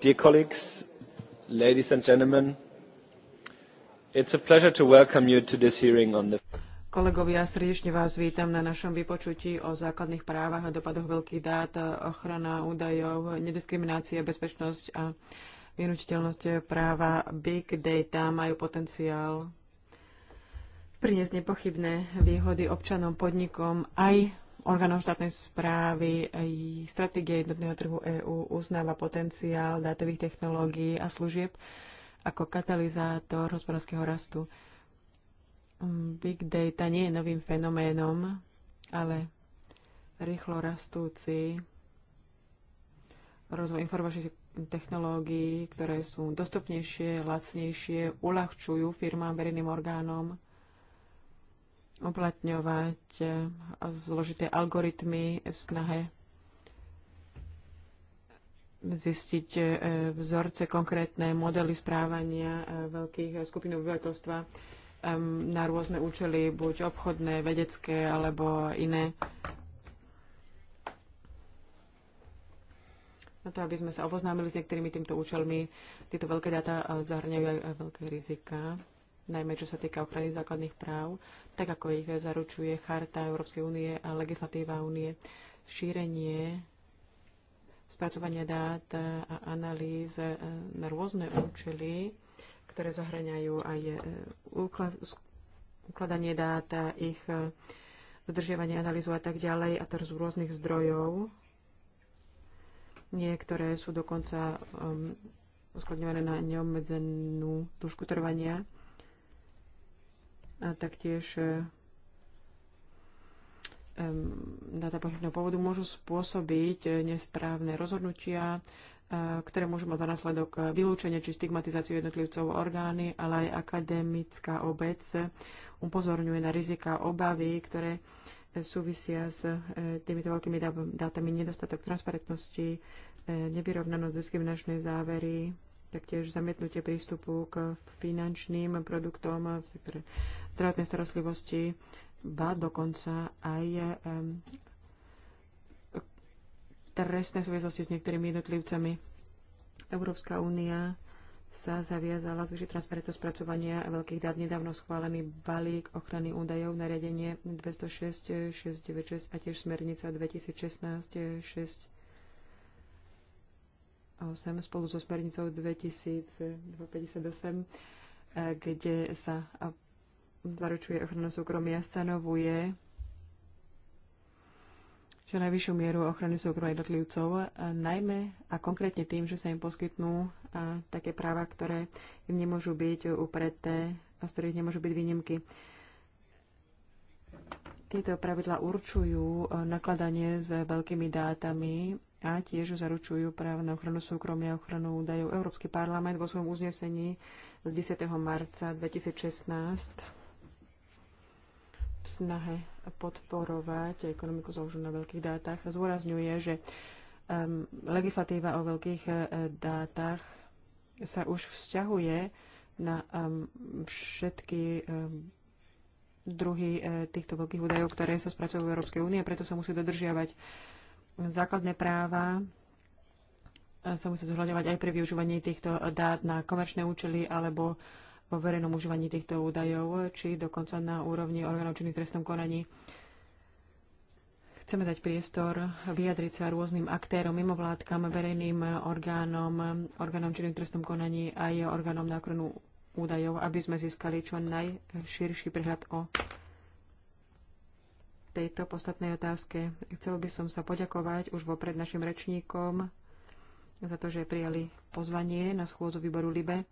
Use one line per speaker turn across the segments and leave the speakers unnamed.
Dear colleagues, ladies and gentlemen, is a pleasure to welcome you to this hearing on the
Kolegovia, srdečne vás vítam na našom vypočutí o základných právach a dopadoch veľkých dát, ochrana údajov, nediskriminácia, bezpečnosť a vynutiteľnosť práva. Big data majú potenciál priniesť nepochybné výhody občanom, podnikom aj orgánov štátnej správy aj stratégie jednotného trhu EÚ uznáva potenciál dátových technológií a služieb ako katalizátor hospodárskeho rastu. Mm, Big data nie je novým fenoménom, ale rýchlo rastúci rozvoj informačných technológií, ktoré sú dostupnejšie, lacnejšie, uľahčujú firmám, verejným orgánom uplatňovať eh, zložité algoritmy v snahe zistiť eh, vzorce, konkrétne modely správania eh, veľkých skupín obyvateľstva na rôzne účely, buď obchodné, vedecké alebo iné. Na to, aby sme sa oboznámili s niektorými týmto účelmi, tieto veľké dáta zahrňajú aj veľké rizika najmä čo sa týka ochrany základných práv, tak ako ich zaručuje Charta Európskej únie a legislatíva únie. Šírenie spracovania dát a analýz na rôzne účely, ktoré zahraňajú aj e, ukladanie dát, ich zdržiavanie, e, analýzu a tak ďalej, a teraz z rôznych zdrojov. Niektoré sú dokonca um, uskladňované na neobmedzenú dĺžku trvania a taktiež e, dáta pochybného pôvodu môžu spôsobiť e, nesprávne rozhodnutia, e, ktoré môžu mať za následok vylúčenie či stigmatizáciu jednotlivcov orgány, ale aj akademická obec upozorňuje na rizika obavy, ktoré súvisia s týmito veľkými dátami, nedostatok transparentnosti, nevyrovnanosť, diskriminačné závery, taktiež zamietnutie prístupu k finančným produktom v sektore zdravotnej starostlivosti, ba dokonca aj um, trestné súvislosti s niektorými jednotlivcami. Európska únia sa zaviazala zvyšiť transparentnosť spracovania veľkých dát nedávno schválený balík ochrany údajov nariadenie 206 a tiež smernica 2016 6 spolu so smernicou 2058, kde sa zaručuje ochranu súkromia, stanovuje čo najvyššiu mieru ochrany súkromia jednotlivcov, najmä a konkrétne tým, že sa im poskytnú také práva, ktoré im nemôžu byť upreté a z ktorých nemôžu byť výnimky. Tieto pravidla určujú nakladanie s veľkými dátami a tiež zaručujú právo na ochranu súkromia a ochranu údajov. Európsky parlament vo svojom uznesení z 10. marca 2016 v snahe podporovať ekonomiku založenú na veľkých dátach zúrazňuje, že um, legislatíva o veľkých uh, dátach sa už vzťahuje na um, všetky um, druhy uh, týchto veľkých údajov, ktoré sa spracujú v Európskej únie, preto sa musí dodržiavať uh, základné práva sa musí zohľadňovať aj pri využívaní týchto dát na komerčné účely alebo vo verejnom užívaní týchto údajov, či dokonca na úrovni orgánov činných trestnom konaní. Chceme dať priestor vyjadriť sa rôznym aktérom, mimovládkam, verejným orgánom, orgánom činným trestnom konaní aj orgánom na ochranu údajov, aby sme získali čo najširší prehľad o tejto podstatnej otázke. Chcel by som sa poďakovať už vopred našim rečníkom za to, že prijali pozvanie na schôdzu výboru LIBE.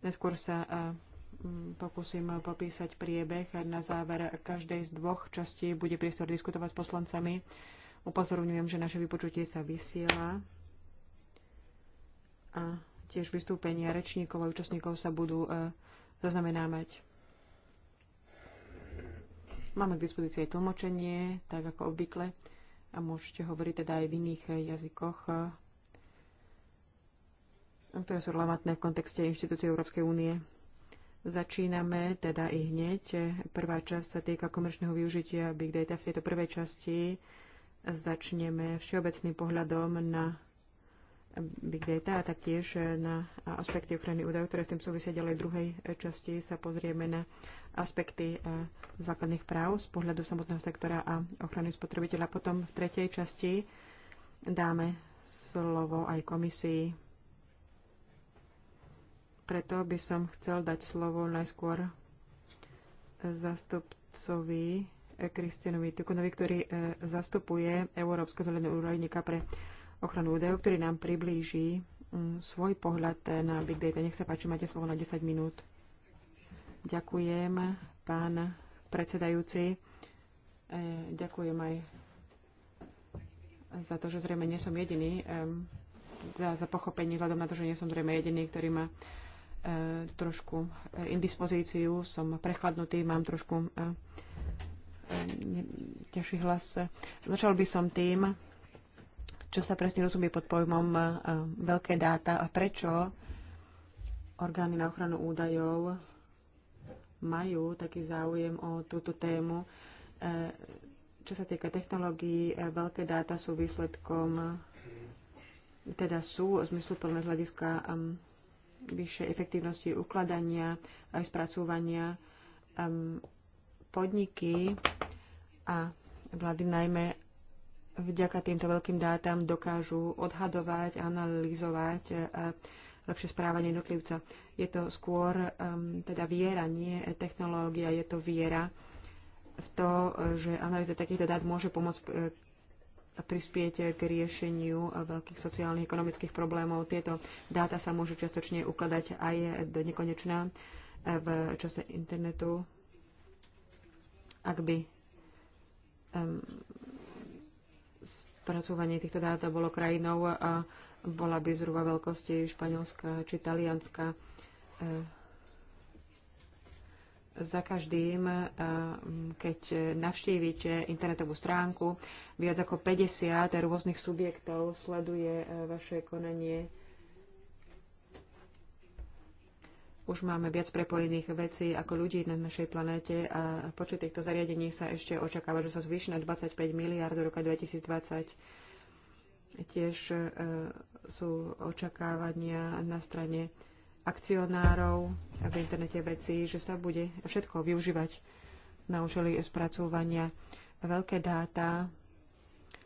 Neskôr sa pokúsim popísať priebeh. Na záver každej z dvoch častí bude priestor diskutovať s poslancami. Upozorňujem, že naše vypočutie sa vysiela a tiež vystúpenia rečníkov a účastníkov sa budú e, zaznamenávať. Máme k dispozícii aj tlmočenie, tak ako obvykle, a môžete hovoriť teda aj v iných eh, jazykoch, eh, ktoré sú relevantné v kontexte inštitúcie Európskej únie. Začíname teda i hneď. Prvá časť sa týka komerčného využitia Big Data. V tejto prvej časti začneme všeobecným pohľadom na big data a taktiež na aspekty ochrany údajov, ktoré s tým súvisia ďalej v druhej časti, sa pozrieme na aspekty eh, základných práv z pohľadu samotného sektora a ochrany spotrebiteľa. Potom v tretej časti dáme slovo aj komisii. Preto by som chcel dať slovo najskôr zastupcovi eh, Kristianovi Tukunovi, ktorý eh, zastupuje Európskeho zeleného úradníka pre ochranu údajov, ktorý nám priblíži mm, svoj pohľad na Big Data. Nech sa páči, máte slovo na 10 minút. Ďakujem, pán predsedajúci. E, ďakujem aj za to, že zrejme nie som jediný, za, za pochopenie, vzhľadom na to, že nie som zrejme jediný, ktorý má e, trošku e, indispozíciu, som prechladnutý, mám trošku ťažší hlas. Začal by som tým, čo sa presne rozumie pod pojmom e, veľké dáta a prečo orgány na ochranu údajov majú taký záujem o túto tému. E, čo sa týka technológií, e, veľké dáta sú výsledkom, teda sú zmysluplné z hľadiska vyššej efektívnosti ukladania aj spracúvania. Podniky a vlády najmä vďaka týmto veľkým dátam dokážu odhadovať, analyzovať e, lepšie správanie jednotlivca. Je to skôr um, teda viera, nie technológia, je to viera v to, že analýza takýchto dát môže pomôcť e, a prispieť k riešeniu veľkých sociálnych ekonomických problémov. Tieto dáta sa môžu čiastočne ukladať aj do nekonečna e, v čase internetu, ak by um, spracovanie týchto dát bolo krajinou a bola by zhruba veľkosti Španielska či Talianska. Eh, za každým, eh, keď navštívite internetovú stránku, viac ako 50 rôznych subjektov sleduje eh, vaše konanie Už máme viac prepojených vecí ako ľudí na našej planéte a počet týchto zariadení sa ešte očakáva, že sa zvýši na 25 miliard do roka 2020. Tiež e, sú očakávania na strane akcionárov v internete vecí, že sa bude všetko využívať. na účely spracúvania veľké dáta,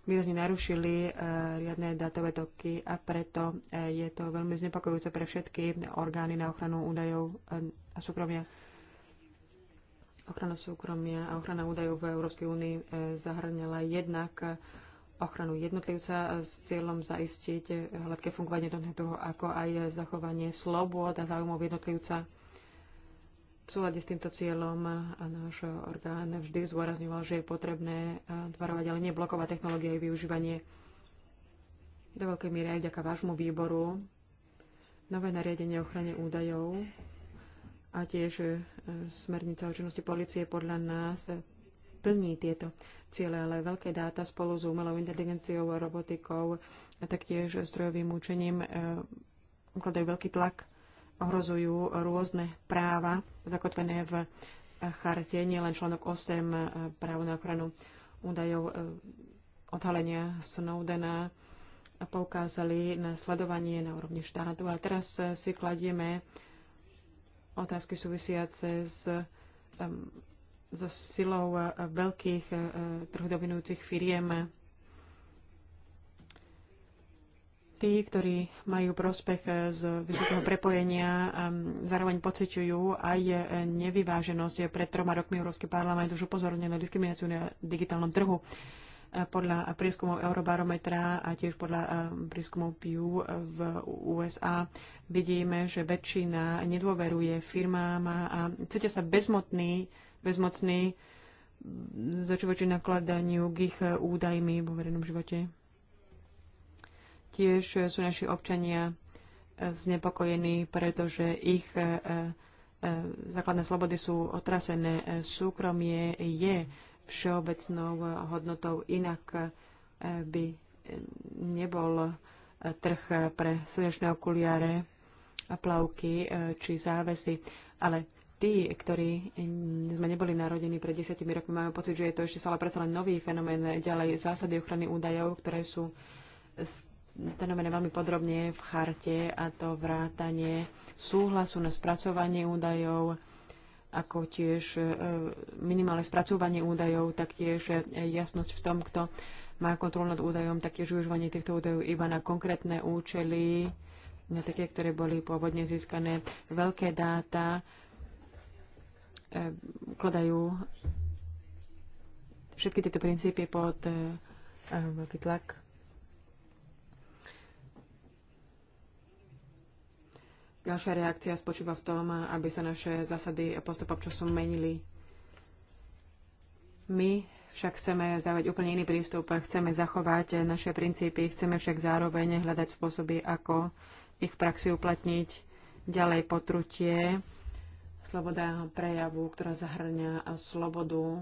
výrazne narušili e, riadne dátové toky a preto e, je to veľmi znepokojúce pre všetky orgány na ochranu údajov e, a súkromia. Ochrana súkromia a ochrana údajov v Európskej únii zahrňala jednak ochranu jednotlivca s cieľom zaistiť hladké fungovanie jednotného trhu, ako aj zachovanie slobôd a záujmov jednotlivca v súlade s týmto cieľom a náš orgán vždy zdôrazňoval, že je potrebné tvarovať, ale neblokovať technológie a využívanie do veľkej miery aj vďaka vášmu výboru. Nové nariadenie ochrany ochrane údajov a tiež e, smernica o činnosti policie podľa nás plní tieto ciele, ale veľké dáta spolu s umelou inteligenciou, robotikou a taktiež strojovým učením e, ukladajú veľký tlak ohrozujú rôzne práva zakotvené v charte, nielen článok 8 eh, právo na ochranu údajov eh, odhalenia Snowdena eh, poukázali na sledovanie na úrovni štátu. A teraz si kladieme otázky súvisiace s, so silou veľkých trhu firiem tí, ktorí majú prospech eh, z vysokého prepojenia, ehm, zároveň pociťujú aj eh, nevyváženosť. Eh, pred troma rokmi Európsky parlament už upozornil na diskrimináciu na digitálnom trhu podľa prieskumov Eurobarometra a tiež podľa ehm, prieskumov Pew v USA vidíme, že väčšina nedôveruje firmám a cítia sa bezmotný, bezmocný voči mm, nakladaniu k ich údajmi vo verejnom živote. Tiež sú naši občania e, znepokojení, pretože ich e, e, základné slobody sú otrasené. Súkromie je všeobecnou hodnotou, inak by nebol trh pre slnečné okuliare, plavky či závesy. Ale tí, ktorí sme neboli narodení pred desiatimi rokmi, máme pocit, že je to ešte stále predsa len nový fenomén. Ďalej zásady ochrany údajov, ktoré sú stanovené veľmi podrobne v charte a to vrátanie súhlasu na spracovanie údajov, ako tiež e, minimálne spracovanie údajov, taktiež e, jasnosť v tom, kto má kontrolu nad údajom, taktiež užívanie týchto údajov iba na konkrétne účely, na také, ktoré boli pôvodne získané. Veľké dáta e, ukladajú všetky tieto princípy pod veľký tlak Ďalšia reakcia spočíva v tom, aby sa naše zásady postupom času menili. My však chceme zaujať úplne iný prístup, chceme zachovať naše princípy, chceme však zároveň hľadať spôsoby, ako ich v praxi uplatniť ďalej potrutie, sloboda prejavu, ktorá zahrňa slobodu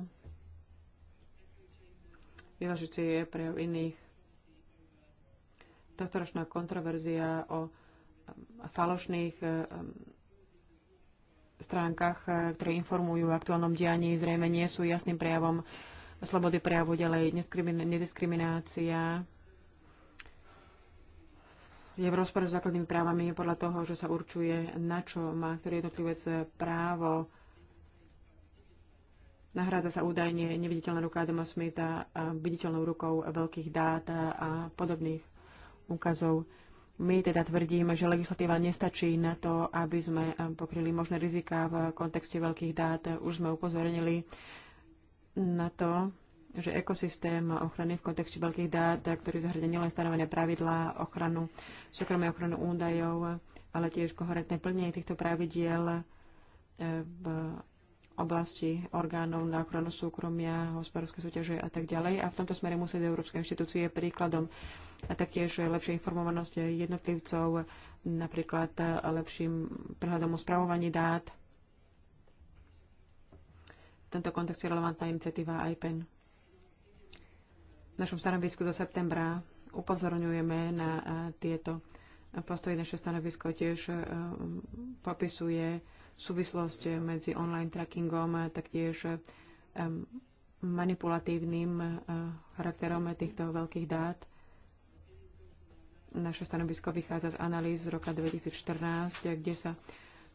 vyvažiť si prejav iných. Tohtoročná kontroverzia o falošných e, stránkach, e, ktoré informujú o aktuálnom dianí, zrejme nie sú jasným prejavom slobody prejavu ďalej, nediskriminácia je v rozpore s základnými právami podľa toho, že sa určuje, na čo má ktorý jednotlivec právo. Nahrádza sa údajne neviditeľná ruka Adama Smitha viditeľnou rukou veľkých dát a podobných úkazov. My teda tvrdíme, že legislatíva nestačí na to, aby sme eh, pokryli možné rizika v kontexte veľkých dát. Už sme upozornili na to, že ekosystém ochrany v kontexte veľkých dát, ktorý zahrňa nielen stanovené pravidlá, ochranu, súkromia ochranu údajov, ale tiež koherentné plnenie týchto pravidiel eh, v oblasti orgánov na ochranu súkromia, hospodárskej súťaže a tak ďalej. A v tomto smere musí byť európske inštitúcie príkladom a taktiež lepšia informovanosť jednotlivcov, napríklad lepším prehľadom o spravovaní dát. V tento kontext je relevantná iniciatíva IPEN. V našom stanovisku do septembra upozorňujeme na tieto postoje. Naše stanovisko tiež popisuje súvislosť medzi online trackingom a taktiež manipulatívnym charakterom týchto veľkých dát naše stanovisko vychádza z analýz z roka 2014, kde sa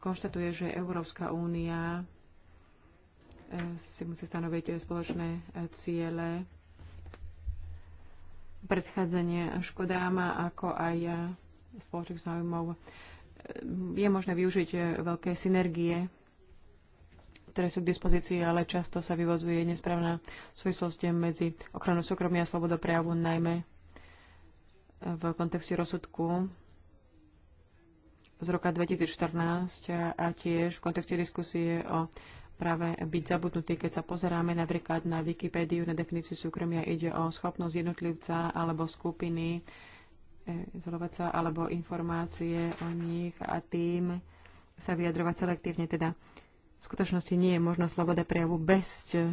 konštatuje, že Európska únia eh, si musí stanoviť eh, spoločné eh, ciele predchádzania škodám, ako aj spoločných záujmov. Je možné využiť veľké synergie, ktoré sú k dispozícii, ale často sa vyvozuje nesprávna súvislosť medzi ochranou súkromia a slobodou prejavu, najmä v kontexte rozsudku z roka 2014 a tiež v kontexte diskusie o práve byť zabudnutý, keď sa pozeráme napríklad na Wikipédiu, na definíciu súkromia, ide o schopnosť jednotlivca alebo skupiny e, izolovať sa alebo informácie o nich a tým sa vyjadrovať selektívne. Teda v skutočnosti nie je možno sloboda prejavu bez e,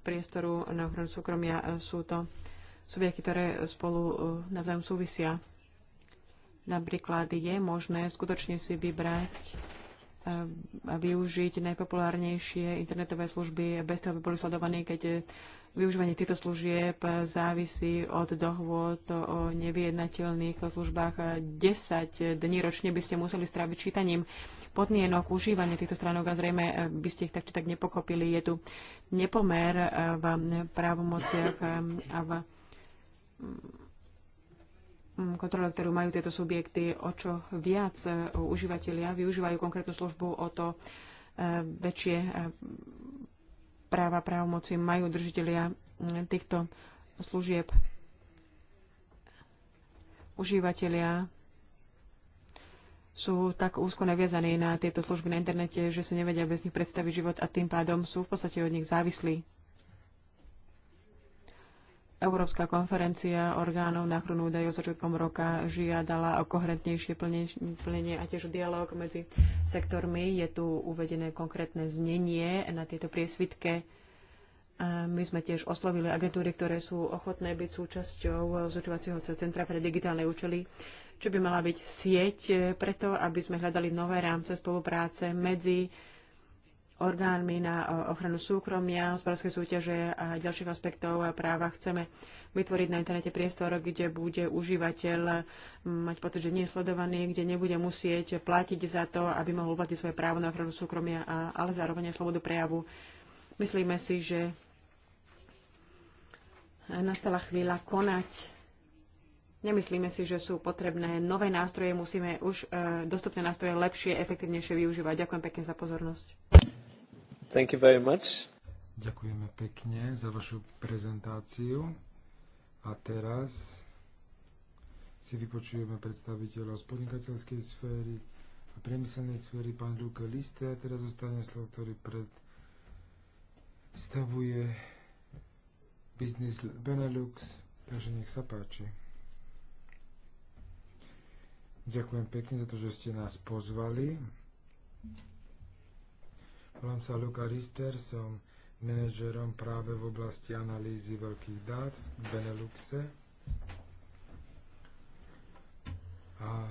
priestoru na ochranu súkromia. E, sú to subjekty, ktoré spolu e, navzájom súvisia. Napríklad je možné skutočne si vybrať e, a využiť najpopulárnejšie internetové služby bez toho, aby boli sledovaní, keď e, využívanie týchto služieb závisí od dohôd o nevyjednateľných službách. 10 dní ročne by ste museli stráviť čítaním podmienok užívania týchto stránok a zrejme by ste ich tak či tak nepochopili. Je tu nepomer v právomociach a v Mm, kontrole, ktorú majú tieto subjekty, o čo viac e, užívateľia využívajú konkrétnu službu, o to e, väčšie e, práva právomoci majú držiteľia týchto služieb. Užívateľia sú tak úzko naviazaní na tieto služby na internete, že sa nevedia bez nich predstaviť život a tým pádom sú v podstate od nich závislí. Európska konferencia orgánov na ochranu údajov začiatkom roka žiadala o koherentnejšie plnenie a tiež dialog medzi sektormi. Je tu uvedené konkrétne znenie na tejto priesvitke. my sme tiež oslovili agentúry, ktoré sú ochotné byť súčasťou zúčovacieho centra pre digitálne účely, čo by mala byť sieť preto, aby sme hľadali nové rámce spolupráce medzi orgánmi na ochranu súkromia, hospodárskej súťaže a ďalších aspektov a práva. Chceme vytvoriť na internete priestor, kde bude užívateľ mať pocit, že nie je sledovaný, kde nebude musieť platiť za to, aby mohol uplatniť svoje právo na ochranu súkromia, ale zároveň aj slobodu prejavu. Myslíme si, že nastala chvíľa konať Nemyslíme si, že sú potrebné nové nástroje, musíme už e, dostupné nástroje lepšie, efektívnejšie využívať. Ďakujem pekne za pozornosť.
Thank you very much. Ďakujeme pekne za vašu prezentáciu. A teraz si vypočujeme predstaviteľa z podnikateľskej sféry a priemyselnej sféry, pán Duke Liste. A teraz zostane slov, ktorý predstavuje biznis Benelux. Takže nech sa páči. Ďakujem pekne za to, že ste nás pozvali. Volám sa Luka Rister, som manažerom práve v oblasti analýzy veľkých dát v Beneluxe. A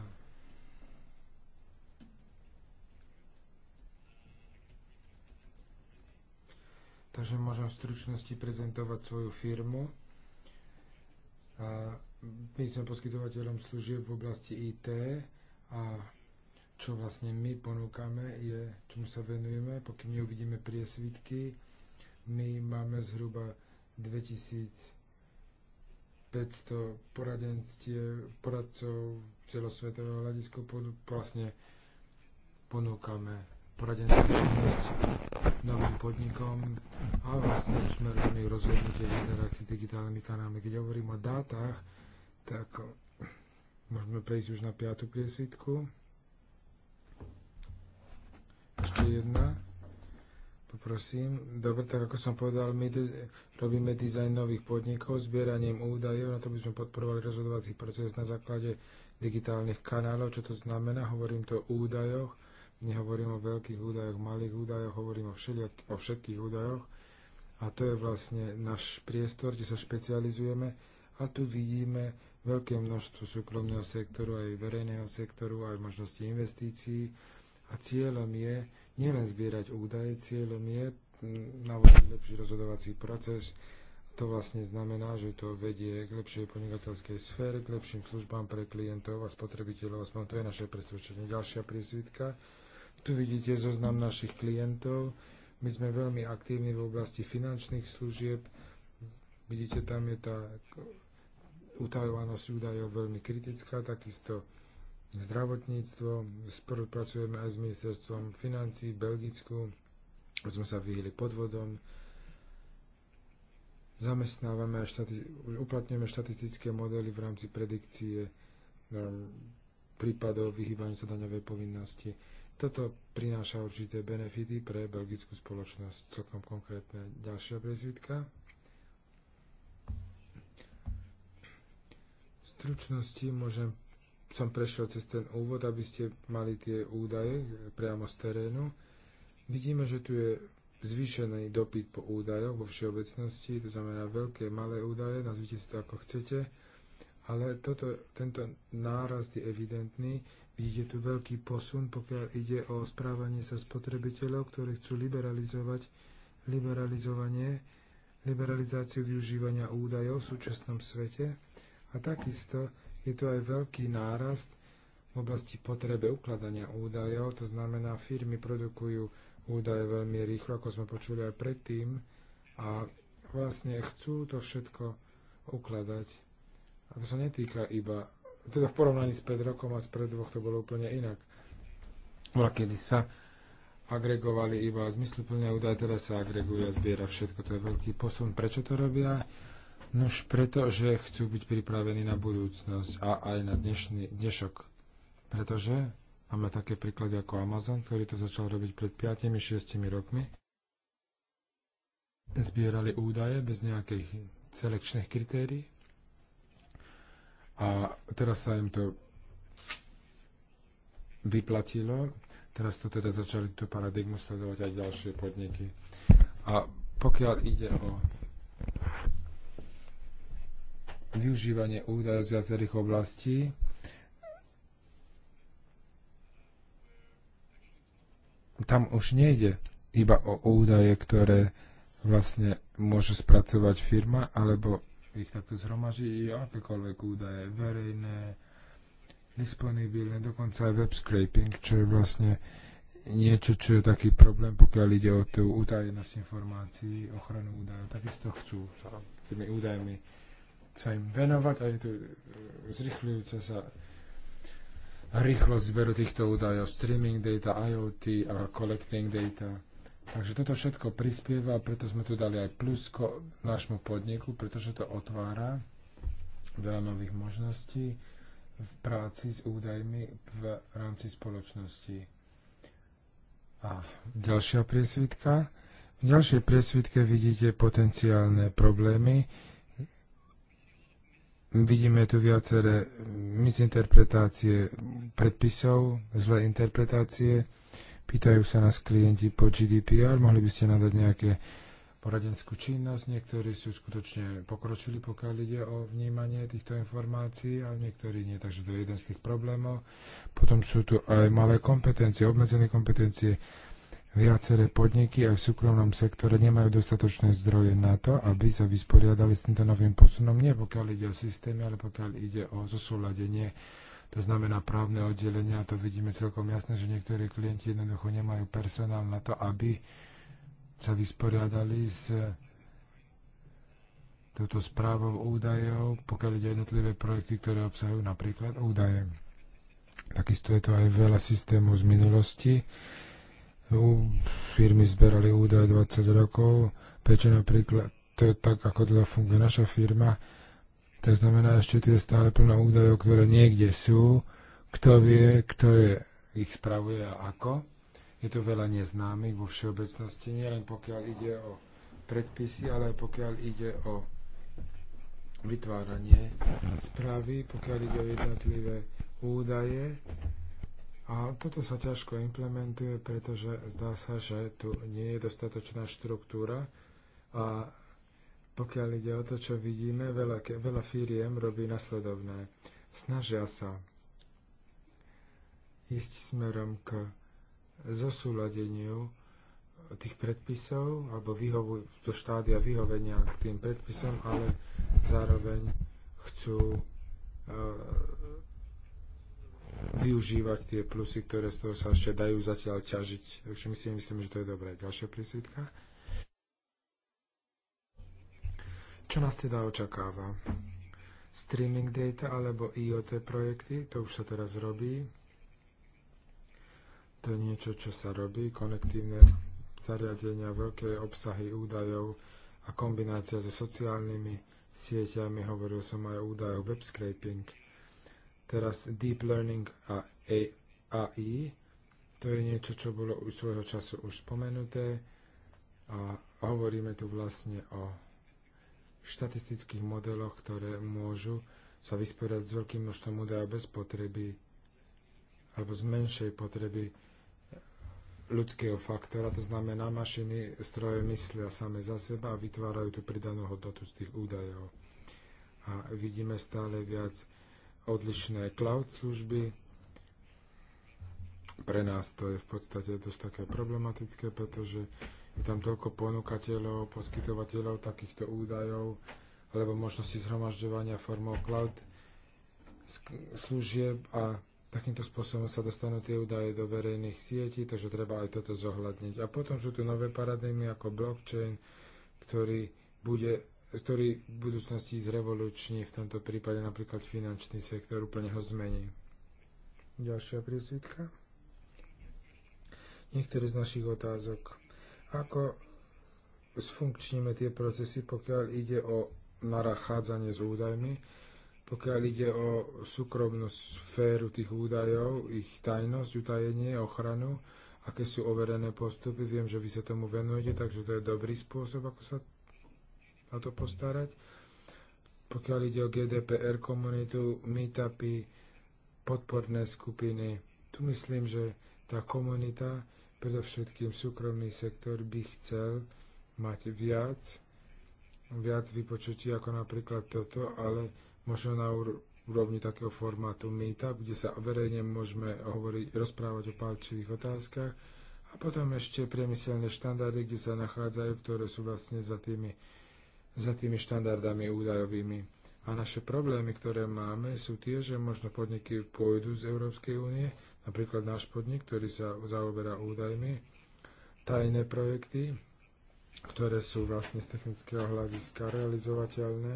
Takže môžem v stručnosti prezentovať svoju firmu. A my sme poskytovateľom služieb v oblasti IT a čo vlastne my ponúkame, je, čomu sa venujeme, pokým neuvidíme priesvitky. My máme zhruba 2500 poradenstiev, poradcov celosvetového hľadisko, vlastne ponúkame poradenskú činnosť novým podnikom a vlastne smerujeme ich rozhodnutie v interakcii s digitálnymi kanálmi. Keď hovorím o dátach, tak môžeme prejsť už na piatu priesvitku jedna. Poprosím. Dobre, tak ako som povedal, my de- robíme dizajn nových podnikov zbieraním údajov, na to by sme podporovali rozhodovací proces na základe digitálnych kanálov. Čo to znamená? Hovorím to o údajoch, nehovorím o veľkých údajoch, malých údajoch, hovorím o, všeliak- o všetkých údajoch. A to je vlastne náš priestor, kde sa špecializujeme. A tu vidíme veľké množstvo súkromného sektoru, aj verejného sektoru, aj možnosti investícií. A cieľom je nielen zbierať údaje, cieľom je mm, navodiť lepší rozhodovací proces. To vlastne znamená, že to vedie k lepšej podnikateľskej sfére, k lepším službám pre klientov a spotrebiteľov. Aspoň to je naše presvedčenie. Ďalšia prísvitka. Tu vidíte zoznam našich klientov. My sme veľmi aktívni v oblasti finančných služieb. Vidíte, tam je tá utajovanosť údajov veľmi kritická, takisto zdravotníctvo, spolupracujeme aj s ministerstvom financí v Belgicku, sme sa vyhli podvodom, zamestnávame a štati- uplatňujeme štatistické modely v rámci predikcie um, prípadov vyhýbania sa daňovej povinnosti. Toto prináša určité benefity pre belgickú spoločnosť. Celkom konkrétne ďalšia prezvitka. V stručnosti môžem som prešiel cez ten úvod, aby ste mali tie údaje priamo z terénu. Vidíme, že tu je zvýšený dopyt po údajoch vo všeobecnosti, to znamená veľké, malé údaje, nazvite si to ako chcete, ale toto, tento nárast je evidentný. Vidíte tu veľký posun, pokiaľ ide o správanie sa spotrebiteľov, ktorí chcú liberalizovať liberalizovanie, liberalizáciu využívania údajov v súčasnom svete. A takisto je to aj veľký nárast v oblasti potrebe ukladania údajov, to znamená, firmy produkujú údaje veľmi rýchlo, ako sme počuli aj predtým, a vlastne chcú to všetko ukladať. A to sa netýka iba, teda v porovnaní s pred rokom a s pred dvoch to bolo úplne inak. Bola, kedy sa agregovali iba zmysluplné údaje, teraz sa agreguje a zbiera všetko. To je veľký posun. Prečo to robia? Nož preto, že chcú byť pripravení na budúcnosť a aj na dnešný, dnešok. Pretože máme také príklady ako Amazon, ktorý to začal robiť pred 5-6 rokmi. Zbierali údaje bez nejakých selekčných kritérií a teraz sa im to vyplatilo. Teraz to teda začali tú paradigmu sledovať aj ďalšie podniky. A pokiaľ ide o využívanie údajov z viacerých oblastí. Tam už nejde iba o údaje, ktoré vlastne môže spracovať firma, alebo ich takto zhromaží i akékoľvek údaje, verejné, disponibilné, dokonca aj web scraping, čo je vlastne niečo, čo je taký problém, pokiaľ ide o tú utajenosť informácií, ochranu údajov. Takisto chcú sa tými údajmi sa im venovať a je tu e, zrychľujúca sa rýchlosť zberu týchto údajov, streaming data, IoT a collecting data. Takže toto všetko prispieva, preto sme tu dali aj plusko nášmu podniku, pretože to otvára veľa nových možností v práci s údajmi v rámci spoločnosti. A ďalšia priesvitka. V ďalšej priesvitke vidíte potenciálne problémy, Vidíme tu viaceré mm, misinterpretácie predpisov, zlé interpretácie. Pýtajú sa nás klienti po GDPR, mohli by ste nadať nejaké poradenskú činnosť, niektorí sú skutočne pokročili, pokiaľ ide o vnímanie týchto informácií a niektorí nie, takže to je jeden z tých problémov. Potom sú tu aj malé kompetencie, obmedzené kompetencie Viaceré podniky aj v súkromnom sektore nemajú dostatočné zdroje na to, aby sa vysporiadali s týmto novým posunom, nie pokiaľ ide o systémy, ale pokiaľ ide o zosúladenie to znamená právne oddelenia a to vidíme celkom jasne, že niektorí klienti jednoducho nemajú personál na to, aby sa vysporiadali s touto správou údajov, pokiaľ ide jednotlivé projekty, ktoré obsahujú napríklad údaje. Takisto je to aj veľa systémov z minulosti, firmy zberali údaje 20 rokov, prečo napríklad to je tak, ako teda funguje naša firma, to znamená ešte tu je stále plno údajov, ktoré niekde sú, kto vie, kto je, ich spravuje a ako. Je to veľa neznámych vo všeobecnosti, nielen pokiaľ ide o predpisy, ale aj pokiaľ ide o vytváranie správy, pokiaľ ide o jednotlivé údaje, a toto sa ťažko implementuje, pretože zdá sa, že tu nie je dostatočná štruktúra a pokiaľ ide o to, čo vidíme, veľa, veľa firiem robí nasledovné. Snažia sa ísť smerom k zosúladeniu tých predpisov alebo vyhovu, do štádia vyhovenia k tým predpisom, ale zároveň chcú e, využívať tie plusy, ktoré z toho sa ešte dajú zatiaľ ťažiť. Takže myslím, myslím, že to je dobré. Ďalšia prísvitka. Čo nás teda očakáva? Streaming data alebo IoT projekty, to už sa teraz robí. To je niečo, čo sa robí. Konektívne zariadenia, veľké obsahy údajov a kombinácia so sociálnymi sieťami. Hovoril som aj o údajoch web scraping Teraz Deep Learning a AI, to je niečo, čo bolo u svojho času už spomenuté a hovoríme tu vlastne o štatistických modeloch, ktoré môžu sa vysporiadať s veľkým množstvom údajov bez potreby alebo z menšej potreby ľudského faktora, to znamená mašiny, stroje myslia same za seba a vytvárajú tú pridanú hodnotu z tých údajov. A vidíme stále viac odlišné cloud služby. Pre nás to je v podstate dosť také problematické, pretože je tam toľko ponúkateľov, poskytovateľov takýchto údajov alebo možnosti zhromažďovania formou cloud služieb a takýmto spôsobom sa dostanú tie údaje do verejných sietí, takže treba aj toto zohľadniť. A potom sú tu nové paradigmy ako blockchain, ktorý bude ktorý v budúcnosti zrevoluční, v tomto prípade napríklad finančný sektor úplne ho zmení. Ďalšia priezvitka. Niektoré z našich otázok. Ako sfunkčníme tie procesy, pokiaľ ide o narachádzanie s údajmi, pokiaľ ide o súkromnú sféru tých údajov, ich tajnosť, utajenie, ochranu, aké sú overené postupy. Viem, že vy sa tomu venujete, takže to je dobrý spôsob, ako sa o to postarať. Pokiaľ ide o GDPR komunitu, meetupy, podporné skupiny, tu myslím, že tá komunita, predovšetkým súkromný sektor, by chcel mať viac, viac vypočutí ako napríklad toto, ale možno na úrovni takého formátu meetup, kde sa verejne môžeme hovoriť, rozprávať o palčivých otázkach a potom ešte priemyselné štandardy, kde sa nachádzajú, ktoré sú vlastne za tými za tými štandardami údajovými. A naše problémy, ktoré máme, sú tie, že možno podniky pôjdu z Európskej únie, napríklad náš podnik, ktorý sa zaoberá údajmi, tajné projekty, ktoré sú vlastne z technického hľadiska realizovateľné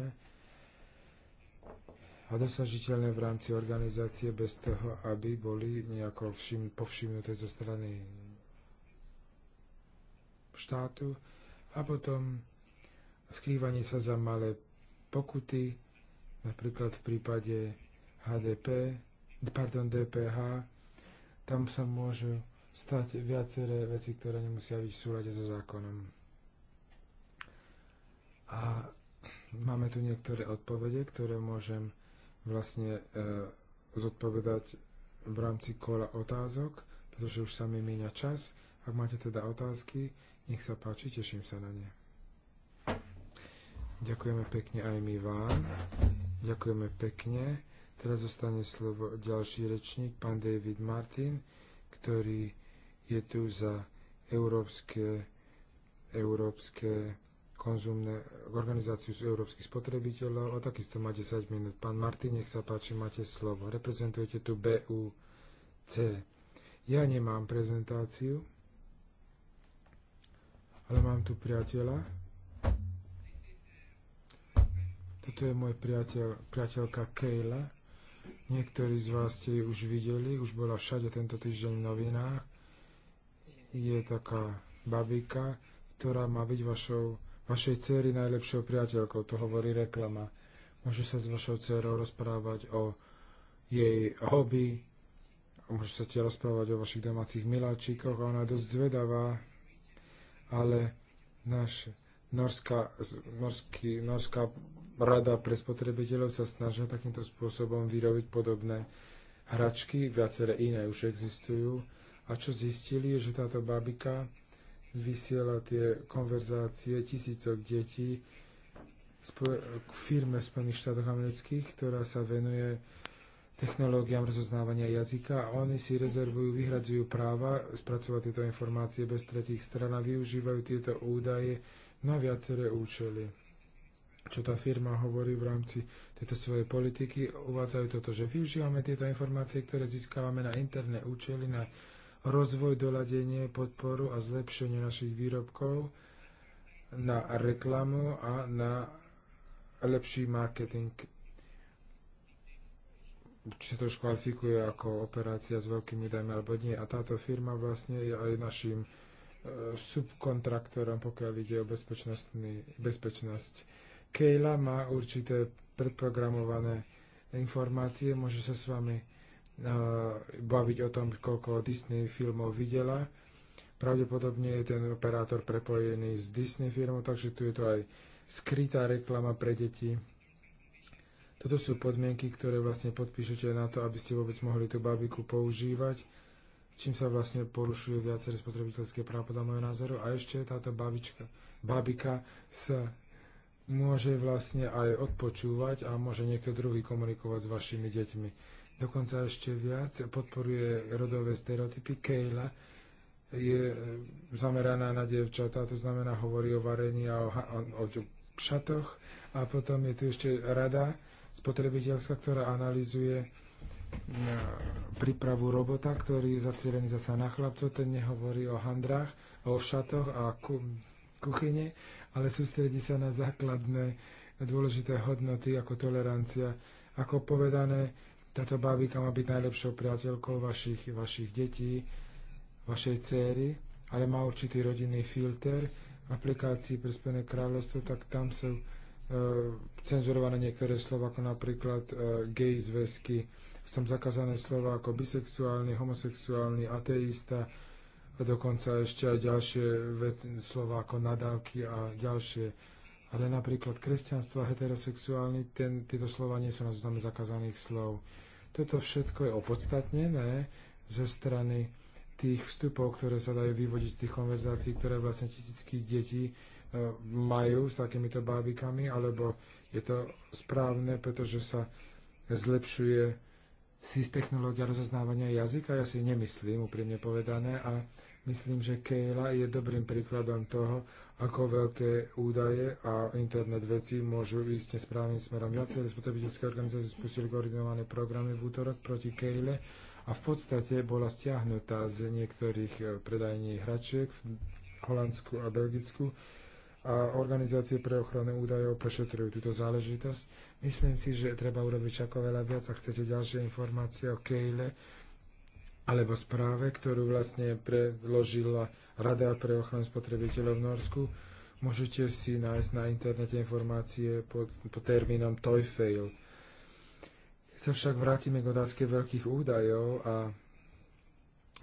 a dosažiteľné v rámci organizácie bez toho, aby boli nejako všim, povšimnuté zo strany štátu. A potom skrývanie sa za malé pokuty, napríklad v prípade HDP, pardon, DPH, tam sa môžu stať viaceré veci, ktoré nemusia byť v súlade so zákonom. A máme tu niektoré odpovede, ktoré môžem vlastne e, zodpovedať v rámci kola otázok, pretože už sa mi míňa čas. Ak máte teda otázky, nech sa páči, teším sa na ne. Ďakujeme pekne aj my vám. Ďakujeme pekne. Teraz zostane slovo ďalší rečník, pán David Martin, ktorý je tu za európske, európske konzumné, organizáciu európskych spotrebiteľov a takisto má 10 minút. Pán Martin, nech sa páči, máte slovo. Reprezentujete tu BUC. Ja nemám prezentáciu, ale mám tu priateľa, toto je môj priateľ, priateľka Kejla. Niektorí z vás ste ju už videli, už bola všade tento týždeň v novinách. Je taká babika, ktorá má byť vašou, vašej céry najlepšou priateľkou, to hovorí reklama. Môže sa s vašou dcerou rozprávať o jej hobby, môže sa ti rozprávať o vašich domácich miláčikoch a ona je dosť zvedavá, ale náš norská, norský, norská Rada pre spotrebiteľov sa snažia takýmto spôsobom vyrobiť podobné hračky, viaceré iné už existujú. A čo zistili, je, že táto babika vysiela tie konverzácie tisícok detí k firme v Spojených štátoch amerických, ktorá sa venuje technológiám rozoznávania jazyka a oni si rezervujú, vyhradzujú práva spracovať tieto informácie bez tretích stran a využívajú tieto údaje na viaceré účely čo tá firma hovorí v rámci tejto svojej politiky. Uvádzajú toto, že využívame tieto informácie, ktoré získavame na interné účely, na rozvoj, doladenie, podporu a zlepšenie našich výrobkov, na reklamu a na lepší marketing či sa to už kvalifikuje ako operácia s veľkými údajmi alebo nie. A táto firma vlastne je aj našim e, subkontraktorom, pokiaľ ide o bezpečnosť. Kejla má určité predprogramované informácie, môže sa s vami eh, baviť o tom, koľko Disney filmov videla. Pravdepodobne je ten operátor prepojený s Disney firmou, takže tu je to aj skrytá reklama pre deti. Toto sú podmienky, ktoré vlastne podpíšete na to, aby ste vôbec mohli tú babiku používať, čím sa vlastne porušuje viaceré spotrebiteľské práva podľa môjho názoru. A ešte táto babička, babika sa môže vlastne aj odpočúvať a môže niekto druhý komunikovať s vašimi deťmi. Dokonca ešte viac podporuje rodové stereotypy. Kejla je e, zameraná na dievčatá, to znamená hovorí o varení a o, o, o šatoch. A potom je tu ešte rada spotrebiteľská, ktorá analizuje e, prípravu robota, ktorý je zacielený zasa na chlapcov, ten nehovorí o handrách, o šatoch a ku, kuchyne, ale sústredí sa na základné dôležité hodnoty ako tolerancia. Ako povedané, táto bábika má byť najlepšou priateľkou vašich, vašich detí, vašej céry, ale má určitý rodinný filter. V aplikácii pre Spojené kráľovstvo, tak tam sú e, cenzurované niektoré slova, ako napríklad e, gay zväzky. tam zakázané slova ako bisexuálny, homosexuálny, ateista, a dokonca ešte aj ďalšie veci, slova ako nadávky a ďalšie. Ale napríklad kresťanstvo a heterosexuálny, ten, tieto slova nie sú na zozname zakázaných slov. Toto všetko je opodstatnené zo strany tých vstupov, ktoré sa dajú vyvodiť z tých konverzácií, ktoré vlastne tisícky detí e, majú s takýmito bábikami, alebo je to správne, pretože sa zlepšuje SIS technológia rozoznávania jazyka, ja si nemyslím, úprimne povedané, a Myslím, že Kejla je dobrým príkladom toho, ako veľké údaje a internet veci môžu ísť nesprávnym smerom. Viaceré spotrebiteľské organizácie spustili koordinované programy v útorok proti Kejle a v podstate bola stiahnutá z niektorých eh, predajní hračiek v Holandsku a Belgicku a organizácie pre ochranu údajov prešetrujú túto záležitosť. Myslím si, že treba urobiť čako veľa viac. Ak chcete ďalšie informácie o Kejle, alebo správe, ktorú vlastne predložila Rada pre ochranu spotrebiteľov v Norsku, môžete si nájsť na internete informácie pod, pod termínom Toyfail. Keď sa však vrátime k otázke veľkých údajov a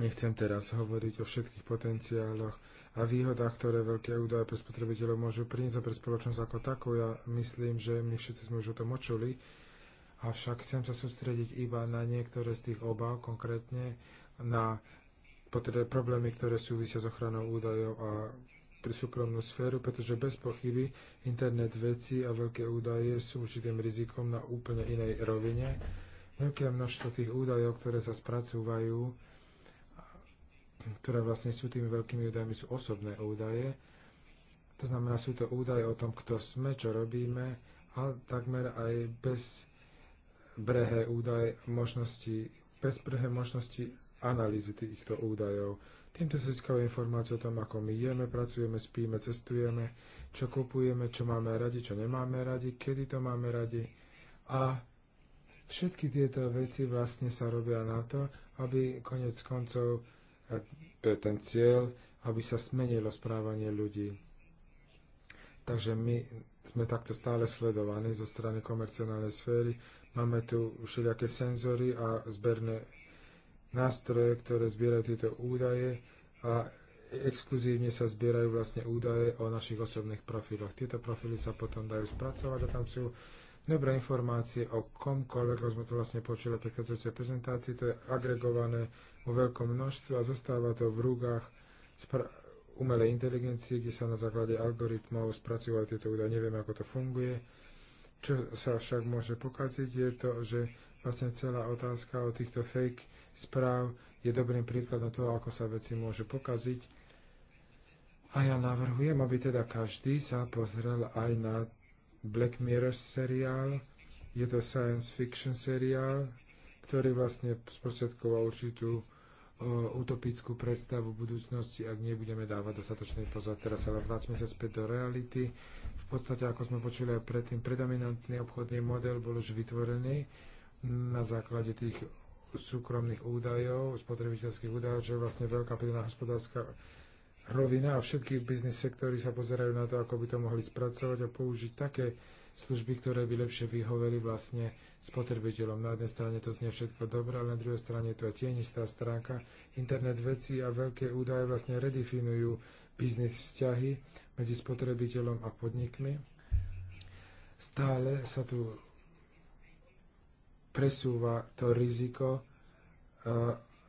nechcem teraz hovoriť o všetkých potenciáloch a výhodách, ktoré veľké údaje pre spotrebiteľov môžu priniesť a pre spoločnosť ako takú. Ja myslím, že my všetci sme už o tom očuli avšak chcem sa sústrediť iba na niektoré z tých obav, konkrétne na potrebe problémy, ktoré súvisia s ochranou údajov a pre súkromnú sféru, pretože bez pochyby internet veci a veľké údaje sú určitým rizikom na úplne inej rovine. Veľké množstvo tých údajov, ktoré sa spracúvajú, ktoré vlastne sú tými veľkými údajmi, sú osobné údaje. To znamená, sú to údaje o tom, kto sme, čo robíme, a takmer aj bez brehé údaje možnosti, bez brehé možnosti analýzy týchto údajov. Týmto sa získava informácia o tom, ako my jeme, pracujeme, spíme, cestujeme, čo kupujeme, čo máme radi, čo nemáme radi, kedy to máme radi. A všetky tieto veci vlastne sa robia na to, aby konec koncov, to je ten cieľ, aby sa zmenilo správanie ľudí. Takže my sme takto stále sledovaní zo strany komercionálnej sféry Máme tu všelijaké senzory a zberné nástroje, ktoré zbierajú tieto údaje a exkluzívne sa zbierajú vlastne údaje o našich osobných profiloch. Tieto profily sa potom dajú spracovať a tam sú dobré informácie o komkoľvek, ako sme to vlastne počuli v predchádzajúcej prezentácii, to je agregované vo veľkom množstve a zostáva to v rúgach umelej inteligencie, kde sa na základe algoritmov spracovajú tieto údaje. Nevieme, ako to funguje čo sa však môže pokaziť, je to, že vlastne celá otázka o týchto fake správ je dobrým príkladom toho, ako sa veci môžu pokaziť. A ja navrhujem, aby teda každý sa pozrel aj na Black Mirror seriál. Je to science fiction seriál, ktorý vlastne sprostredkoval určitú Eh, utopickú predstavu budúcnosti, ak nebudeme dávať dostatočný pozor. Teraz sa vrátime sa späť do reality. V podstate, ako sme počuli aj predtým, predominantný obchodný model bol už vytvorený na základe tých súkromných údajov, spotrebiteľských údajov, čo je vlastne veľká prírodná hospodárska rovina a všetky biznis sektory sa pozerajú na to, ako by to mohli spracovať a použiť také služby, ktoré by lepšie vyhoveli vlastne spotrebiteľom. Na jednej strane to znie všetko dobré, ale na druhej strane to je tienistá stránka. Internet veci a veľké údaje vlastne redefinujú biznis vzťahy medzi spotrebiteľom a podnikmi. Stále sa tu presúva to riziko e,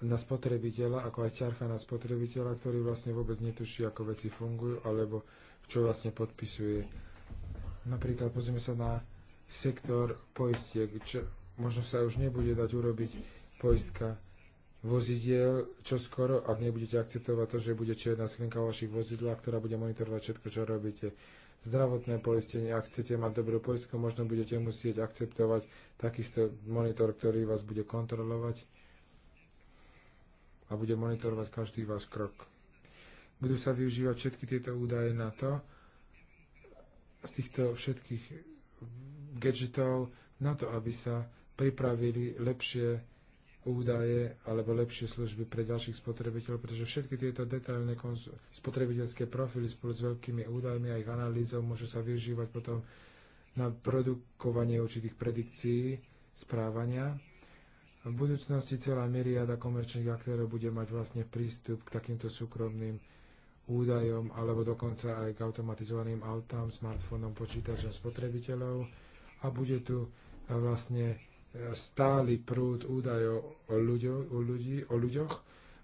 na spotrebiteľa, ako aj ťarcha na spotrebiteľa, ktorý vlastne vôbec netuší, ako veci fungujú, alebo čo vlastne podpisuje Napríklad pozrieme sa na sektor poistiek, čo možno sa už nebude dať urobiť poistka vozidiel, čo skoro, ak nebudete akceptovať to, že bude čierna skrinka vo vašich vozidlách, ktorá bude monitorovať všetko, čo robíte. Zdravotné poistenie, ak chcete mať dobrú poistku, možno budete musieť akceptovať takisto monitor, ktorý vás bude kontrolovať a bude monitorovať každý váš krok. Budú sa využívať všetky tieto údaje na to, z týchto všetkých gadgetov na to, aby sa pripravili lepšie údaje alebo lepšie služby pre ďalších spotrebiteľov, pretože všetky tieto detailné spotrebiteľské profily spolu s veľkými údajmi a ich analýzou môžu sa využívať potom na produkovanie určitých predikcií správania. V budúcnosti celá myriada komerčných aktérov bude mať vlastne prístup k takýmto súkromným údajom alebo dokonca aj k automatizovaným autám, smartfónom, počítačom spotrebiteľov a bude tu eh, vlastne eh, stály prúd údajov o, ľuďo, o, ľudí, o ľuďoch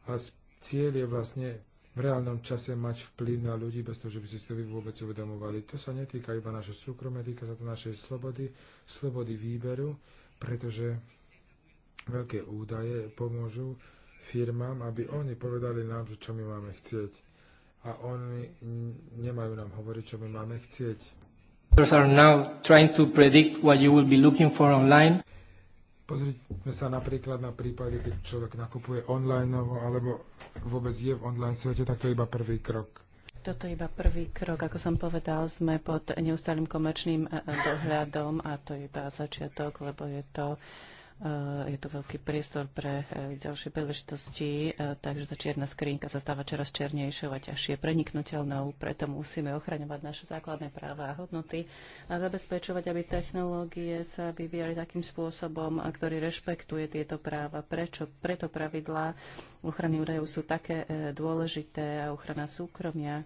a cieľ je vlastne v reálnom čase mať vplyv na ľudí, bez toho, že by si to vy vôbec uvedomovali. To sa netýka iba naše súkromie, týka sa to našej slobody, slobody výberu, pretože veľké údaje pomôžu firmám, aby oni povedali nám, že čo my máme chcieť a oni nemajú nám hovoriť, čo my máme chcieť. Are now trying to predict what you will be looking for online. Pozrite sa napríklad na prípady, keď človek nakupuje online alebo vôbec je v online svete, tak to je iba prvý krok.
Toto je iba prvý krok. Ako som povedal, sme pod neustálým komerčným eh, eh, dohľadom a to je iba začiatok, lebo je to uh, Eh, je tu veľký priestor pre eh, ďalšie príležitosti, eh, takže tá čierna skrinka sa stáva čoraz černejšou a ťažšie preniknutelnou, preto musíme ochraňovať naše základné práva a hodnoty a zabezpečovať, aby technológie sa vyvíjali takým spôsobom, ktorý rešpektuje tieto práva. Prečo? Preto pravidlá ochrany údajov sú také dôležité a ochrana súkromia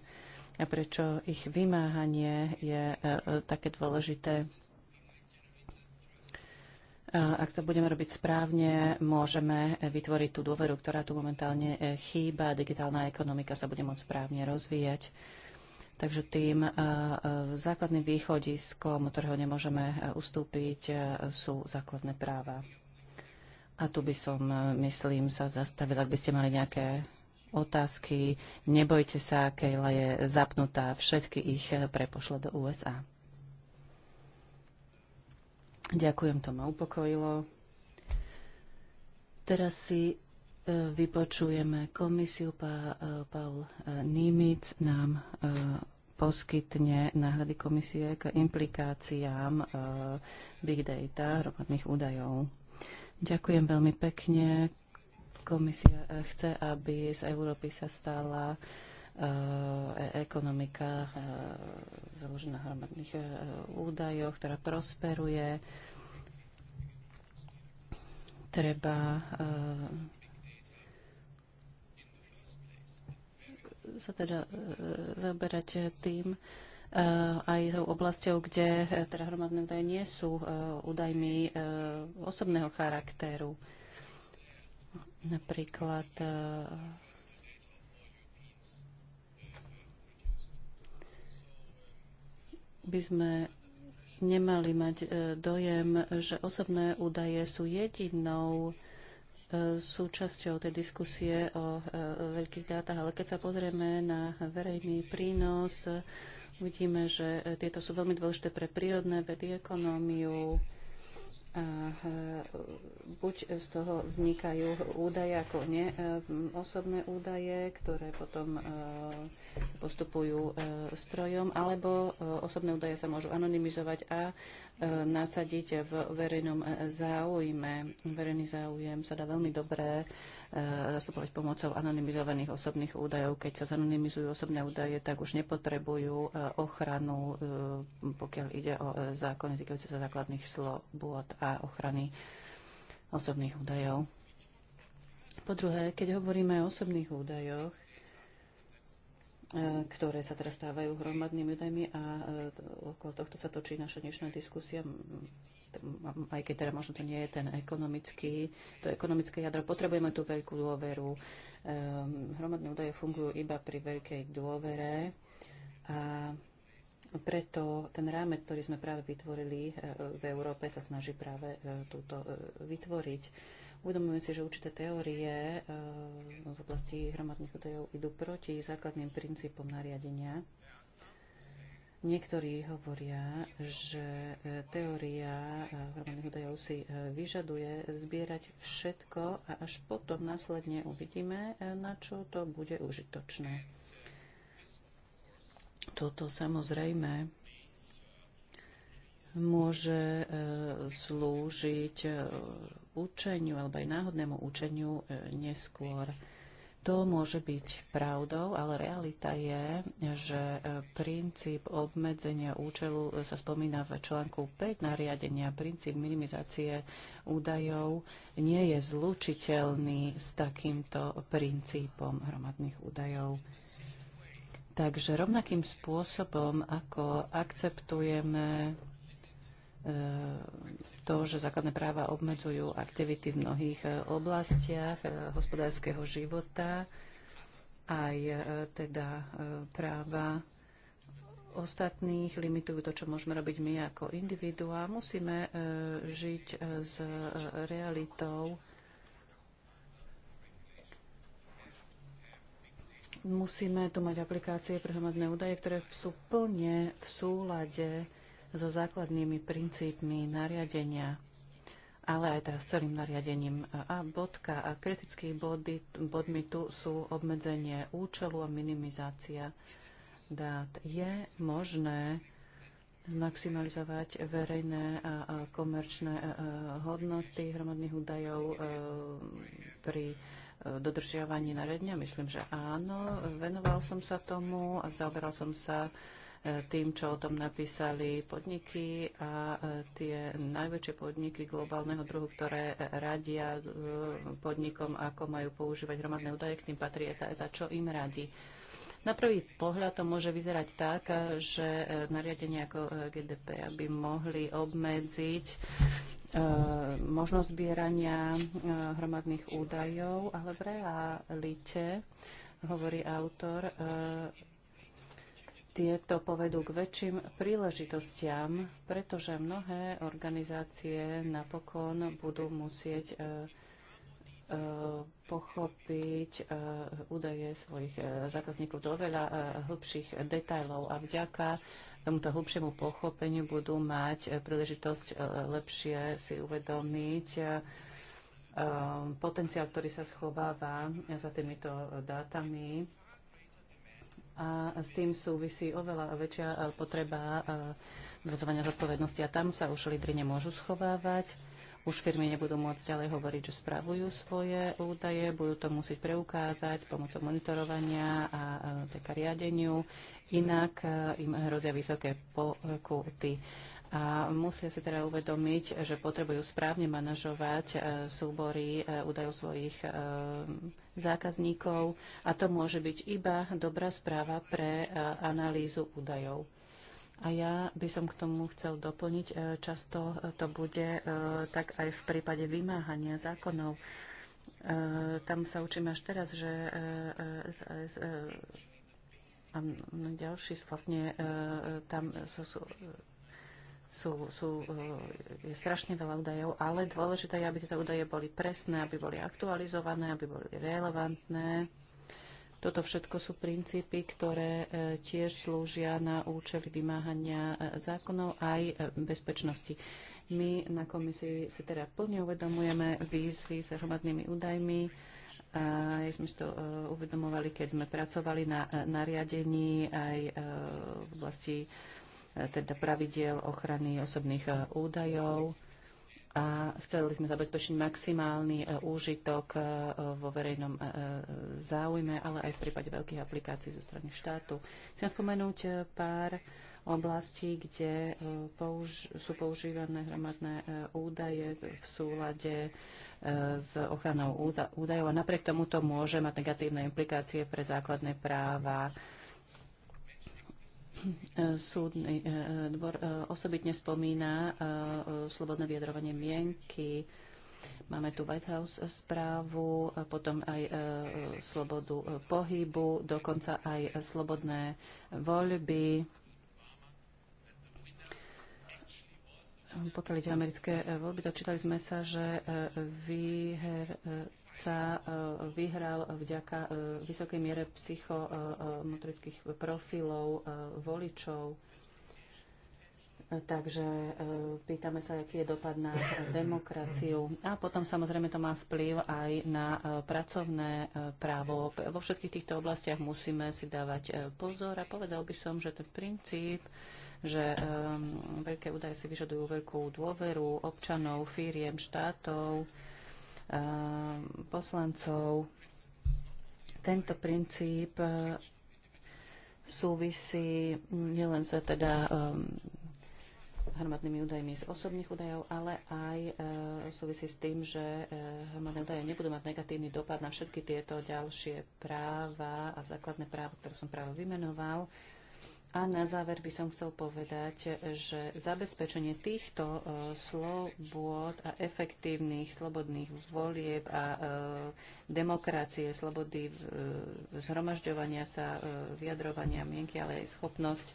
a prečo ich vymáhanie je také dôležité ak to budeme robiť správne, môžeme vytvoriť tú dôveru, ktorá tu momentálne e, chýba. Digitálna ekonomika sa bude môcť správne rozvíjať. Takže tým e, e, základným východiskom, ktorého nemôžeme ustúpiť, sú základné práva. A tu by som, myslím, sa zastavila, ak by ste mali nejaké otázky. Nebojte sa, Kejla je zapnutá, všetky ich prepošle do USA. Ďakujem, to ma upokojilo. Teraz si e, vypočujeme komisiu. Pá, e, Paul e, Nimic nám poskytne náhľady komisie k implikáciám big data, hromadných údajov. Ďakujem veľmi pekne. Komisia chce, aby z Európy sa stala E, ekonomika e, založená na hromadných e, údajoch, ktorá prosperuje. Treba sa teda zaoberať tým, aj tou oblasťou, kde teda hromadné údaje nie sú údajmi osobného charakteru. Napríklad by sme nemali mať e, dojem, že osobné údaje sú jedinou e, súčasťou tej diskusie o e, veľkých dátach, ale keď sa pozrieme na verejný prínos, vidíme, že tieto sú veľmi dôležité pre prírodné vedy, ekonómiu, a e, buď z toho vznikajú údaje ako ne, e, osobné údaje, ktoré potom e, postupujú strojom, alebo osobné údaje sa môžu anonymizovať a E, nasadiť v verejnom záujme. Verejný záujem sa dá veľmi dobre e, zastupovať pomocou anonymizovaných osobných údajov. Keď sa zanonymizujú osobné údaje, tak už nepotrebujú e, ochranu, pokiaľ ide o zákony týkajúce sa základných slobôd a ochrany osobných údajov. Po druhé, keď hovoríme o osobných údajoch, E, ktoré sa teraz stávajú hromadnými údajmi a e, okolo tohto sa točí naša dnešná diskusia aj keď teda možno to nie je ten ekonomický, to ekonomické jadro, potrebujeme tú veľkú dôveru. Um, hromadné údaje fungujú iba pri veľkej dôvere a preto ten rámec, ktorý sme práve vytvorili v Európe, sa snaží práve túto vytvoriť Uvedomujem si, že určité teórie e, v oblasti hromadných údajov idú proti základným princípom nariadenia. Niektorí hovoria, že e, teória e, hromadných údajov si vyžaduje zbierať všetko a až potom následne uvidíme, na čo to bude užitočné. Toto samozrejme môže e, slúžiť e, učeniu alebo aj náhodnému učeniu e, neskôr. To môže byť pravdou, ale realita je, že princíp obmedzenia účelu sa spomína v článku 5 nariadenia. Princíp minimizácie údajov nie je zlučiteľný s takýmto princípom hromadných údajov. Takže rovnakým spôsobom, ako akceptujeme E, to, že základné práva obmedzujú aktivity v mnohých e, oblastiach e, hospodárskeho života, aj teda práva ostatných, limitujú to, čo môžeme robiť my ako individuá. Musíme žiť s realitou. Musíme tu mať aplikácie pre hromadné údaje, ktoré sú plne v súlade so základnými princípmi nariadenia, ale aj teraz celým nariadením. A bodka a kritické body, bodmi tu sú obmedzenie účelu a minimizácia dát. Je možné maximalizovať verejné a komerčné hodnoty hromadných údajov e, pri e, dodržiavaní nariadenia? Myslím, že áno. Venoval som sa tomu a zaoberal som sa tým, čo o tom napísali podniky a e, tie najväčšie podniky globálneho druhu, ktoré radia e, podnikom, ako majú používať hromadné údaje, k tým patrí aj za čo im radí. Na prvý pohľad to môže vyzerať tak, že e, nariadenia ako GDP by mohli obmedziť možnosť zbierania hromadných údajov, ale v realite, hovorí autor, tieto povedú k väčším príležitostiam, pretože mnohé organizácie napokon budú musieť e, e, pochopiť e, údaje svojich zákazníkov do veľa hĺbších detajlov a vďaka tomuto hĺbšiemu pochopeniu budú mať príležitosť lepšie si uvedomiť potenciál, ktorý sa schováva za týmito dátami a s tým súvisí oveľa väčšia e, potreba e, vrzovania zodpovednosti. A tam sa už lídry nemôžu schovávať, už firmy nebudú môcť ďalej hovoriť, že spravujú svoje údaje, budú to musieť preukázať pomocou monitorovania a e, teka riadeniu, inak im hrozia vysoké pokuty. A musia si teda uvedomiť, že potrebujú správne manažovať súbory údajov svojich zákazníkov a to môže byť iba dobrá správa pre e, analýzu údajov. A ja by som k tomu chcel doplniť, e, často to bude e, tak aj v prípade vymáhania zákonov. Tam sa učím až teraz, že a no, ďalší vlastne tam sú, sú sú, sú eh, je strašne veľa údajov, ale dôležité je, aby tieto údaje boli presné, aby boli aktualizované, aby boli relevantné. Toto všetko sú princípy, ktoré eh, tiež slúžia na účely vymáhania eh, zákonov aj bezpečnosti. My na komisii si teda plne uvedomujeme výzvy s hromadnými údajmi. Aj sme si to uvedomovali, keď sme pracovali na nariadení aj v oblasti E, teda pravidiel ochrany osobných e, údajov a chceli sme zabezpečiť maximálny e, úžitok vo verejnom záujme, ale aj v prípade veľkých aplikácií zo strany štátu. Chcem spomenúť pár oblastí, kde použ- sú používané hromadné údaje v súlade s ochranou údajov a napriek tomu to môže mať negatívne implikácie pre základné práva Súdny eh, dvor eh, osobitne spomína eh, slobodné vyjadrovanie mienky, Máme tu White House správu, potom aj slobodu pohybu, dokonca aj slobodné voľby. Pokiaľ ide americké voľby, dočítali sme sa, že výher sa e, vyhral vďaka e, vysokej miere psychomotrických profilov e, voličov. Takže pýtame sa, aký je dopad na demokraciu. A potom samozrejme to má vplyv aj na pracovné právo. Vo všetkých týchto oblastiach musíme si dávať pozor a povedal by som, že ten princíp, že veľké údaje si vyžadujú veľkú dôveru občanov, firiem, štátov, Ehm, poslancov. Tento princíp e, súvisí nielen sa teda ehm, hromadnými údajmi z osobných údajov, ale aj e, súvisí s tým, že e, hromadné údaje nebudú mať negatívny dopad na všetky tieto ďalšie práva a základné práva, ktoré som práve vymenoval. A na záver by som chcel povedať, že zabezpečenie týchto e, slobod a efektívnych slobodných volieb a e, demokracie, slobody e, zhromažďovania sa, vyjadrovania mienky, ale aj schopnosť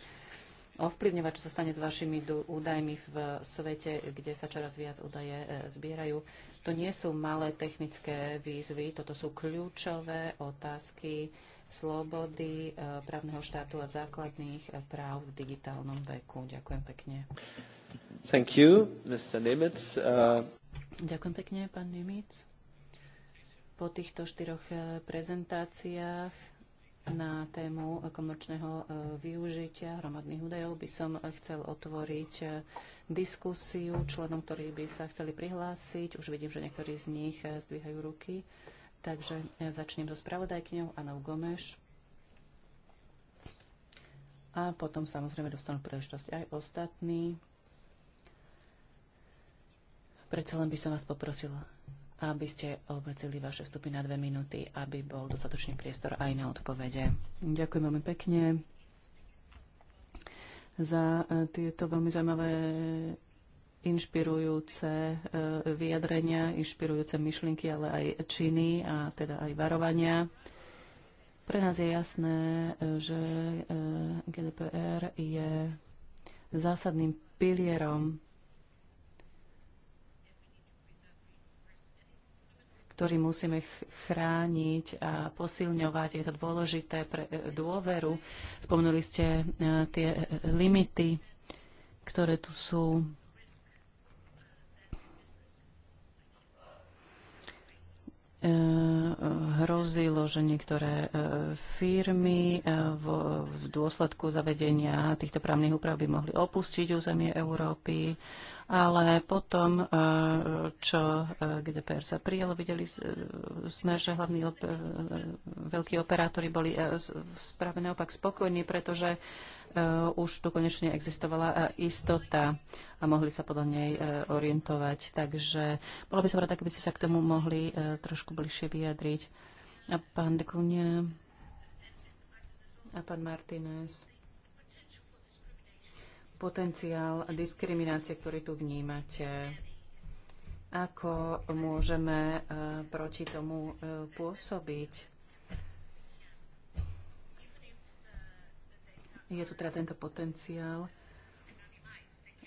ovplyvňovať, čo sa stane s vašimi údajmi v svete, kde sa čoraz viac údaje zbierajú. To nie sú malé technické výzvy, toto sú kľúčové otázky, slobody, e, právneho štátu a základných e, práv v digitálnom veku. Ďakujem pekne.
Thank you, Mr. Nemitz. Uh...
E, Ďakujem pekne, pán Nemitz. Po týchto štyroch prezentáciách na tému komerčného využitia hromadných údajov by som chcel otvoriť diskusiu členom, ktorí by sa chceli prihlásiť. Už vidím, že niektorí z nich zdvíhajú ruky. Takže ja začnem so spravodajkňou Anou Gomeš. A potom samozrejme dostanú príležitosť aj ostatní. Predsa len by som vás poprosila, aby ste obmedzili vaše vstupy na dve minúty, aby bol dostatočný priestor aj na odpovede. Ďakujem veľmi pekne za e, tieto veľmi zaujímavé inšpirujúce e, vyjadrenia, inšpirujúce myšlienky, ale aj činy a teda aj varovania. Pre nás je jasné, e, že e, GDPR je zásadným pilierom, ktorý musíme chrániť a posilňovať. Je to dôležité pre dôveru. Spomenuli ste tie limity, ktoré tu sú E, hrozilo, že niektoré e, firmy e, v dôsledku zavedenia týchto právnych úprav by mohli opustiť územie Európy, ale potom, čo GDPR sa prijalo, videli sme, že hlavní op veľkí operátori boli spravené opak spokojní, pretože Eh, už tu konečne existovala eh, istota a mohli sa podľa nej eh, orientovať. Takže bola by som rada, keby ste sa k tomu mohli trošku bližšie vyjadriť. A pán Dekunia a pán Martinez. Potenciál diskriminácie, ktorý tu vnímate ako môžeme proti tomu pôsobiť. Je tu teda tento potenciál.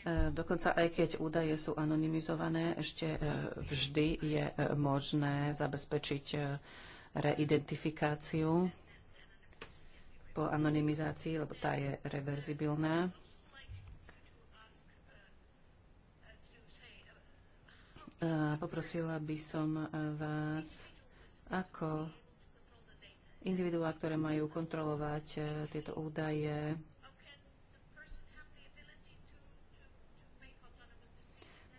E, dokonca aj keď údaje sú anonymizované, ešte e, vždy je e, možné zabezpečiť reidentifikáciu po anonymizácii, lebo tá je reverzibilná. Poprosila by som vás, ako individuá, ktoré majú kontrolovať e, tieto údaje.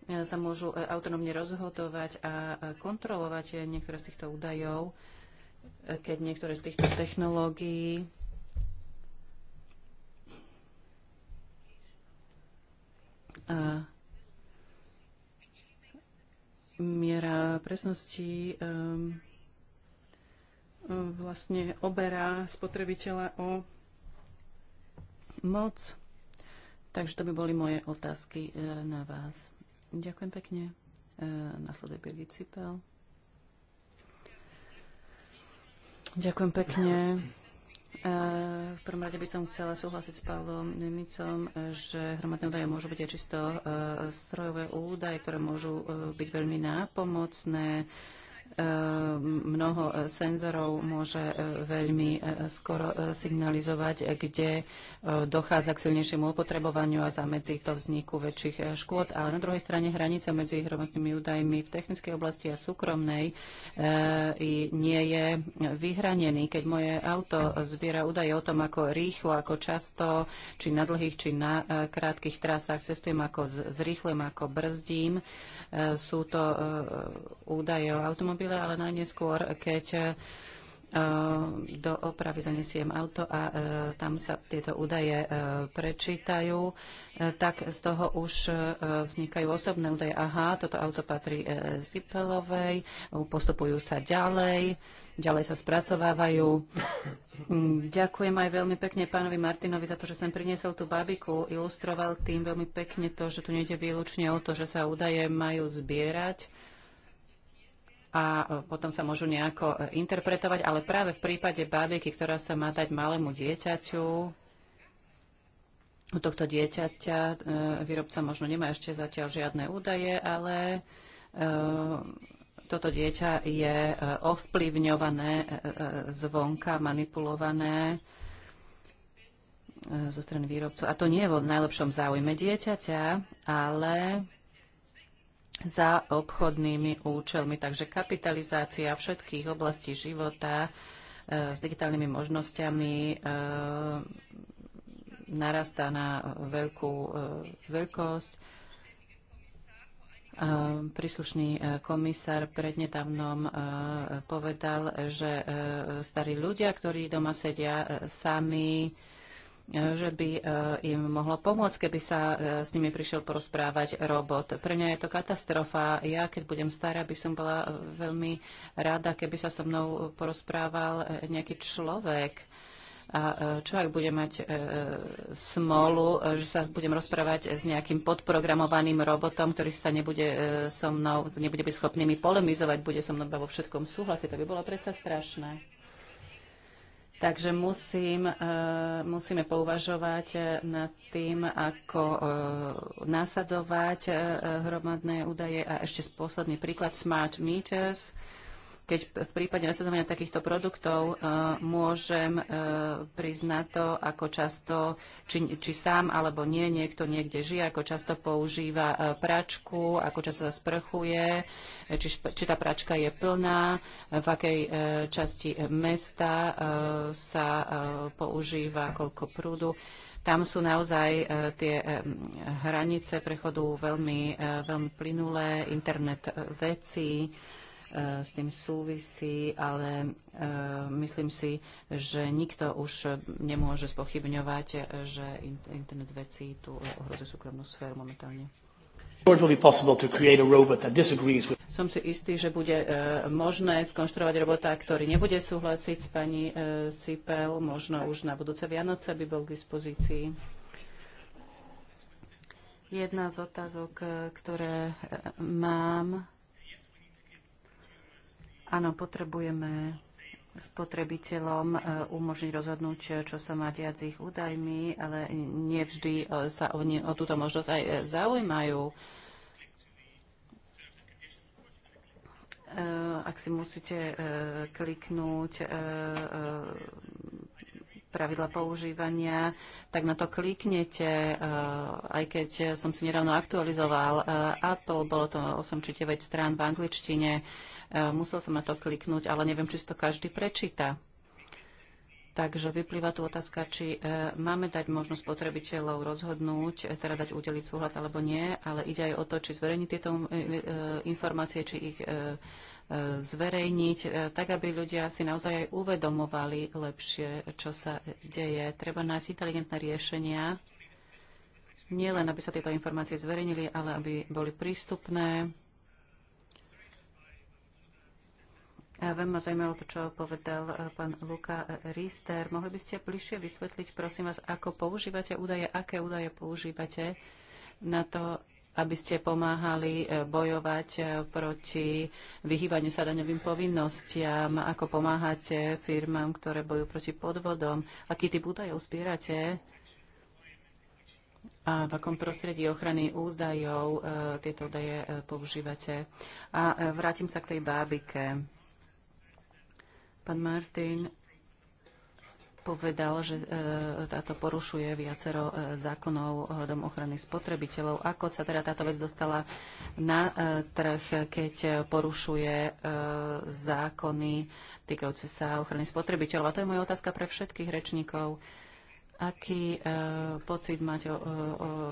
E, sa môžu e, autonómne rozhodovať a kontrolovať niektoré z týchto údajov, keď niektoré z týchto technológií miera presnosti um, vlastne oberá spotrebiteľa o moc. Takže to by boli moje otázky e, na vás. Ďakujem pekne. E, nasleduje Birgit Cipel. Ďakujem pekne. E, v prvom rade by som chcela súhlasiť s Pavlom Nemicom, že hromadné údaje môžu byť aj čisto strojové údaje, ktoré môžu byť veľmi nápomocné Ehm, mnoho e, senzorov môže e, veľmi e, skoro signalizovať, kde dochádza k silnejšiemu opotrebovaniu a zamedzi to vzniku väčších škôd. Ale na druhej strane hranica medzi hromadnými údajmi v technickej oblasti a súkromnej nie je vyhranený. Keď moje auto zbiera údaje o tom, ako rýchlo, ako často, či na dlhých, či na krátkých trasách cestujem, ako zrýchlem, ako brzdím, sú to údaje o automobiloch, automobile, ale najneskôr, keď e, do opravy zanesiem auto a e, tam sa tieto údaje e, prečítajú, tak z toho už vznikajú osobné údaje. Aha, toto auto patrí Zipelovej, postupujú sa ďalej, ďalej sa spracovávajú. Mm, ďakujem aj veľmi pekne pánovi Martinovi za to, že som priniesol tú babiku, ilustroval tým veľmi pekne to, že tu nejde výlučne o to, že sa údaje majú zbierať, a e, potom sa môžu nejako e, interpretovať, ale práve v prípade bábiky, ktorá sa má dať malému dieťaťu, u tohto dieťaťa e, výrobca možno nemá ešte zatiaľ žiadne údaje, ale toto dieťa je ovplyvňované zvonka, manipulované zo strany výrobcu. A to nie je vo najlepšom záujme dieťaťa, ale za obchodnými účelmi. Takže kapitalizácia všetkých oblastí života e, s digitálnymi možnosťami e, narastá na veľkú e, veľkosť. Príslušný komisár prednetávnom povedal, že starí ľudia, ktorí doma sedia sami, E, že by e, im mohlo pomôcť, keby sa e, s nimi prišiel porozprávať robot. Pre mňa je to katastrofa. Ja, keď budem stará, by som bola veľmi rada, keby sa so mnou porozprával nejaký človek. A čo ak bude mať e, smolu, že sa budem rozprávať s nejakým podprogramovaným robotom, ktorý sa nebude e, so mnou, nebude byť schopný mi polemizovať, bude so mnou vo všetkom súhlasiť, to by bolo predsa strašné. Takže musím, e, musíme pouvažovať e, nad tým, ako e, nasadzovať hromadné údaje. A ešte posledný príklad Smart Meters – keď v prípade nasadzovania takýchto produktov e, môžem e, prísť na to, ako často, či, či sám alebo nie, niekto niekde žije, ako často používa e, pračku, ako často sa sprchuje, či, či tá pračka je plná, v akej časti mesta sa používa, koľko prúdu tam sú naozaj tie hranice prechodu veľmi, veľmi plynulé, internet vecí, E, s tým súvisí, ale e, myslím si, že nikto už nemôže spochybňovať, že internet vecí tu ohrozuje súkromnú sféru momentálne. Som si istý, že bude e, možné skonštruovať robota, ktorý nebude súhlasiť s pani Sipel. Možno už na budúce Vianoce by bol k dispozícii. Jedna z otázok, ktoré mám, Áno, potrebujeme spotrebiteľom e, umožniť rozhodnúť, e, čo sa má diať s ich údajmi, ale nevždy e, sa oni o túto možnosť aj zaujímajú. Ak si musíte kliknúť pravidla používania, tak na to kliknete, aj keď som si nedávno aktualizoval Apple, bolo to 8 či 9 strán v angličtine, Eh, musel som na to kliknúť, ale neviem, či si to každý prečíta. Takže vyplýva tu otázka, či eh, máme dať možnosť spotrebiteľov rozhodnúť, eh, teda dať udeliť súhlas alebo nie, ale ide aj o to, či zverejniť tieto informácie, či ich zverejniť, tak aby ľudia si naozaj aj uvedomovali lepšie, čo sa deje. Treba nájsť inteligentné riešenia, nielen aby sa tieto informácie zverejnili, ale aby boli prístupné Veľmi ma zaujímalo to, čo povedal e, pán Luka e, Rister. Mohli by ste bližšie vysvetliť, prosím vás, ako používate údaje, aké údaje používate na to, aby ste pomáhali e, bojovať proti vyhýbaniu sa daňovým povinnostiam, ako pomáhate firmám, ktoré bojujú proti podvodom, aký typ údajov zbierate a v akom prostredí ochrany údajov tieto údaje používate. A vrátim sa k tej bábike Pán Martin povedal, že e, táto porušuje viacero e, zákonov ohľadom ochrany spotrebiteľov. Ako sa teda táto vec dostala na e, trh, keď porušuje zákony týkajúce sa ochrany spotrebiteľov? A to je moja otázka pre všetkých rečníkov. Aký e, pocit máte e,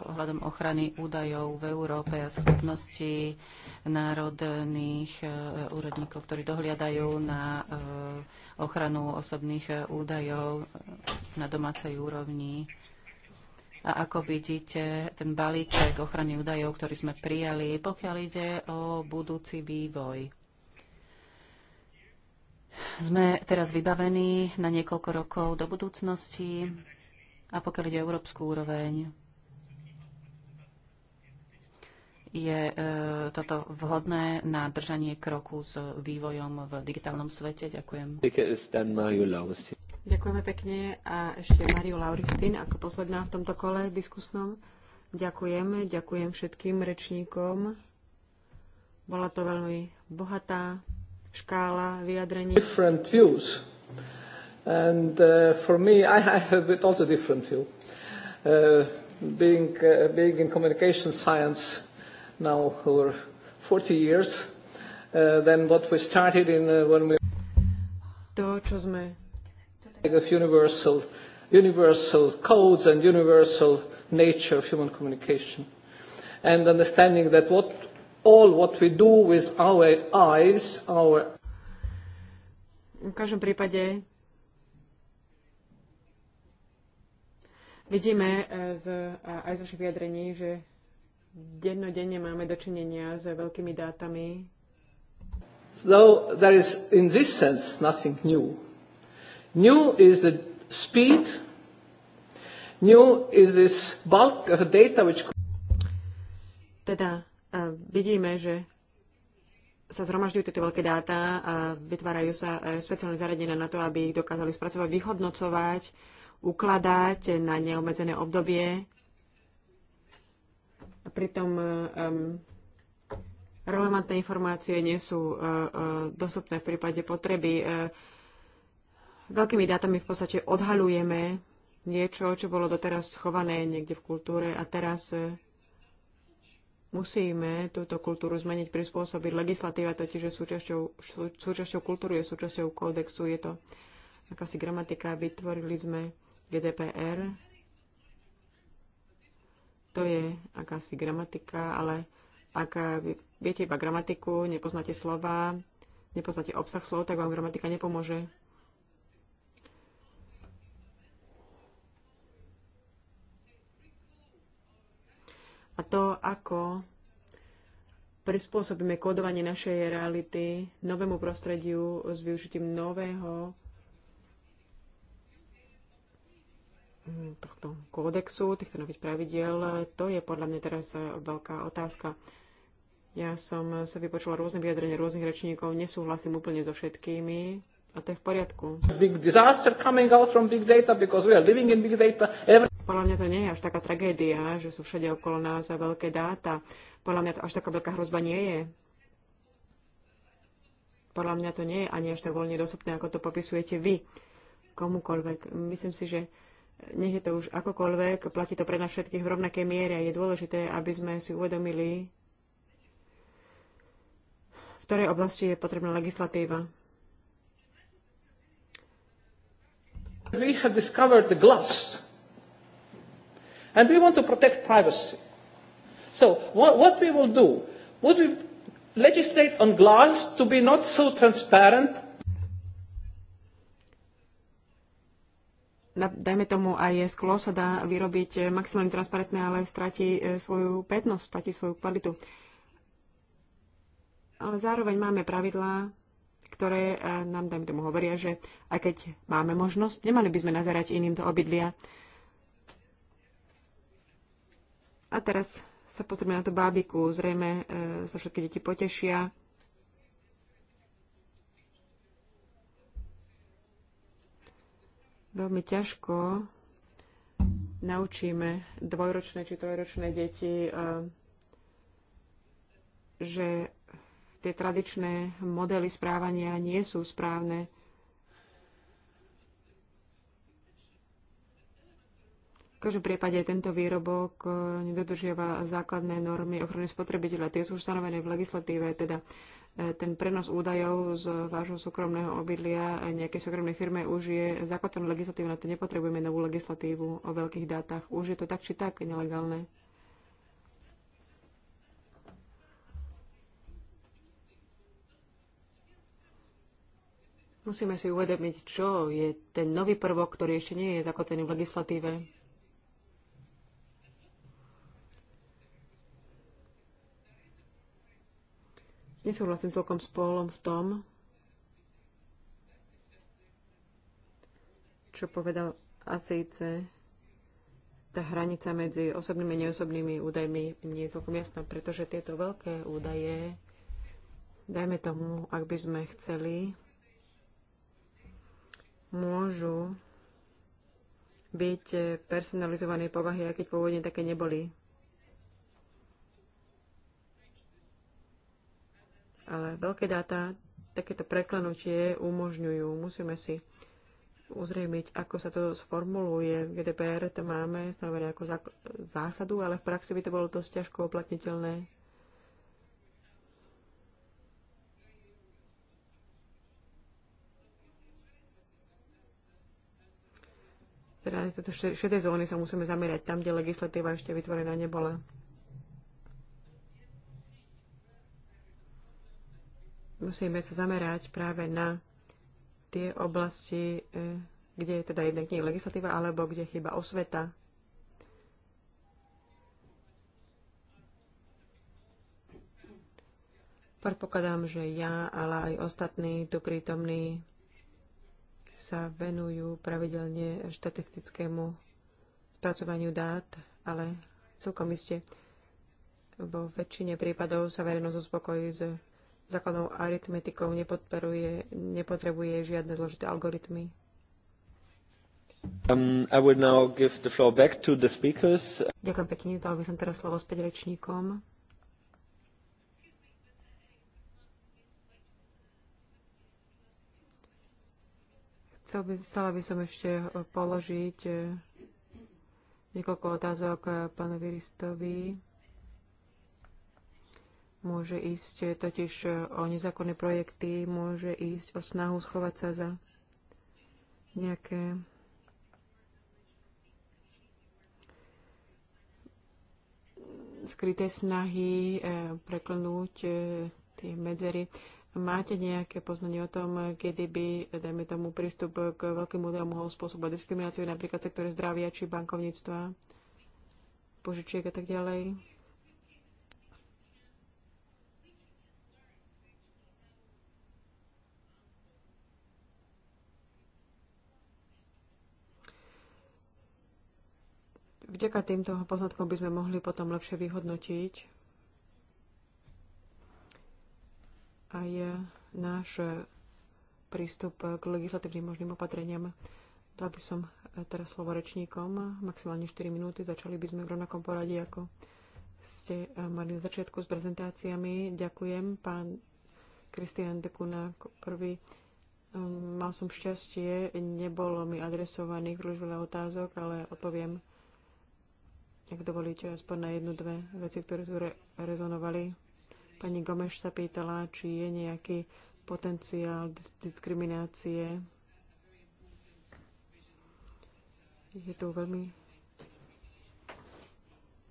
ohľadom ochrany údajov v Európe a schopnosti národných e, úradníkov, ktorí dohliadajú na e, ochranu osobných e, údajov e, na domácej úrovni? A ako vidíte ten balíček ochrany údajov, ktorý sme prijali, pokiaľ ide o budúci vývoj? Sme teraz vybavení na niekoľko rokov do budúcnosti. A pokiaľ ide o európsku úroveň, je e, toto vhodné na držanie kroku s vývojom v digitálnom svete? Ďakujem. Ďakujeme pekne a
ešte Mariu Lauristin ako posledná v tomto kole diskusnom. Ďakujem, ďakujem všetkým rečníkom. Bola to veľmi bohatá škála vyjadrení. Different views. And uh, for me, I
have a bit also different view. Uh, being, uh, being in communication
science now over 40 years, uh, then what we started in uh, when we
to, čo sme
of universal,
universal codes and universal nature of human communication, and understanding that what all what we do with our eyes, our.
V každom prípade Vidíme e, z, aj z vašich vyjadrení, že dennodenne máme dočinenia s veľkými dátami.
So there is in this sense nothing new. New is the speed. New is this bulk of data which...
Teda uh, vidíme, že sa zhromažďujú tieto veľké dáta a vytvárajú sa uh, speciálne zariadenia na to, aby ich dokázali spracovať, vyhodnocovať ukladať na neobmedzené obdobie. A pritom um, relevantné informácie nie sú uh, uh, dostupné v prípade potreby. Uh, veľkými dátami v podstate odhalujeme niečo, čo bolo doteraz schované niekde v kultúre a teraz musíme túto kultúru zmeniť, prispôsobiť. Legislatíva totiž je súčasťou, sú, súčasťou kultúry, je súčasťou kódexu, je to akási gramatika, vytvorili sme GDPR. To je akási gramatika, ale ak viete iba gramatiku, nepoznáte slova, nepoznáte obsah slov, tak vám gramatika nepomôže. A to, ako prispôsobíme kódovanie našej reality novému prostrediu s využitím nového Mm, tohto kódexu, týchto nových pravidiel, to je podľa mňa teraz e, veľká otázka. Ja som sa vypočula rôzne vyjadrenia rôznych rečníkov, nesúhlasím úplne so všetkými, a to je v poriadku. Big disaster coming out from big data because we are living in big data. Every... Podľa mňa to nie je až taká tragédia, že sú všade okolo nás a veľké dáta. Podľa mňa to až taká veľká hrozba nie je. Podľa mňa to nie je ani až tak voľne dostupné, ako to popisujete vy komukoľvek. Myslím si, že nech je to už akokoľvek, platí to pre nás všetkých v rovnakej miere a je dôležité, aby sme si uvedomili, v ktorej oblasti je potrebná legislatíva. We have discovered
the glass and we want to protect privacy. So what, what we will do, would we legislate on glass to be not so transparent dajme
tomu aj sklo sa dá vyrobiť maximálne transparentné, ale stratí e, svoju pätnosť, stratí svoju kvalitu. Ale zároveň máme pravidlá, ktoré e, nám, dajme tomu, hovoria, že aj keď máme možnosť, nemali by sme nazerať iným do obydlia. A teraz sa pozrieme na tú bábiku. Zrejme e, sa všetky deti potešia Veľmi ťažko naučíme dvojročné či trojročné deti, eh, že tie tradičné modely správania nie sú správne. V každom prípade tento výrobok eh, nedodržiava základné normy ochrany spotrebiteľa. Tie sú stanovené v legislatíve, teda Eh, ten prenos údajov z vášho súkromného obydlia nejakej súkromnej firme už je zakotvený legislatívne, to nepotrebujeme novú legislatívu o veľkých dátach. Už je to tak či tak nelegálne. Musíme si uvedomiť, čo je ten nový prvok, ktorý ešte nie je zakotvený v legislatíve. Nesúhlasím celkom s Pólom v tom, čo povedal Asejce. Tá hranica medzi osobnými a neosobnými údajmi nie je celkom jasná, pretože tieto veľké údaje, dajme tomu, ak by sme chceli, môžu byť personalizované povahy, aj keď pôvodne také neboli. Ale veľké dáta takéto preklenutie umožňujú. Musíme si uzrejmiť, ako sa to sformuluje. GDPR to máme stanovené ako zásadu, ale v praxi by to bolo dosť ťažko oplatniteľné. Teda tieto šedé zóny sa musíme zamerať tam, kde legislatíva ešte vytvorená nebola. musíme sa zamerať práve na tie oblasti, e, kde je teda jednak nie legislatíva, alebo kde chyba osveta. Predpokladám, že ja, ale aj ostatní tu prítomní sa venujú pravidelne štatistickému spracovaniu dát, ale celkom iste vo väčšine prípadov sa verejnosť uspokojí s základnou aritmetikou nepotrebuje žiadne zložité algoritmy.
Um, I would now give the floor back to the speakers.
Ďakujem pekne, dal by som teraz slovo späť rečníkom. Chcel by, chcela by som ešte položiť eh, niekoľko otázok eh, pánovi Ristovi. Môže ísť eh, totiž eh, o nezákonné projekty, môže ísť o snahu schovať sa za nejaké skryté snahy eh, preklnúť tie medzery. Máte nejaké poznanie o tom, kedy by, dajme tomu, prístup k veľkým údajom mohol spôsobovať diskrimináciu, napríklad sektore zdravia či bankovníctva, požičiek a tak ďalej? Vďaka týmto poznatkom by sme mohli potom lepšie vyhodnotiť aj náš prístup k legislatívnym možným opatreniam. Dala by som teraz slovo rečníkom, maximálne 4 minúty. Začali by sme v rovnakom poradí, ako ste mali na začiatku s prezentáciami. Ďakujem, pán Kristian Dekuna, prvý. Um, mal som šťastie, nebolo mi adresovaných príliš veľa otázok, ale odpoviem ak dovolíte, aspoň na jednu, dve veci, ktoré tu re- rezonovali. Pani Gomeš sa pýtala, či je nejaký potenciál diskriminácie. Je tu veľmi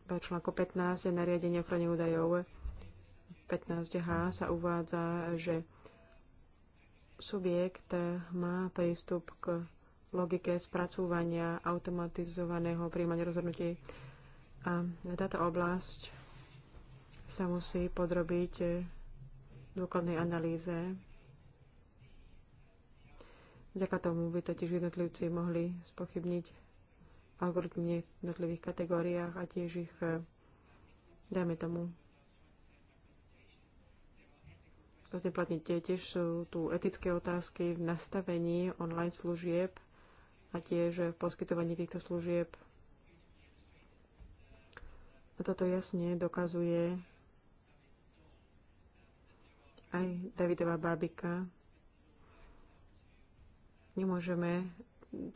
článku 15 Nariadenie ochrany údajov 15h sa uvádza, že subjekt má prístup k logike spracúvania automatizovaného príjmania rozhodnutí a táto oblasť sa musí podrobiť e, dôkladnej analýze. Vďaka tomu by totiž jednotlivci mohli spochybniť algoritmy v jednotlivých kategóriách a tiež ich, e, dajme tomu, zneplatnite. Tiež sú tu etické otázky v nastavení online služieb a tiež v poskytovaní týchto služieb a toto jasne dokazuje aj Davidová bábika. Nemôžeme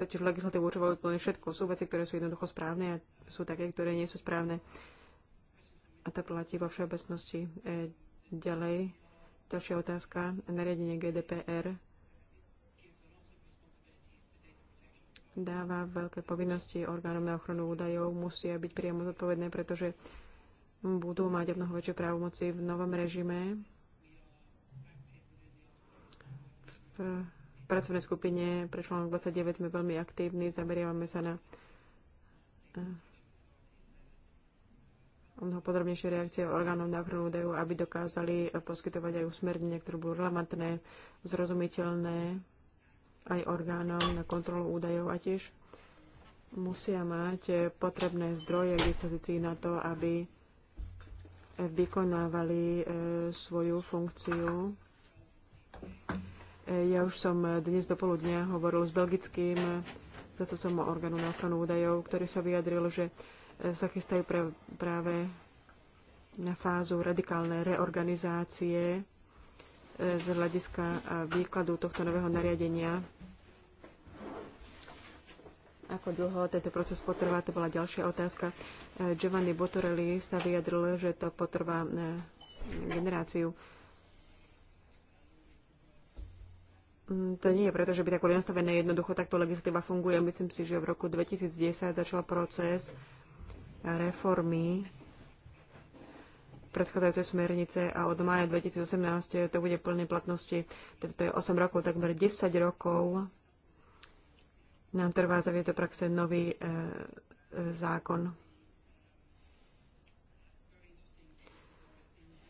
totiž legislatívu určovať úplne všetko. Sú veci, ktoré sú jednoducho správne a sú také, ktoré nie sú správne. A to platí vo všeobecnosti. E, ďalej, ďalšia otázka, nariadenie GDPR dáva veľké povinnosti orgánom na ochranu údajov, musia byť priamo zodpovedné, pretože budú mať o mnoho väčšie právomoci v novom režime. V pracovnej skupine pre článok 29 sme veľmi aktívni, zameriavame sa na eh, mnoho podrobnejšie reakcie orgánov na ochranu údajov, aby dokázali poskytovať aj usmernenia, ktoré budú relevantné, zrozumiteľné aj orgánom na kontrolu údajov a tiež musia mať eh, potrebné zdroje k dispozícii na to, aby eh, vykonávali eh, svoju funkciu. Ja už som dnes do poludnia hovoril s belgickým zastupcom orgánu na ochranu údajov, ktorý sa vyjadril, že sa chystajú práve na fázu radikálnej reorganizácie z hľadiska výkladu tohto nového nariadenia. Ako dlho tento proces potrvá, to bola ďalšia otázka. E, Giovanni Botorelli sa vyjadril, že to potrvá e, generáciu. Mm, to nie je preto, že by tak boli nastavené jednoducho, takto legislatíva funguje. Myslím si, že v roku 2010 začal proces reformy predchádzajúcej smernice a od maja 2018 to bude plnej platnosti, teda to je 8 rokov, takmer 10 rokov nám trvá za vieto praxe nový e, e, zákon.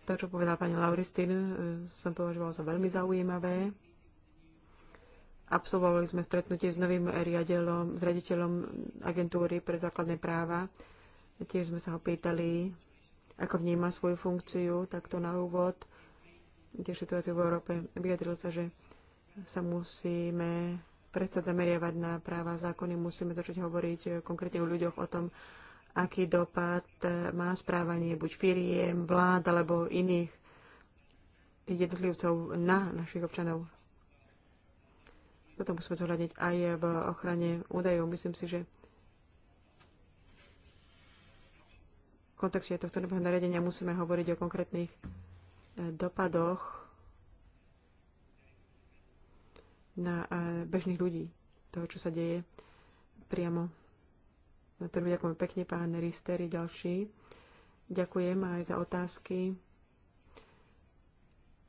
To, čo povedala pani Lauristin, e, som považovala za veľmi zaujímavé. Absolvovali sme stretnutie s novým riadeľom, s riaditeľom agentúry pre základné práva. Tiež sme sa ho pýtali, ako vníma svoju funkciu, takto na úvod, tiež situáciu v Európe. Vyjadril sa, že sa musíme prestať zameriavať na práva zákony, musíme začať hovoriť konkrétne o ľuďoch o tom, aký dopad má správanie buď firiem, vlád alebo iných jednotlivcov na našich občanov. Toto musíme zohľadniť aj v ochrane údajov. Myslím si, že kontexte tohto nového nariadenia musíme hovoriť o konkrétnych e, dopadoch na e, bežných ľudí, toho, čo sa deje priamo. Na prvý ďakujem pekne, pán Risteri, ďalší. Ďakujem aj za otázky.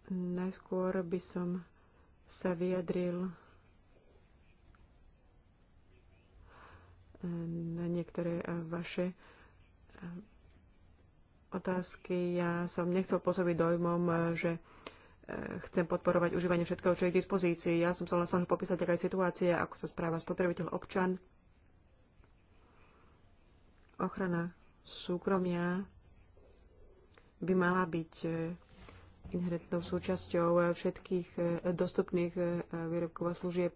Najskôr by som sa vyjadril e, na niektoré vaše otázky. Ja som nechcel pôsobiť dojmom, že e, chcem podporovať užívanie všetkého, čo je k dispozícii. Ja som sa len snažil popísať, aká situácie, situácia, ako sa správa spotrebiteľ, občan, ochrana súkromia by mala byť e, inherentnou súčasťou e, všetkých dostupných výrobkov a služieb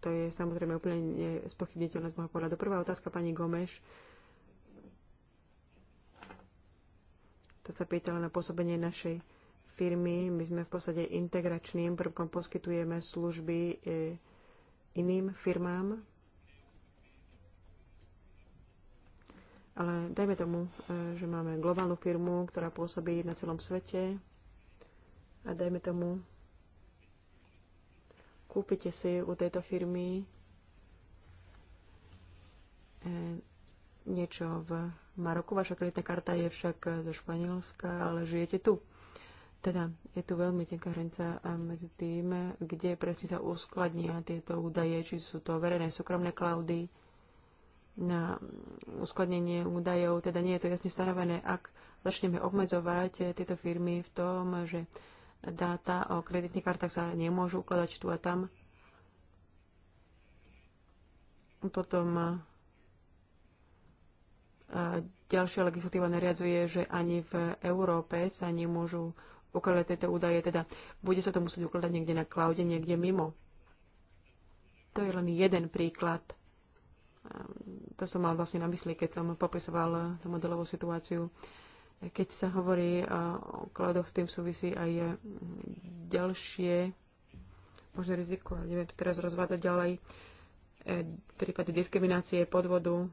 To je samozrejme úplne nespochybniteľné z môjho pohľadu. Prvá otázka pani Gomeš. To sa pýtala na pôsobenie našej firmy. My sme v podstate integračným prvkom, poskytujeme služby e, iným firmám. Ale dajme tomu, e, že máme globálnu firmu, ktorá pôsobí na celom svete. A dajme tomu, kúpite si u tejto firmy eh, niečo v Maroku, vaša kreditná karta je však zo Španielska, ale žijete tu. Teda je tu veľmi tenká hranica eh, medzi tým, kde presne sa uskladnia tieto údaje, či sú to verejné súkromné klaudy na uskladnenie údajov, teda nie je to jasne stanovené, ak začneme obmedzovať eh, tieto firmy v tom, že dáta o kreditných kartách sa nemôžu ukladať tu a tam. Potom e, ďalšia legislatíva nariadzuje, že ani v Európe sa nemôžu ukladať tieto údaje, teda bude sa to musieť ukladať niekde na cloude, niekde mimo. To je len jeden príklad. E, to som mal vlastne na mysli, keď som popisoval modelovú situáciu. Keď sa hovorí e, o kladoch, s tým súvisí aj e, ďalšie možno riziko, ale neviem to teraz rozvádzať ďalej, e, prípady diskriminácie, podvodu,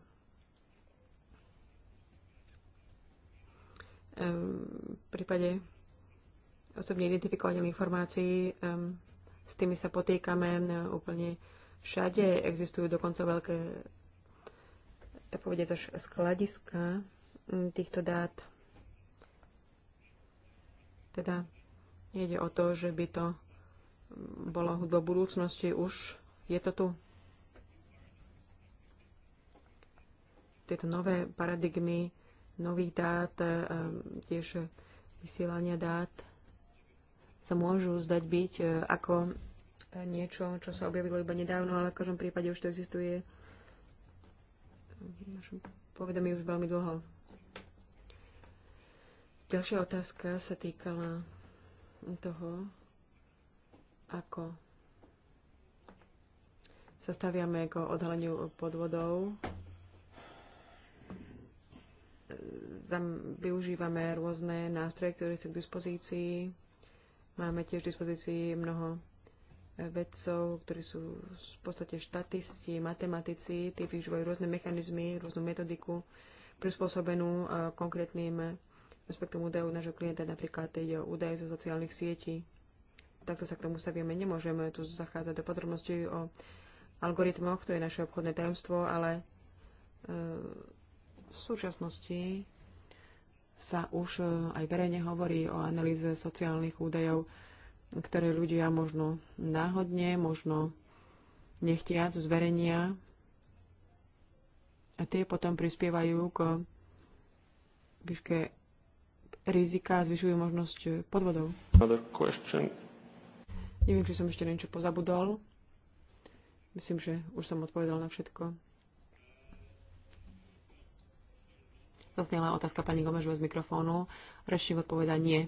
v prípade osobne identifikovaných informácií s tými sa potýkame úplne všade. Existujú dokonca veľké, tak povediať, až skladiska týchto dát. Teda nejde o to, že by to bola hudba budúcnosti, už je to tu. Tieto nové paradigmy nových dát, e, tiež vysielania dát sa môžu zdať byť e, ako niečo, čo sa objavilo iba nedávno, ale v každom prípade už to existuje v našom povedomí už veľmi dlho. Ďalšia otázka sa týkala toho, ako sa staviame k odhaleniu podvodov. Tam využívame rôzne nástroje, ktoré sú k dispozícii. Máme tiež k dispozícii mnoho vedcov, ktorí sú v podstate štatisti, matematici, tí využívajú rôzne mechanizmy, rôznu metodiku prispôsobenú eh, konkrétnym spektrum údajov nášho klienta, napríklad ide o údaje zo sociálnych sietí. Takto sa k tomu stavíme. Nemôžeme tu zachádzať do podrobností o algoritmoch, to je naše obchodné tajomstvo, ale e, v súčasnosti sa už e, aj verejne hovorí o analýze sociálnych údajov, ktoré ľudia možno náhodne, možno nechtiac zverejnia a tie potom prispievajú k výške rizika a zvyšujú možnosť eh, podvodov. Neviem, či som ešte niečo pozabudol. Myslím, že už som odpovedal na všetko. Zaznela otázka pani Gomežova z mikrofónu. Rečník odpoveda nie.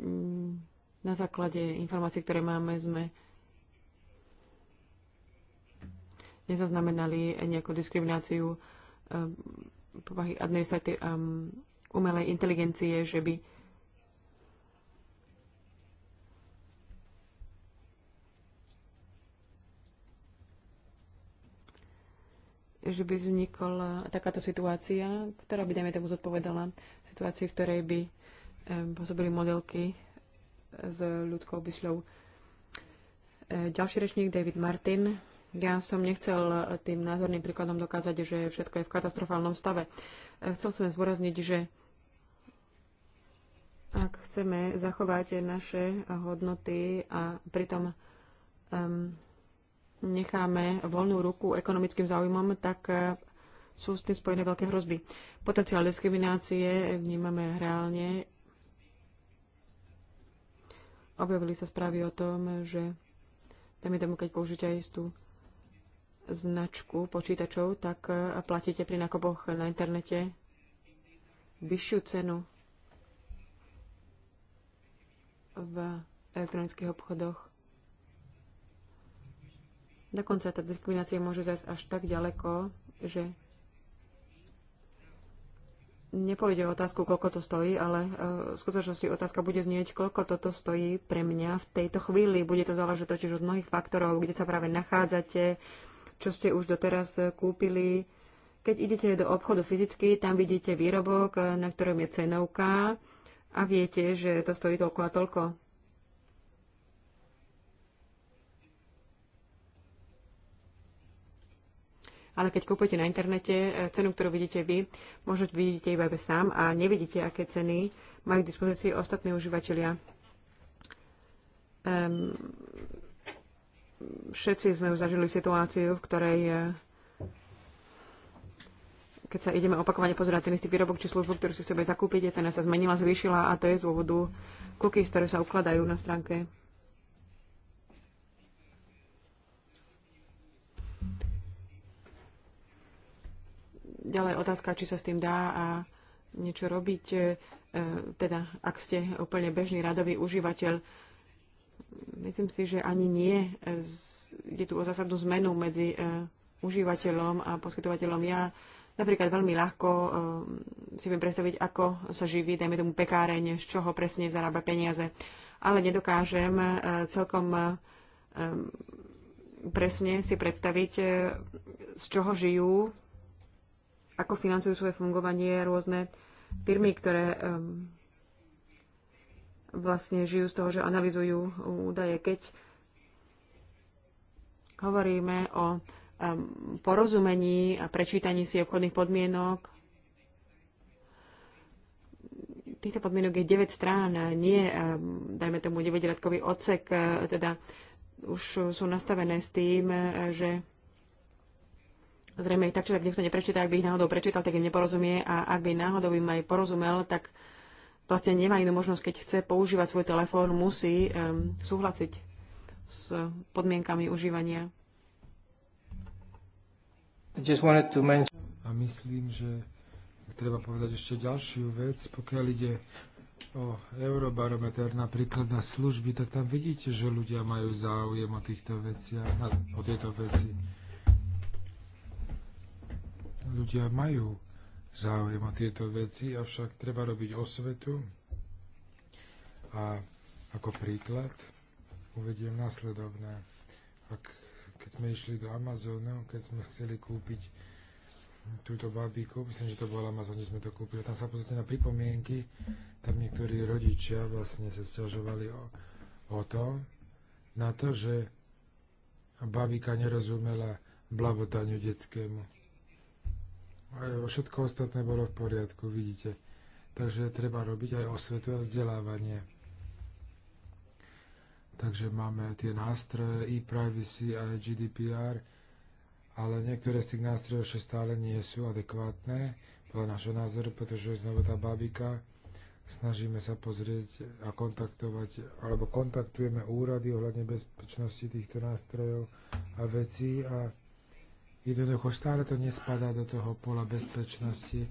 Mm, na základe informácií, ktoré máme, sme nezaznamenali nejakú diskrimináciu eh, povahy administratív, um, umelej inteligencie, že by že by vznikla takáto situácia, ktorá by, dajme tomu, zodpovedala situácii, v ktorej by um, pôsobili modelky uh, s ľudskou mysľou. Uh, ďalší rečník David Martin. Ja som nechcel eh, tým názorným príkladom dokázať, že všetko je v katastrofálnom stave. Eh, chcel som zvorazniť, že ak chceme zachovať naše hodnoty a pritom um, necháme voľnú ruku ekonomickým záujmom, tak eh, sú s tým spojené veľké hrozby. Potenciál diskriminácie vnímame reálne. Objavili sa správy o tom, že tam je tomu, keď použite aj istú značku počítačov, tak e, platíte pri nákupoch na internete vyššiu cenu v elektronických obchodoch. Dokonca tá diskriminácia môže zajsť až tak ďaleko, že nepôjde o otázku, koľko to stojí, ale e, v skutočnosti otázka bude znieť, koľko toto stojí pre mňa v tejto chvíli. Bude to záležať totiž od mnohých faktorov, kde sa práve nachádzate, čo ste už doteraz eh, kúpili. Keď idete do obchodu fyzicky, tam vidíte výrobok, eh, na ktorom je cenovka a viete, že to stojí toľko a toľko. ale keď kúpite na internete eh, cenu, ktorú vidíte vy, možno vidíte iba vy sám a nevidíte, aké ceny majú k dispozícii ostatní užívateľia. Um, všetci sme už zažili situáciu, v ktorej e, keď sa ideme opakovane pozerať ten istý výrobok či službu, ktorú si chceme zakúpiť, je cena sa zmenila, zvýšila a to je z dôvodu cookies, ktoré sa ukladajú na stránke. Ďalej otázka, či sa s tým dá a niečo robiť. E, teda, ak ste úplne bežný radový užívateľ, Myslím si, že ani nie. E, je tu o zásadnú zmenu medzi e, užívateľom a poskytovateľom. Ja napríklad veľmi ľahko e, si viem predstaviť, ako sa živí, dajme tomu pekáreň, z čoho presne zarába peniaze. Ale nedokážem celkom presne si predstaviť, z čoho žijú, ako financujú svoje fungovanie rôzne firmy, ktoré um, vlastne žijú z toho, že analizujú údaje. Keď hovoríme o porozumení a prečítaní si obchodných podmienok, týchto podmienok je 9 strán, nie, dajme tomu, 9-radkový odsek, e, teda už sú nastavené s tým, e, že zrejme ich tak, že tak niekto neprečíta, ak by ich náhodou prečítal, tak im neporozumie a ak by náhodou im aj porozumel, tak vlastne nemá inú možnosť, keď chce používať svoj telefón, musí um, súhlasiť s podmienkami užívania.
A myslím, že treba povedať ešte ďalšiu vec. Pokiaľ ide o eurobarometer napríklad na služby, tak tam vidíte, že ľudia majú záujem o týchto veciach, o tieto veci. Ľudia majú záujem o tieto veci, avšak treba robiť osvetu a ako príklad uvediem následovné. Ak, keď sme išli do Amazonu, keď sme chceli kúpiť túto babiku, myslím, že to bola Amazon, kde sme to kúpili, tam sa pozrite na pripomienky, tam niektorí rodičia vlastne sa stiažovali o, o to, na to, že babika nerozumela blavotaniu detskému všetko ostatné bolo v poriadku, vidíte. Takže treba robiť aj osvetu a vzdelávanie. Takže máme tie nástroje e-privacy a GDPR, ale niektoré z tých nástrojov ešte stále nie sú adekvátne, podľa našho názoru, pretože je znovu tá babika, snažíme sa pozrieť a kontaktovať, alebo kontaktujeme úrady ohľadne bezpečnosti týchto nástrojov a vecí a Jednoducho stále to nespadá do toho pola bezpečnosti,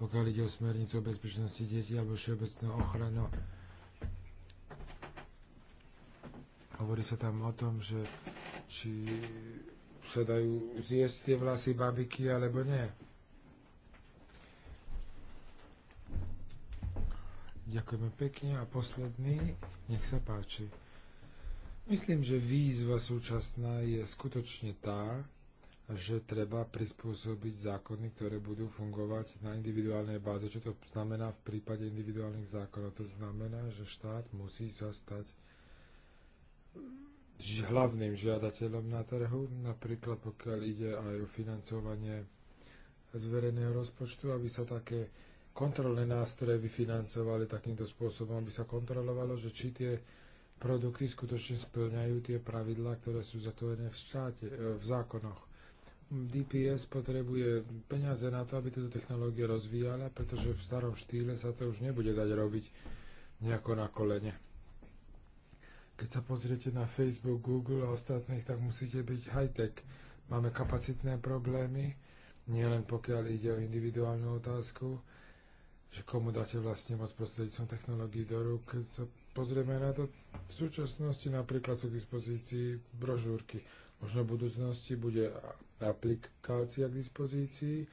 pokiaľ ide o smernicu o bezpečnosti detí alebo všeobecnú ochranu. Hovorí sa tam o tom, že či sa dajú zjesť tie vlasy babiky alebo nie. Ďakujeme pekne a posledný, nech sa páči. Myslím, že výzva súčasná je skutočne tá, že treba prispôsobiť zákony, ktoré budú fungovať na individuálnej báze. Čo to znamená v prípade individuálnych zákonov? To znamená, že štát musí sa stať hlavným žiadateľom na trhu, napríklad pokiaľ ide aj o financovanie z verejného rozpočtu, aby sa také kontrolné nástroje vyfinancovali takýmto spôsobom, aby sa kontrolovalo, že či tie produkty skutočne splňajú tie pravidlá, ktoré sú zatvorené v, štáte, e, v zákonoch. DPS potrebuje peniaze na to, aby túto technológiu rozvíjala, pretože v starom štýle sa to už nebude dať robiť nejako na kolene. Keď sa pozriete na Facebook, Google a ostatných, tak musíte byť high-tech. Máme kapacitné problémy, nielen pokiaľ ide o individuálnu otázku, že komu dáte vlastne moc prostredníctvom technológií do rúk. Keď sa pozrieme na to, v súčasnosti napríklad sú k dispozícii brožúrky Možno v budúcnosti bude aplikácia k dispozícii.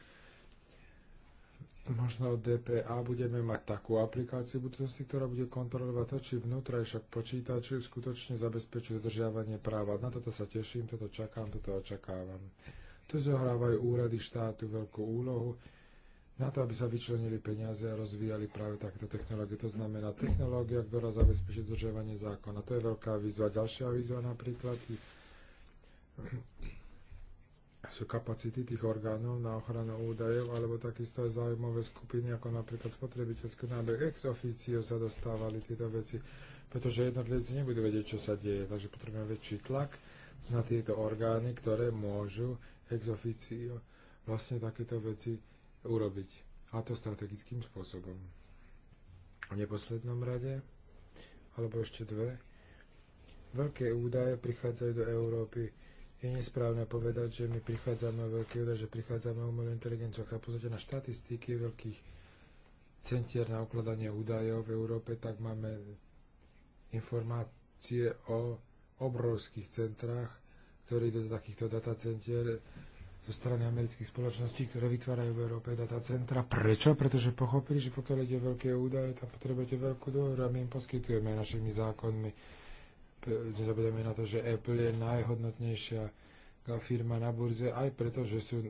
Možno od DPA budeme mať takú aplikáciu v budúcnosti, ktorá bude kontrolovať to, či vnútrajšok počítačov skutočne zabezpečuje dodržiavanie práva. Na toto sa teším, toto čakám, toto očakávam. Tu zohrávajú úrady štátu veľkú úlohu na to, aby sa vyčlenili peniaze a rozvíjali práve takéto technológie. To znamená technológia, ktorá zabezpečí dodržiavanie zákona. To je veľká výzva. Ďalšia výzva napríklad sú kapacity tých orgánov na ochranu údajov, alebo takisto aj zaujímavé skupiny, ako napríklad spotrebiteľský nábeh ex officio sa dostávali tieto veci, pretože jednotlivci nebudú vedieť, čo sa deje. Takže potrebujeme väčší tlak na tieto orgány, ktoré môžu ex officio vlastne takéto veci urobiť. A to strategickým spôsobom. V neposlednom rade, alebo ešte dve, veľké údaje prichádzajú do Európy je nesprávne povedať, že my prichádzame o veľký údaj, že prichádzame o umelú inteligenciu. Ak sa pozrite na štatistiky veľkých centier na ukladanie údajov v Európe, tak máme informácie o obrovských centrách, ktorí do takýchto datacentier zo strany amerických spoločností, ktoré vytvárajú v Európe datacentra. Prečo? Pretože pochopili, že pokiaľ ide veľké údaje, tam potrebujete veľkú dohru a my im poskytujeme našimi zákonmi nezabudeme na to, že Apple je najhodnotnejšia firma na burze, aj preto, že sú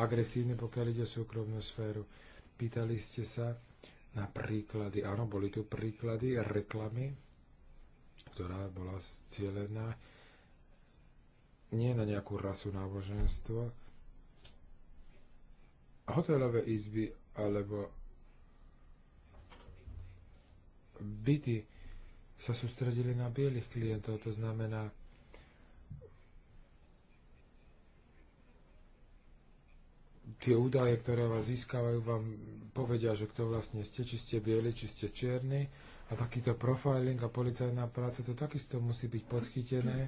agresívne, pokiaľ ide o súkromnú sféru. Pýtali ste sa na príklady. Áno, boli tu príklady reklamy, ktorá bola cieľená. nie na nejakú rasu náboženstvo. Hotelové izby alebo byty sa sústredili na bielých klientov, to znamená tie údaje, ktoré vás získavajú, vám povedia, že kto vlastne ste, či ste bieli, či ste čierni. A takýto profiling a policajná práca, to takisto musí byť podchytené.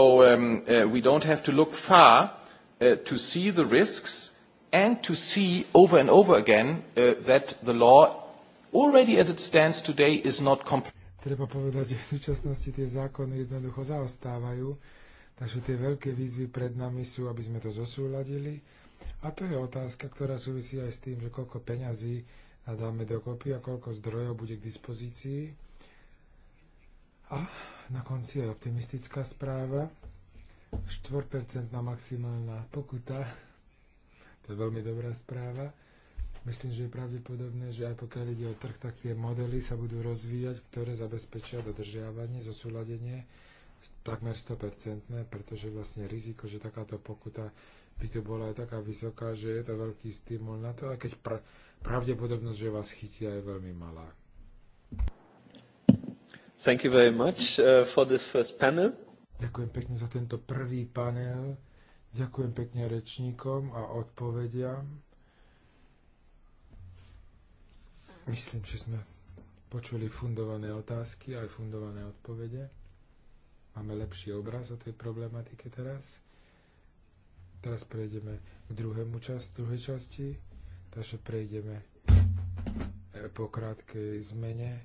So um, uh, we don't have to look far uh, to see the risks and to see over and over again uh, that the law already as it stands today is not complete treba povedať, že v súčasnosti tie zákony jednoducho zaostávajú, takže tie veľké výzvy pred nami sú, aby sme to zosúladili. A to je otázka, ktorá súvisí aj s tým, že koľko peňazí dáme dokopy a koľko zdrojov bude k dispozícii. A na konci je optimistická správa. 4% maximálna pokuta. To je veľmi dobrá správa. Myslím, že je pravdepodobné, že aj pokiaľ ide o trh, tak tie modely sa budú rozvíjať, ktoré zabezpečia dodržiavanie, zosúladenie takmer 100%, pretože vlastne riziko, že takáto pokuta by tu bola aj taká vysoká, že je to veľký stimul na to, aj keď pra- pravdepodobnosť, že vás chytia, je veľmi malá. Thank you very much uh, for this first panel. Ďakujem pekne za tento prvý panel. Ďakujem pekne rečníkom a odpovediam. Myslím, že sme počuli fundované otázky aj fundované odpovede. Máme lepší obraz o tej problematike teraz. Teraz prejdeme k druhému čas, druhej časti, takže prejdeme eh, po krátkej zmene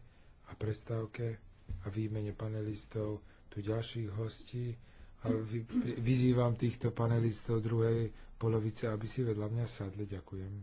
a prestávke a výmene panelistov tu ďalších hostí a vy, vyzývam týchto panelistov druhej polovice, aby si vedľa mňa sadli. Ďakujem.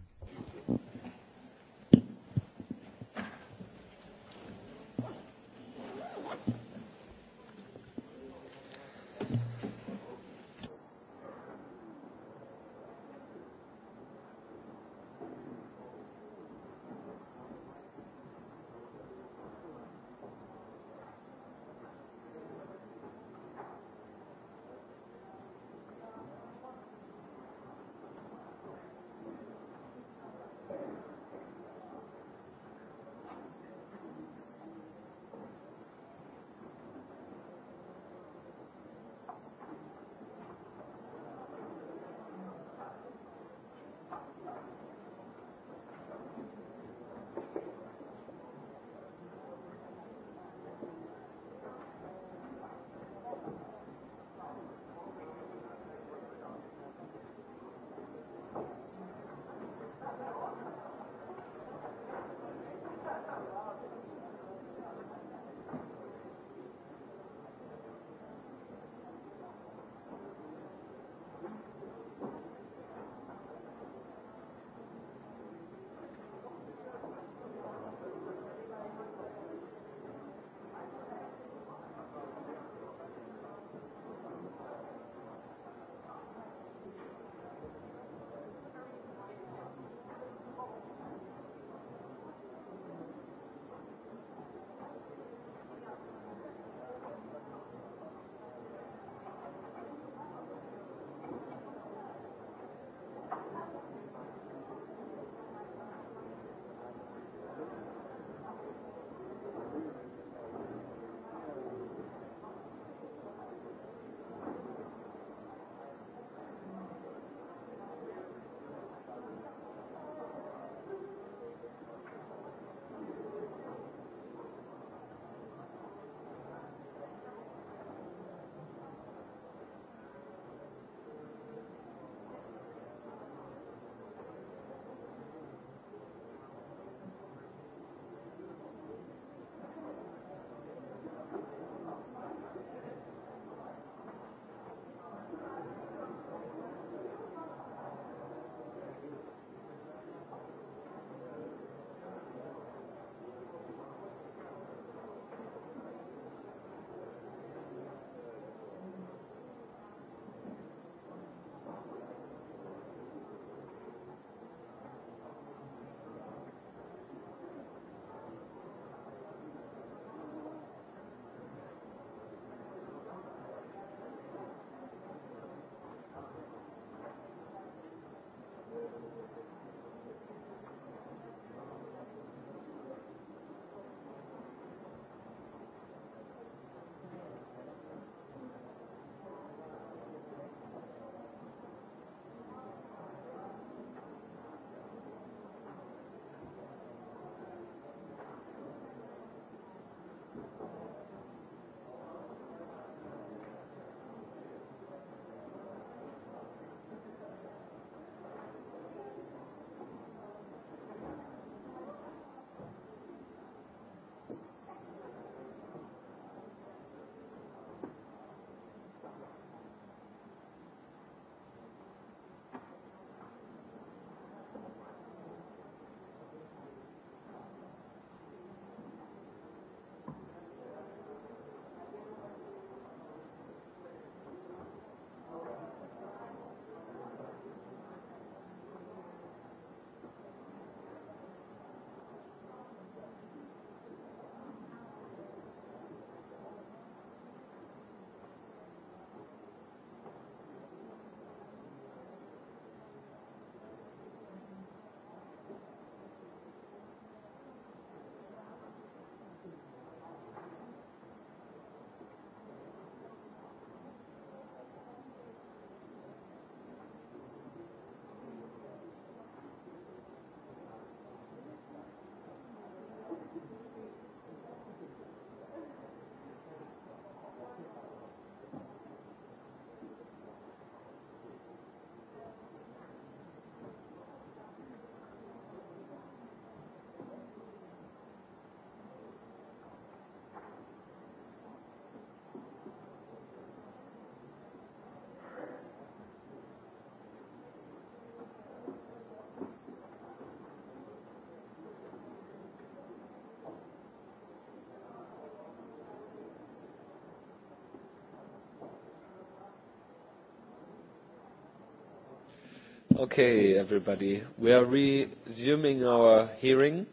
Okay, everybody. We are resuming our hearing.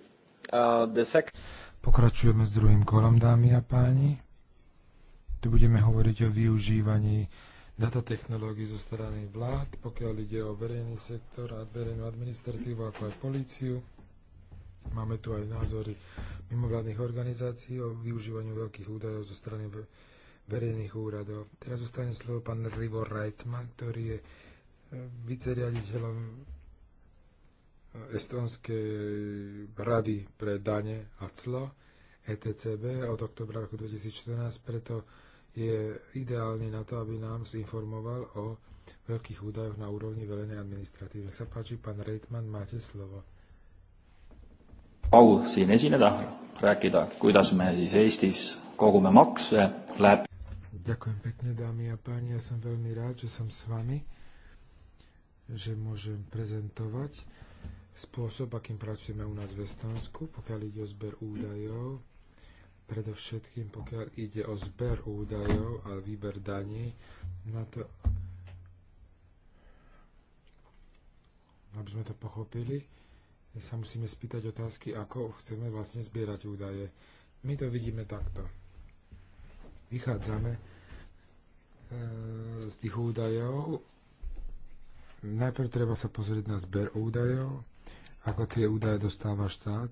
Uh, the sec- Pokračujeme s druhým kolom, dámy a páni. Tu budeme hovoriť o využívaní datatechnológií zo strany vlád, pokiaľ ide o verejný sektor a verejnú administratívu, ako aj políciu. Máme tu aj názory mimovládnych organizácií o využívaní veľkých údajov zo strany verejných úradov. Teraz zostane slovo pán Rivo Reitman, ktorý je viceriaditeľom eh, Estonskej rady pre dane a clo ETCB od oktobra roku 2014, preto je ideálny na to, aby nám zinformoval o veľkých údajoch na úrovni verejnej administratívy. Nech sa páči, pán Reitman, máte slovo. Au siin esineda,
rääkida, kuidas me siis Eestis kogume makse läbi.
Ďakujem pekne, dámy a páni, ja som veľmi rád, že som s vami že môžem prezentovať spôsob, akým pracujeme u nás v Estonsku, pokiaľ ide o zber údajov, predovšetkým pokiaľ ide o zber údajov a výber daní, na to, aby sme to pochopili, sa musíme spýtať otázky, ako chceme vlastne zbierať údaje. My to vidíme takto. Vychádzame e, z tých údajov, najprv treba sa pozrieť na zber údajov, ako tie údaje dostáva štát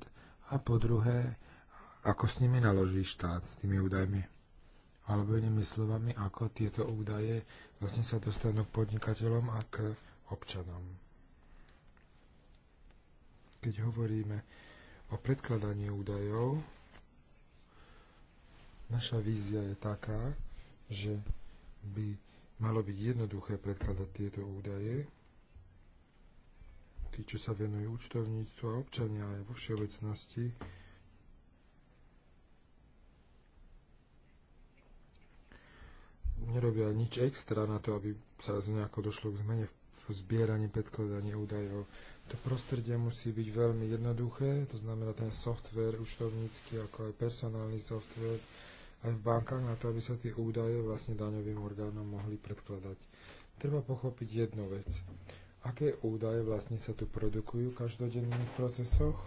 a po druhé, ako s nimi naloží štát, s tými údajmi. Alebo inými slovami, ako tieto údaje vlastne sa dostanú k podnikateľom a k občanom. Keď hovoríme o predkladaní údajov, naša vízia je taká, že by malo byť jednoduché predkladať tieto údaje, tí, čo sa venujú účtovníctvu a občania aj vo všeobecnosti, nerobia nič extra na to, aby sa nejako došlo k zmene v zbieraní, predkladaní údajov. To prostredie musí byť veľmi jednoduché, to znamená ten software účtovnícky, ako aj personálny software, aj v bankách na to, aby sa tie údaje vlastne daňovým orgánom mohli predkladať. Treba pochopiť jednu vec aké údaje vlastne sa tu produkujú v každodenných procesoch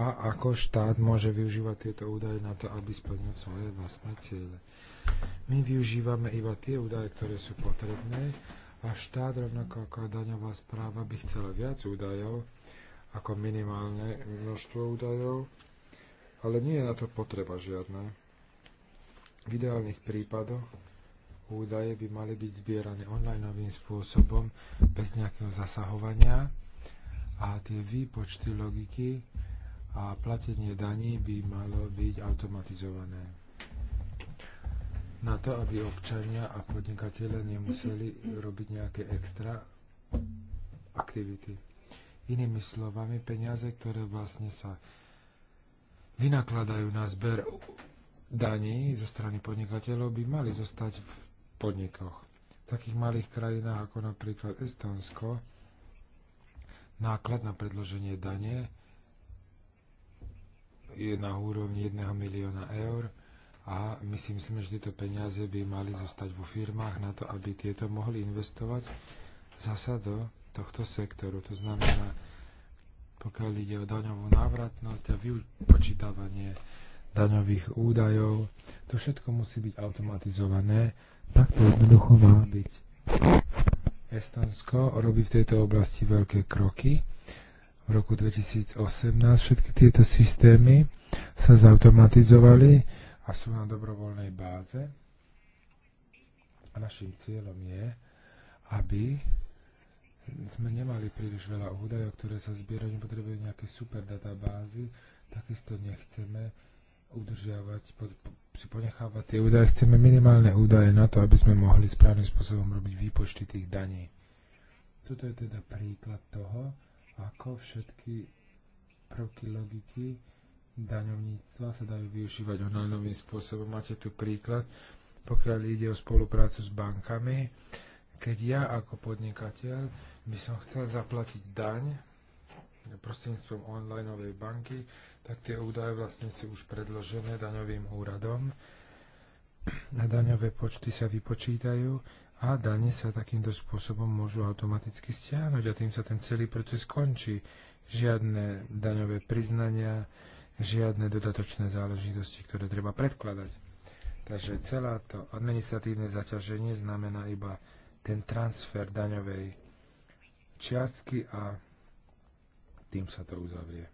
a ako štát môže využívať tieto údaje na to, aby splnil svoje vlastné ciele. My využívame iba tie údaje, ktoré sú potrebné a štát rovnako ako daňová správa by chcela viac údajov ako minimálne množstvo údajov, ale nie je na to potreba žiadna. V ideálnych prípadoch údaje by mali byť zbierané onlineovým spôsobom bez nejakého zasahovania a tie výpočty logiky a platenie daní by malo byť automatizované. Na to, aby občania a podnikatelia nemuseli robiť nejaké extra aktivity. Inými slovami, peniaze, ktoré vlastne sa vynakladajú na zber daní zo strany podnikateľov by mali zostať v podnikoch. V takých malých krajinách ako napríklad Estonsko náklad na predloženie dane je na úrovni 1 milióna eur a my si myslíme, že tieto peniaze by mali zostať vo firmách na to, aby tieto mohli investovať zasa do tohto sektoru. To znamená, pokiaľ ide o daňovú návratnosť a vypočítavanie daňových údajov, to všetko musí byť automatizované tak to jednoducho má byť. Estonsko robí v tejto oblasti veľké kroky. V roku 2018 všetky tieto systémy sa zautomatizovali a sú na dobrovoľnej báze. A našim cieľom je, aby sme nemali príliš veľa údajov, ktoré sa zbierajú, nepotrebujú nejaké super databázy, takisto nechceme udržiavať, pod, si ponechávať tie údaje. Chceme minimálne údaje na to, aby sme mohli správnym spôsobom robiť výpočty tých daní. Toto je teda príklad toho, ako všetky prvky logiky daňovníctva sa dajú využívať novým spôsobom. Máte tu príklad, pokiaľ ide o spoluprácu s bankami. Keď ja ako podnikateľ by som chcel zaplatiť daň prostredníctvom onlineovej banky, tak tie údaje vlastne sú už predložené daňovým úradom. Na daňové počty sa vypočítajú a dane sa takýmto spôsobom môžu automaticky stiahnuť a tým sa ten celý proces končí. Žiadne daňové priznania, žiadne dodatočné záležitosti, ktoré treba predkladať. Takže celá to administratívne zaťaženie znamená iba ten transfer daňovej čiastky a tým sa to uzavrie.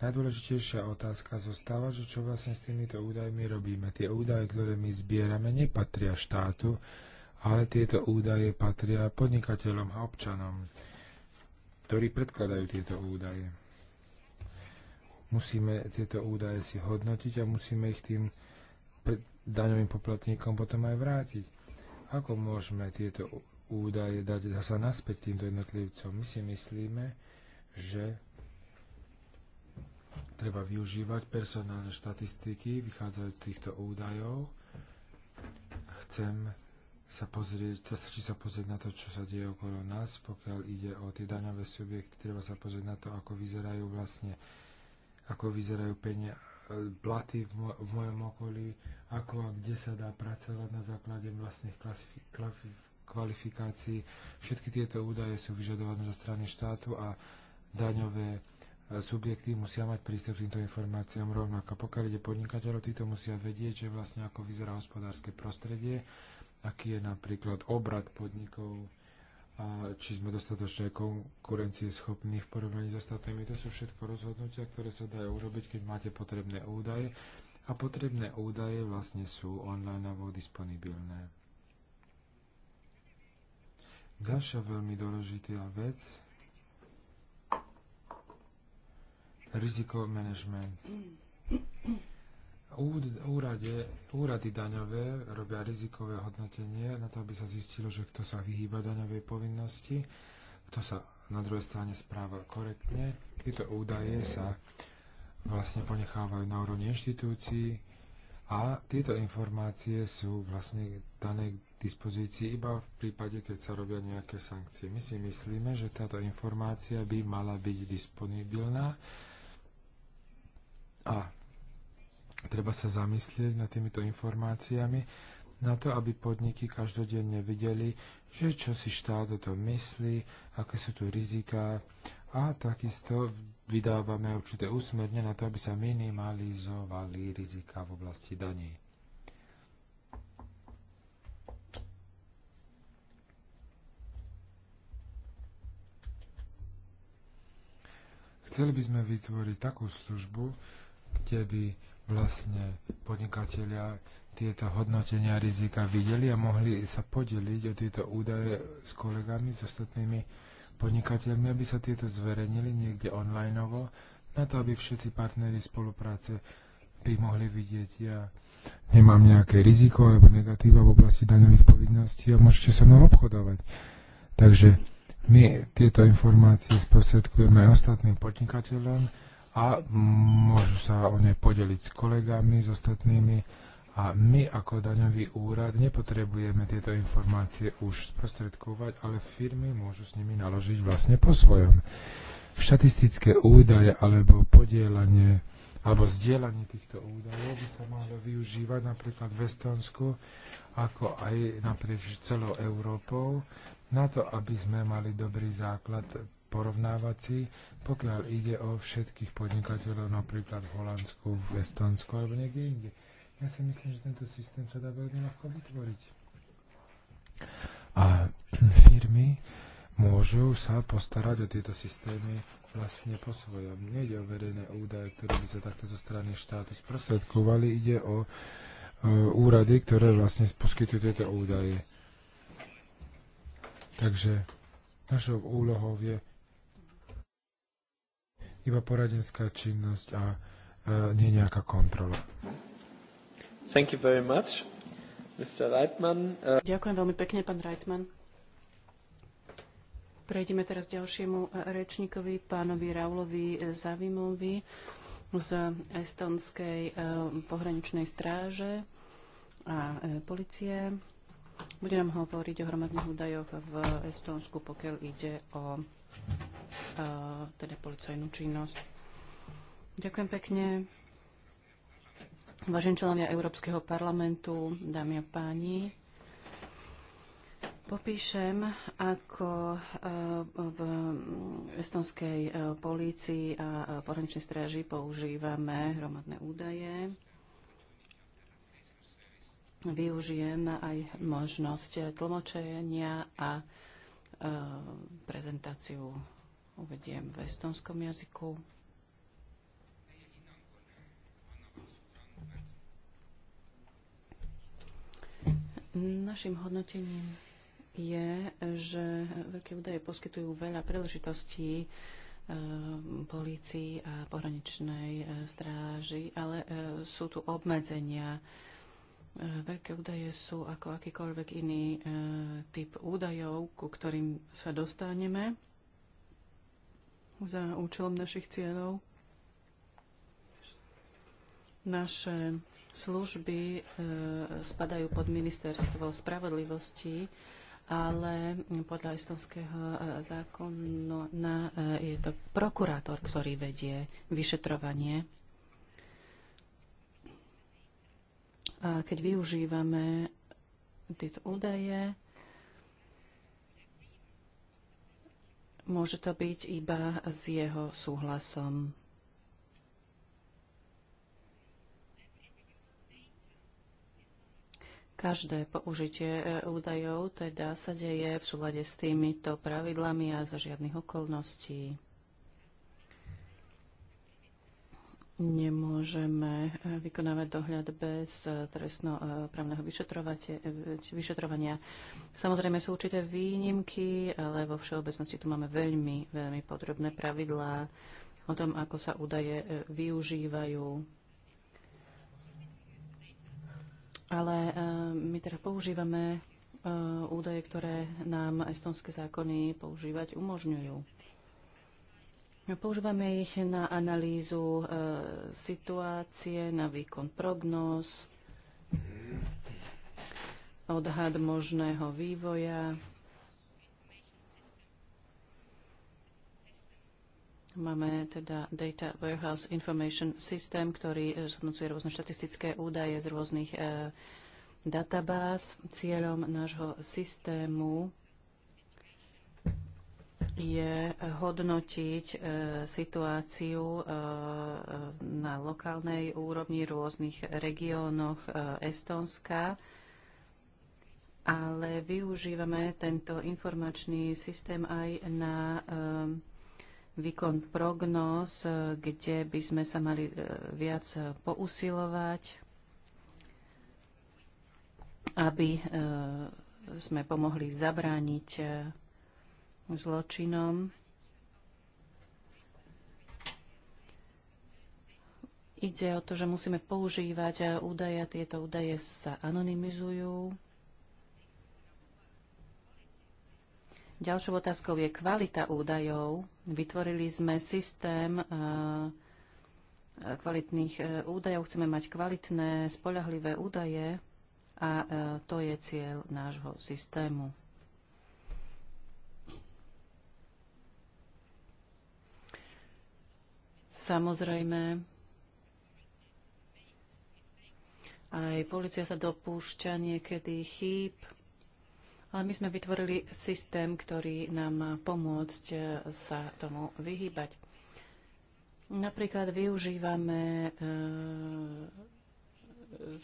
Najdôležitejšia otázka zostáva, že čo vlastne s týmito údajmi robíme. Tie údaje, ktoré my zbierame, nepatria štátu, ale tieto údaje patria podnikateľom a občanom, ktorí predkladajú tieto údaje. Musíme tieto údaje si hodnotiť a musíme ich tým daňovým poplatníkom potom aj vrátiť. Ako môžeme tieto údaje dať zase naspäť týmto jednotlivcom? My si myslíme, že Treba využívať personálne štatistiky vychádzajúc z týchto údajov. Chcem sa pozrieť, teda či sa pozrieť na to, čo sa deje okolo nás, pokiaľ ide o tie daňové subjekty, treba sa pozrieť na to, ako vyzerajú vlastne, ako vyzerajú penia, e, platy v, mo- v mojom okolí, ako a kde sa dá pracovať na základe vlastných kvalifikácií. Všetky tieto údaje sú vyžadované zo strany štátu a daňové subjekty musia mať prístup k týmto informáciám rovnako. Pokiaľ ide podnikateľov, títo musia vedieť, že vlastne ako vyzerá hospodárske prostredie, aký je napríklad obrad podnikov, a či sme dostatočne konkurencie schopní v porovnaní s ostatnými. To sú všetko rozhodnutia, ktoré sa dajú urobiť, keď máte potrebné údaje. A potrebné údaje vlastne sú online disponibilné. Ďalšia veľmi dôležitá vec Riziko management. Úrade, úrady daňové robia rizikové hodnotenie na to, aby sa zistilo, že kto sa vyhýba daňovej povinnosti, kto sa na druhej strane správa korektne. Tieto údaje sa vlastne ponechávajú na úrovni inštitúcií a tieto informácie sú vlastne dané k dispozícii iba v prípade, keď sa robia nejaké sankcie. My si myslíme, že táto informácia by mala byť disponibilná a treba sa zamyslieť nad týmito informáciami, na to, aby podniky každodenne videli, že čo si štát o tom myslí, aké sú tu riziká a takisto vydávame určité úsmerne na to, aby sa minimalizovali rizika v oblasti daní. Chceli by sme vytvoriť takú službu, kde by vlastne podnikatelia tieto hodnotenia rizika videli a mohli sa podeliť o tieto údaje s kolegami, s ostatnými podnikateľmi, aby sa tieto zverejnili niekde online, na to, aby všetci partneri spolupráce by mohli vidieť, ja nemám nejaké riziko alebo negatíva v oblasti daňových povinností a môžete sa mnou obchodovať. Takže my tieto informácie sprostredkujeme aj ostatným podnikateľom, a môžu sa o ne podeliť s kolegami, s ostatnými. A my ako daňový úrad nepotrebujeme tieto informácie už sprostredkovať, ale firmy môžu s nimi naložiť vlastne po svojom. Štatistické údaje alebo podielanie alebo zdieľanie týchto údajov by sa mohlo využívať napríklad v Estonsku, ako aj naprieč celou Európou, na to, aby sme mali dobrý základ porovnávací, pokiaľ ide o všetkých podnikateľov, napríklad v Holandsku, v Estonsku alebo niekde inde. Ja si myslím, že tento systém sa dá veľmi ľahko vytvoriť. A firmy môžu sa postarať o tieto systémy vlastne po svojom. Nejde o verejné údaje, ktoré by sa takto zo strany štátu sprostredkovali, ide o e, úrady, ktoré vlastne poskytujú tieto údaje. Takže našou úlohou je iba poradenská činnosť a uh, nie nejaká kontrola.
Thank you very much, Mr.
Reitman.
Uh... Ďakujem veľmi pekne, pán Reitman. Prejdeme teraz ďalšiemu e, rečníkovi, pánovi Raulovi Zavimovi z Estonskej e, pohraničnej stráže a policie. Bude nám hovoriť o hromadných údajoch v Estonsku, pokiaľ ide o E, teda policajnú činnosť. Ďakujem pekne. Vážení členovia Európskeho parlamentu, dámy a páni, popíšem, ako e, v estonskej e, polícii a pohraničnej stráži používame hromadné údaje využijem aj možnosť tlmočenia a prezentáciu uvediem v estonskom jazyku. Našim hodnotením je, že veľké údaje poskytujú veľa príležitostí eh, polícii a pohraničnej eh, stráži, ale eh, sú tu obmedzenia. Veľké údaje sú ako akýkoľvek iný typ údajov, ku ktorým sa dostaneme za účelom našich cieľov. Naše služby e, spadajú pod ministerstvo spravodlivosti, ale podľa estonského e, zákona e, je to prokurátor, ktorý vedie vyšetrovanie. A keď využívame tieto údaje, Môže to byť iba s jeho súhlasom. Každé použitie e, údajov teda sa deje v súlade s týmito pravidlami a za žiadnych okolností. nemôžeme eh, vykonávať dohľad bez eh, trestnoprávneho eh, vyšetrovania. Samozrejme sú určité výnimky, ale vo všeobecnosti tu máme veľmi, veľmi podrobné pravidlá o tom, ako sa údaje využívajú. Ale my teda používame údaje, ktoré nám estonské zákony používať umožňujú. Používame ich na analýzu e, situácie, na výkon prognóz, odhad možného vývoja. Máme teda Data Warehouse Information System, ktorý zhodnocuje rôzne štatistické údaje z rôznych e, databáz. Cieľom nášho systému je hodnotiť e, situáciu e, e na lokálnej úrovni v rôznych regiónoch e, Estónska, ale využívame tento informačný systém aj na e, výkon prognóz, e, kde by sme sa mali viac pousilovať, aby sme pomohli zabrániť zločinom. Ide o to, že musíme používať eh, údaje, tieto údaje sa anonymizujú. Ďalšou otázkou je kvalita údajov. Vytvorili sme systém eh, kvalitných eh, údajov, chceme mať kvalitné, spolahlivé údaje a to je cieľ nášho systému. Samozrejme, aj policia sa dopúšťa niekedy chýb, ale my sme vytvorili systém, ktorý nám má pomôcť e, sa tomu vyhýbať. Napríklad využívame e,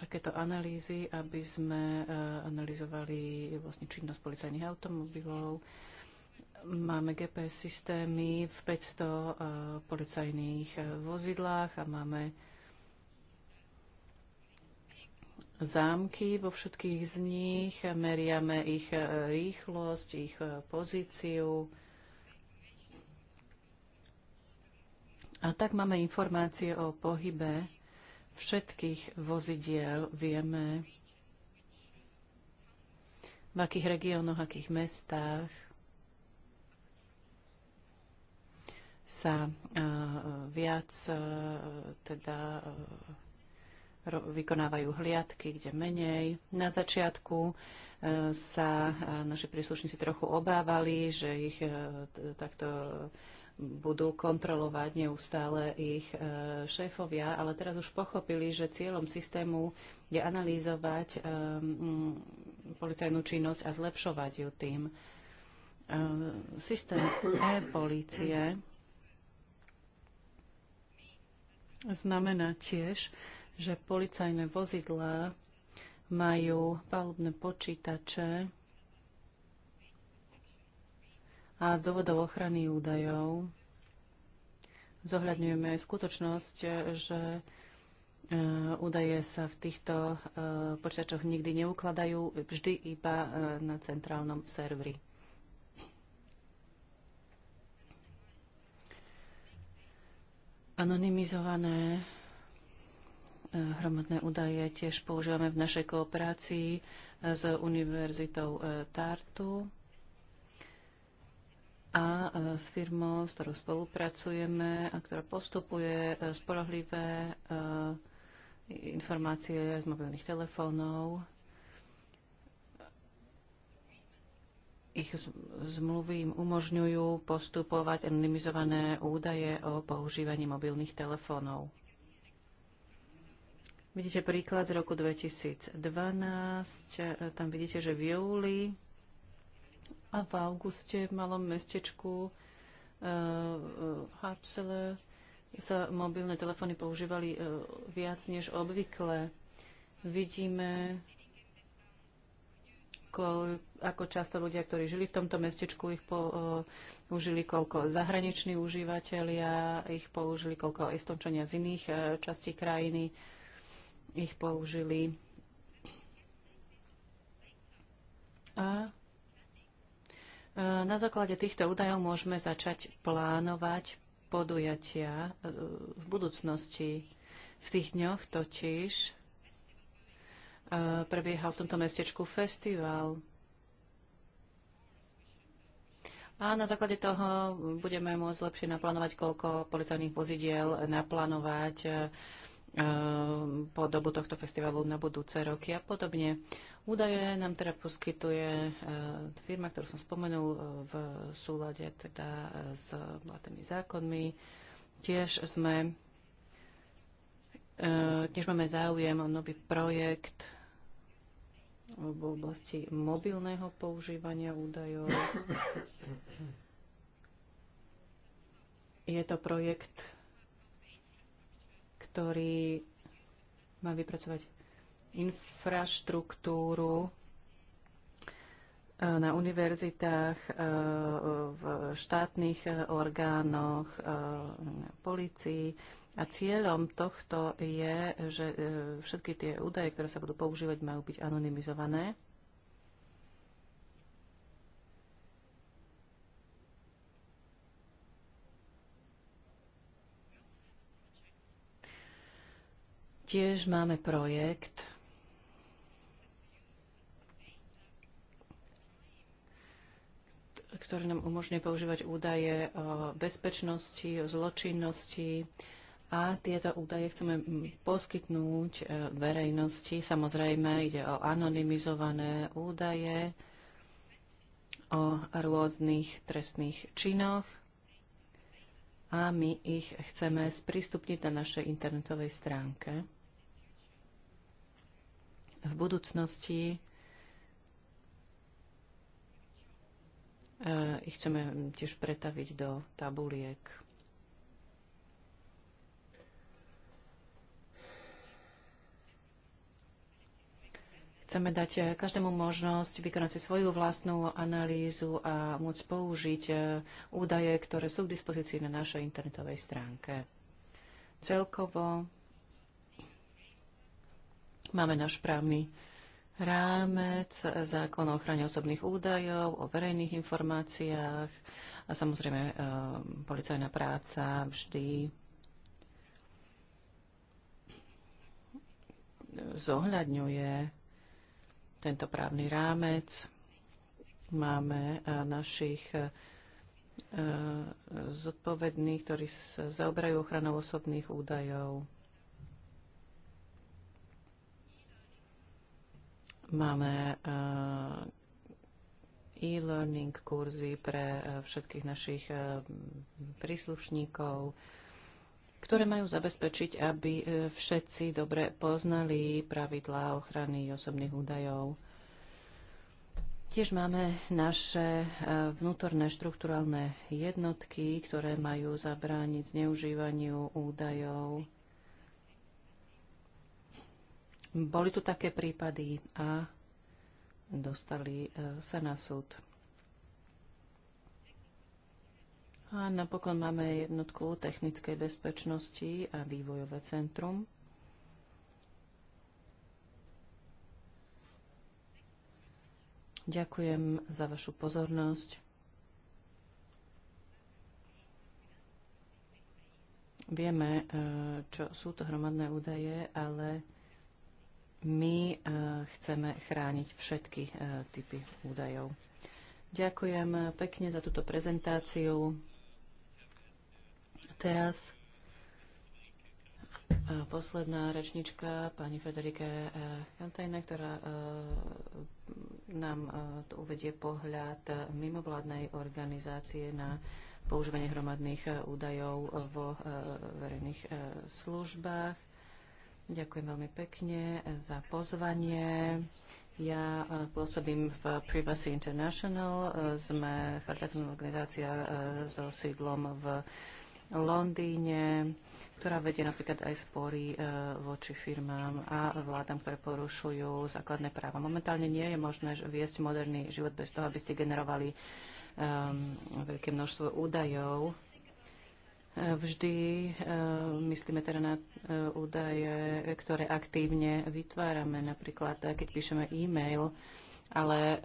takéto analýzy, aby sme e, analyzovali vlastne činnosť policajných automobilov, e, Máme GPS systémy v 500 e, policajných e, vozidlách a máme zámky vo všetkých z nich, meriame ich e, rýchlosť, ich pozíciu. A tak máme informácie o pohybe všetkých vozidiel. Vieme, v akých regiónoch, akých mestách sa e, viac e, teda e, vykonávajú hliadky, kde menej. Na začiatku sa naši príslušníci trochu obávali, že ich takto budú kontrolovať neustále ich šéfovia, ale teraz už pochopili, že cieľom systému je analýzovať policajnú činnosť a zlepšovať ju tým. Systém e-policie Znamená tiež, že policajné vozidlá majú palubné počítače a z dôvodov ochrany údajov zohľadňujeme aj skutočnosť, že e, údaje sa v týchto e, počítačoch nikdy neukladajú, vždy iba e, na centrálnom serveri. Anonymizované eh, hromadné údaje tiež používame v našej kooperácii eh, s Univerzitou eh, Tartu a s firmou, s ktorou spolupracujeme a ktorá postupuje spolahlivé informácie z mobilných telefónov ich zmluvy im umožňujú postupovať anonymizované údaje o používaní mobilných telefónov. Vidíte príklad z roku 2012. E, tam vidíte, že v júli a v auguste v malom mestečku e, e, Hapsele sa mobilné telefóny používali viac než obvykle. Vidíme koľ, ako často ľudia, ktorí žili v tomto mestečku, ich použili, koľko zahraniční užívateľia, ich použili, koľko estončania z iných e, častí krajiny, ich použili. A e, na základe týchto údajov môžeme začať plánovať podujatia e, v budúcnosti. V tých dňoch totiž prebiehal v tomto mestečku festival. A na základe toho budeme môcť lepšie naplánovať, koľko policajných vozidiel naplánovať e, po dobu tohto festivalu na budúce roky a podobne. Údaje nám teda poskytuje e, firma, ktorú som spomenul e, v súlade teda s vládnymi zákonmi. Tiež sme tiež máme záujem o nový projekt v oblasti mobilného používania údajov. Je to projekt, ktorý má vypracovať infraštruktúru e, na univerzitách, e, v štátnych e, orgánoch, na policii, a cieľom tohto je, že e, všetky tie údaje, ktoré sa budú používať, majú byť anonymizované. Tiež máme projekt, ktorý nám umožňuje používať údaje o bezpečnosti, o zločinnosti, a tieto údaje chceme mm, poskytnúť e, verejnosti. Samozrejme, ide o anonymizované údaje o rôznych trestných činoch a my ich chceme sprístupniť na našej internetovej stránke. V budúcnosti e, ich chceme mm, tiež pretaviť do tabuliek. Chceme dať eh, každému možnosť vykonať si svoju vlastnú analýzu a môcť použiť eh, údaje, ktoré sú k dispozícii na našej internetovej stránke. Celkovo máme náš právny rámec, zákon o ochrane osobných údajov, o verejných informáciách a samozrejme eh, policajná práca vždy zohľadňuje tento právny rámec. Máme e, našich e, e, zodpovedných, ktorí sa zaoberajú ochranou osobných údajov. Máme e-learning kurzy pre všetkých našich príslušníkov ktoré majú zabezpečiť, aby e, všetci dobre poznali pravidlá ochrany osobných údajov. Tiež máme naše e, vnútorné štruktúralné jednotky, ktoré majú zabrániť zneužívaniu údajov. Boli tu také prípady a dostali e, sa na súd. A napokon máme jednotku technickej bezpečnosti a vývojové centrum. Ďakujem za vašu pozornosť. Vieme, eh, čo sú to hromadné údaje, ale my eh, chceme chrániť všetky eh, typy údajov. Ďakujem pekne za túto prezentáciu. Teraz e, posledná rečnička, pani Frederike Kantajne, e, ktorá e, nám tu uvedie pohľad mimovládnej organizácie na používanie hromadných údajov vo verejných službách. Ďakujem veľmi pekne za pozvanie. Ja pôsobím v Privacy International. Sme charitatívna organizácia so sídlom v Londýne, ktorá vedie napríklad aj spory e, voči firmám a vládam, ktoré porušujú základné práva. Momentálne nie je možné viesť moderný život bez toho, aby ste generovali um, veľké množstvo údajov. E, vždy uh, myslíme teda na uh, údaje, ktoré aktívne vytvárame. Napríklad, keď píšeme e-mail, uh, ale e,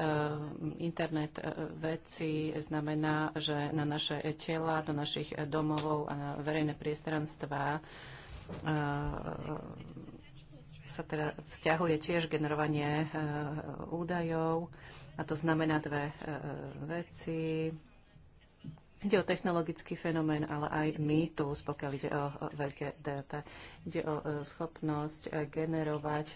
internet e, veci znamená, že na naše tela, do našich domovov a na verejné priestranstvá e, sa teda vzťahuje tiež generovanie údajov a to znamená dve veci. Ide o technologický fenomén, ale aj my, tu, pokiaľ ide o veľké dáta. Ide o schopnosť generovať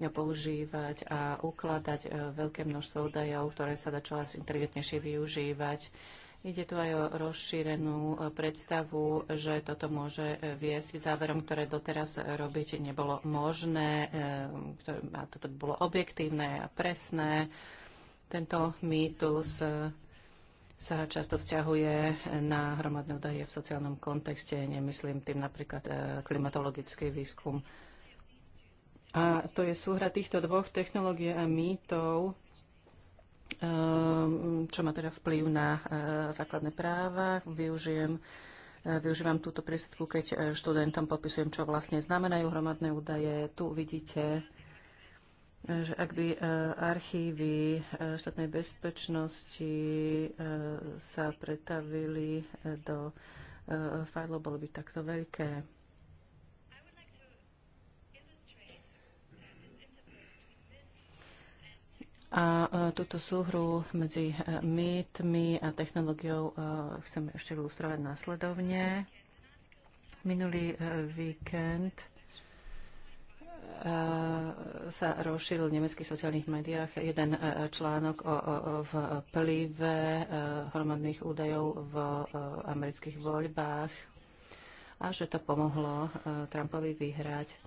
používať a ukladať e, veľké množstvo údajov, ktoré sa dá čoraz inteligentnejšie využívať. Ide tu aj o rozšírenú e, predstavu, že toto môže e, viesť k záverom, ktoré doteraz robiť nebolo možné, a toto by bolo objektívne a presné. Tento mýtus sa často vzťahuje na hromadné údaje v sociálnom kontexte, nemyslím tým napríklad klimatologický výskum a to je súhra týchto dvoch technológie a mýtov, ehm, čo má teda vplyv na eh, základné práva. Využijem, eh, využívam túto prísvedku, keď eh, študentom popisujem, čo vlastne znamenajú hromadné údaje. Tu vidíte, že ak by archívy štátnej bezpečnosti sa pretavili do fajlov, bolo by takto veľké. A e, túto súhru medzi e, mýtmi a technológiou e, chceme ešte ilustrovať následovne. Minulý víkend sa rozšíril v nemeckých sociálnych médiách jeden článok o vplyve hromadných údajov v amerických voľbách a že to pomohlo Trumpovi vyhrať.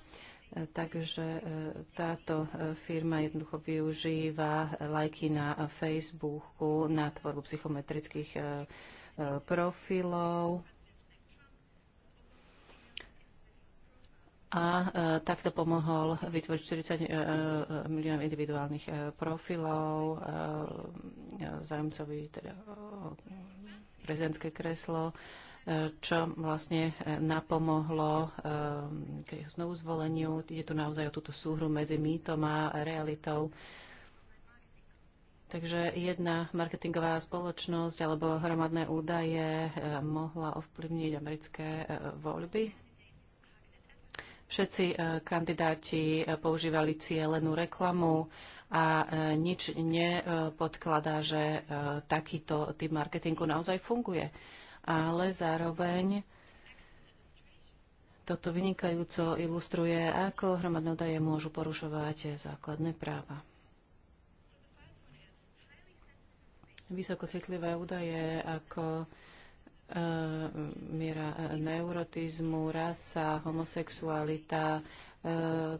Takže e, táto e, firma jednoducho využíva lajky na Facebooku na tvorbu psychometrických e, profilov. A takto pomohol vytvoriť 40 miliónov individuálnych profilov zájomcovi teda prezidentské kreslo čo vlastne e, napomohlo e, k jeho znovu zvoleniu. Je tu naozaj o túto súhru medzi mýtom a realitou. Takže jedna marketingová spoločnosť alebo hromadné údaje e, mohla ovplyvniť americké voľby. Všetci kandidáti používali cielenú reklamu a nič nepodkladá, že takýto typ marketingu naozaj funguje ale zároveň toto vynikajúco ilustruje, ako hromadné údaje môžu porušovať základné práva. Vysoko citlivé údaje ako e, miera neurotizmu, rasa, homosexualita, e,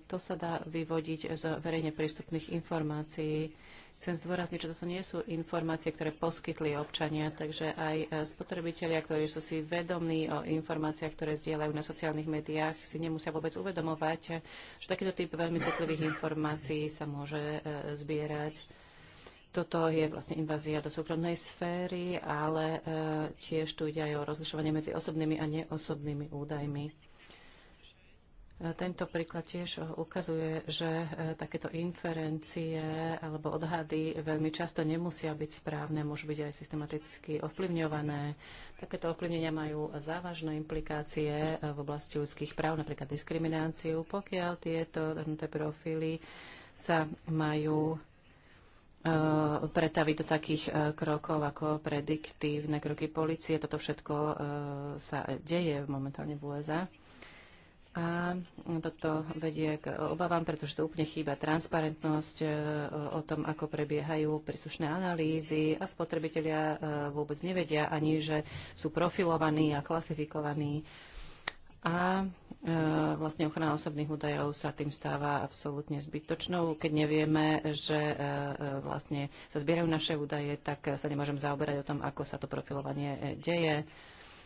to sa dá vyvodiť z verejne prístupných informácií. Chcem zdôrazniť, že toto nie sú informácie, ktoré poskytli občania, takže aj e, spotrebitelia, ktorí sú si vedomí o informáciách, ktoré zdieľajú na sociálnych médiách, si nemusia vôbec uvedomovať, e, že takýto typ veľmi citlivých informácií sa môže e, zbierať. Toto je vlastne invázia do súkromnej sféry, ale tiež tu ide aj o rozlišovanie medzi osobnými a neosobnými údajmi. E, tento príklad tiež e, ukazuje, že e, takéto inferencie alebo odhady veľmi často nemusia byť správne, môžu byť aj systematicky ovplyvňované. Takéto ovplyvnenia majú závažné implikácie v oblasti ľudských práv, napríklad diskrimináciu, pokiaľ tieto profily sa majú pretaviť do takých krokov ako prediktívne kroky policie. Toto všetko sa deje momentálne v USA. A toto vedie k obavám, pretože to úplne chýba transparentnosť e, o tom, ako prebiehajú príslušné analýzy a spotrebitelia e, vôbec nevedia ani, že sú profilovaní a klasifikovaní. A e, vlastne ochrana osobných údajov sa tým stáva absolútne zbytočnou. Keď nevieme, že vlastne sa zbierajú naše údaje, tak sa nemôžem zaoberať o tom, ako sa to profilovanie deje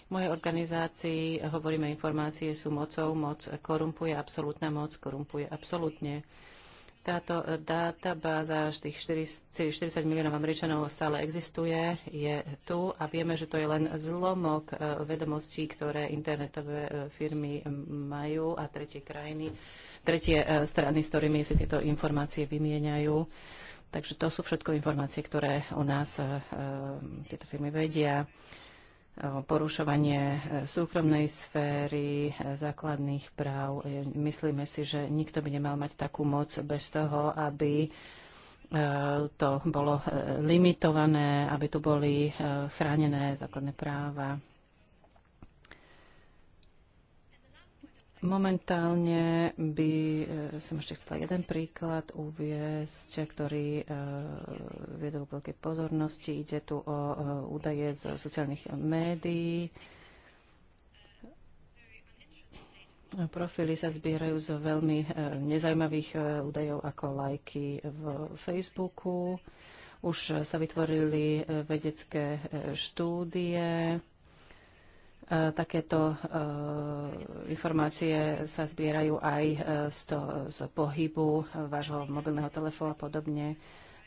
v mojej organizácii eh, hovoríme, informácie sú mocou, moc korumpuje, absolútna moc korumpuje absolútne. Táto eh, databáza 40 miliónov Američanov stále existuje, je tu a vieme, že to je len zlomok eh, vedomostí, ktoré internetové firmy majú a tretie krajiny, tretie strany, s ktorými si tieto informácie vymieňajú. Takže to sú všetko informácie, ktoré o nás tieto firmy vedia porušovanie e, súkromnej sféry, e, základných práv. E, myslíme si, že nikto by nemal mať takú moc bez toho, aby to bolo limitované, aby tu boli chránené základné práva. Momentálne by e, som ešte chcela jeden príklad uviesť, ktorý e, viedol k veľkej pozornosti. Ide tu o e, údaje z sociálnych médií. Profily sa zbierajú z veľmi nezajímavých údajov ako lajky v Facebooku. Už sa vytvorili vedecké štúdie E, takéto e, informácie sa zbierajú aj e, z, to, z pohybu vášho mobilného telefónu a podobne.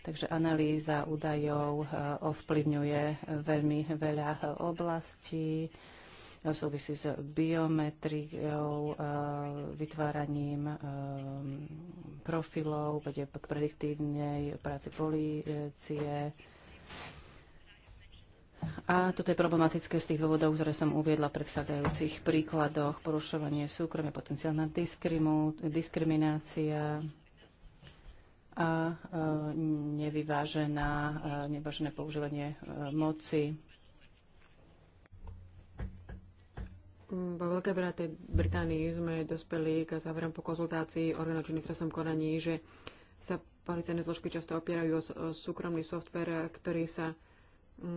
Takže analýza údajov ovplyvňuje veľmi veľa oblastí. Súvisí s biometriou, vytváraním profilov, vedie k prediktívnej práci policie. A toto je problematické z tých dôvodov, ktoré som uviedla v predchádzajúcich príkladoch. Porušovanie súkromia, potenciálna diskriminácia a e, nevyvážená, e, nevyvážené používanie e, moci.
Vo Veľkej Británii sme dospeli k záverom po konzultácii orgánov činných trestnom konaní, že sa policajné zložky často opierajú o súkromný softver, ktorý sa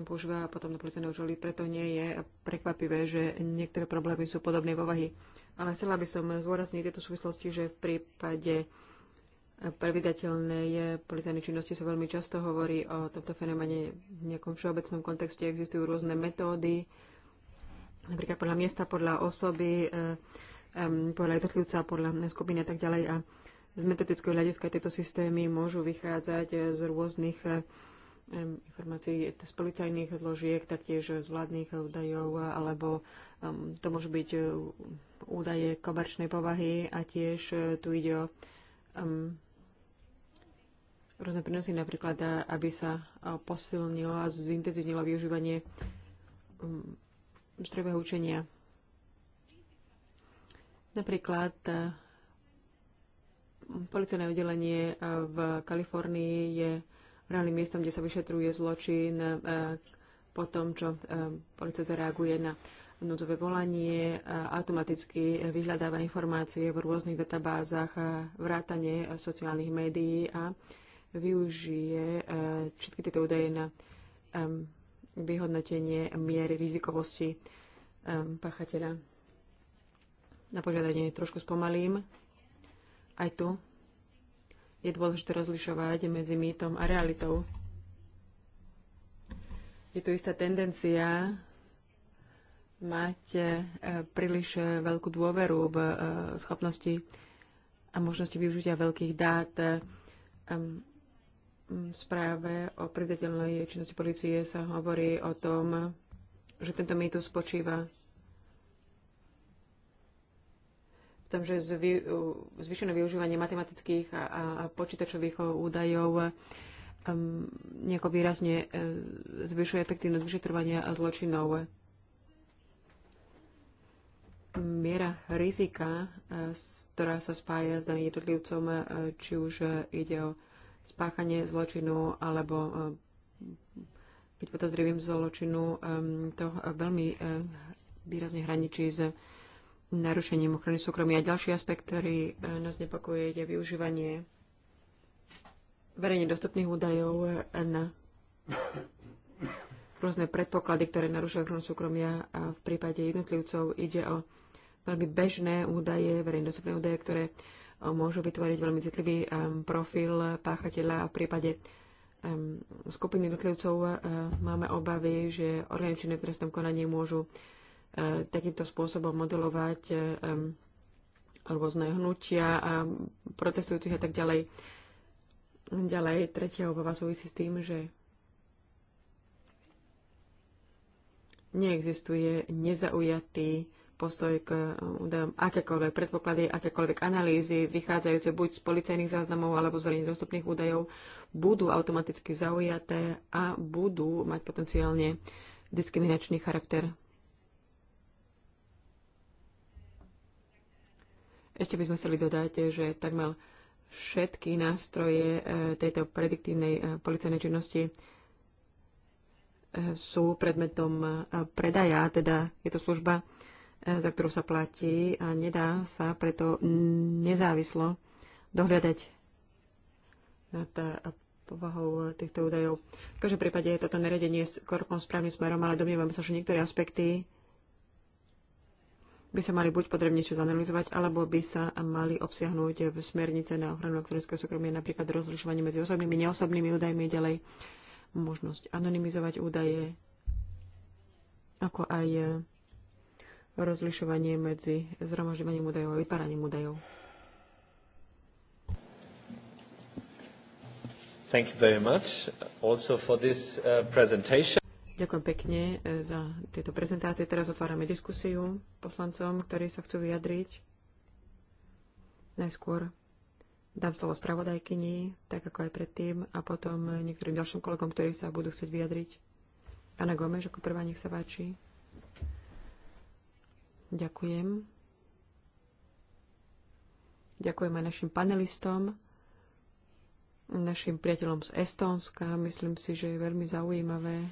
používa potom na policajné účely, preto nie je prekvapivé, že niektoré problémy sú podobnej povahy. Ale chcela by som zvorazniť tieto súvislosti, že v prípade prevydateľnej policajnej činnosti sa veľmi často hovorí o tomto fenomene v nejakom všeobecnom kontexte. Existujú rôzne metódy, napríklad podľa miesta, podľa osoby, eh, podľa jednotlivca, podľa skupiny a tak ďalej. A z metodického hľadiska tieto systémy môžu vychádzať z rôznych eh, informácií z policajných zložiek, taktiež z vládnych údajov, alebo to môžu byť e, údaje komerčnej povahy a tiež e, tu ide o rôzne prínosy, napríklad, e, aby sa posilnilo a zintenzívnilo využívanie strojového učenia. Napríklad policajné oddelenie v Kalifornii je reálnym miestom, kde sa vyšetruje zločin e, po tom, čo e, policia zareaguje na núdzové volanie, e, automaticky vyhľadáva informácie v rôznych databázach, vrátanie sociálnych médií a využije všetky tieto údaje na vyhodnotenie miery rizikovosti pachateľa. Na požiadanie trošku spomalím. Aj tu je dôležité rozlišovať medzi mýtom a realitou. Je tu istá tendencia mať e, príliš e, veľkú dôveru v e, schopnosti a možnosti využitia veľkých dát. V správe o predateľnej činnosti policie sa hovorí o tom, že tento mýtus spočíva v tom, že zvy, zvyšené využívanie matematických a, a počítačových údajov um, nejako výrazne e, zvyšuje efektívnosť vyšetrovania a zločinov. Miera rizika, e, ktorá sa spája s daným jednotlivcom, e, či už ide o spáchanie zločinu alebo byť podozrivým zločinu, to veľmi výrazne hraničí s narušením ochrany súkromia. A ďalší aspekt, ktorý e, nás nepakuje, je využívanie verejne dostupných údajov na rôzne predpoklady, ktoré narúšajú ochranu súkromia a v prípade jednotlivcov ide o veľmi bežné údaje, verejne dostupné údaje, ktoré e, môžu vytvoriť veľmi citlivý e, profil páchateľa a v prípade skupiny jednotlivcov máme obavy, že orgány v trestnom konaní môžu takýmto spôsobom modelovať e, rôzne hnutia a protestujúcich a tak ďalej. Ďalej, tretia obava súvisí s tým, že neexistuje nezaujatý postoj k e, údajom akékoľvek predpoklady, akékoľvek analýzy, vychádzajúce buď z policajných záznamov alebo z verejne dostupných údajov, budú automaticky zaujaté a budú mať potenciálne diskriminačný charakter. Ešte by sme chceli dodať, že takmer všetky nástroje e, tejto prediktívnej e, policajnej činnosti e, sú predmetom predaja, teda je to služba, za ktorú sa platí a nedá sa preto nezávislo dohľadať nad povahou týchto údajov. V každom prípade je toto s skôr správnym smerom, ale domnievame sa, že niektoré aspekty by sa mali buď čo zanalizovať, alebo by sa mali obsiahnuť v smernice na ochranu elektronického súkromia, napríklad rozlišovanie medzi osobnými, neosobnými údajmi, ďalej možnosť anonymizovať údaje, ako aj e, rozlišovanie medzi zhromažďovaním údajov a vytváraním údajov.
Thank you very much also for this uh, presentation.
Ďakujem pekne e, za tieto prezentácie. Teraz otvárame diskusiu poslancom, ktorí sa chcú vyjadriť. Najskôr dám slovo spravodajkyni, tak ako aj predtým, a potom niektorým ďalším kolegom, ktorí sa budú chcieť vyjadriť. Ana Gomeš, ako prvá, nech sa páči. Ďakujem. Ďakujem aj našim panelistom, našim priateľom z Estónska. Myslím si, že je veľmi zaujímavé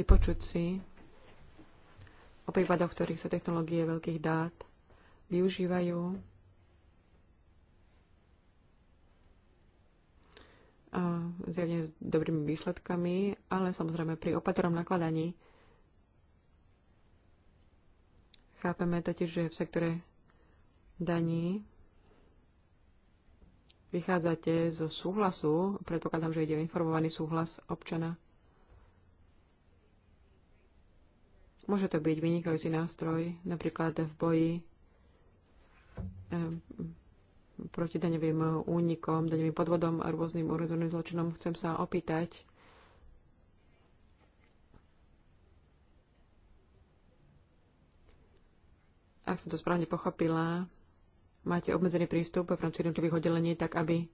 vypočuť si o prípadoch, ktorých sa technológie veľkých dát využívajú a zjavne s dobrými výsledkami, ale samozrejme pri opatrom nakladaní. Chápeme totiž, že v sektore daní vychádzate zo súhlasu, predpokladám, že ide o informovaný súhlas občana. Môže to byť vynikajúci nástroj, napríklad v boji proti daňovým únikom, daňovým podvodom a rôznym organizovaným zločinom. Chcem sa opýtať, ak som to správne pochopila, máte obmedzený prístup v rámci jednotlivých oddelení, tak aby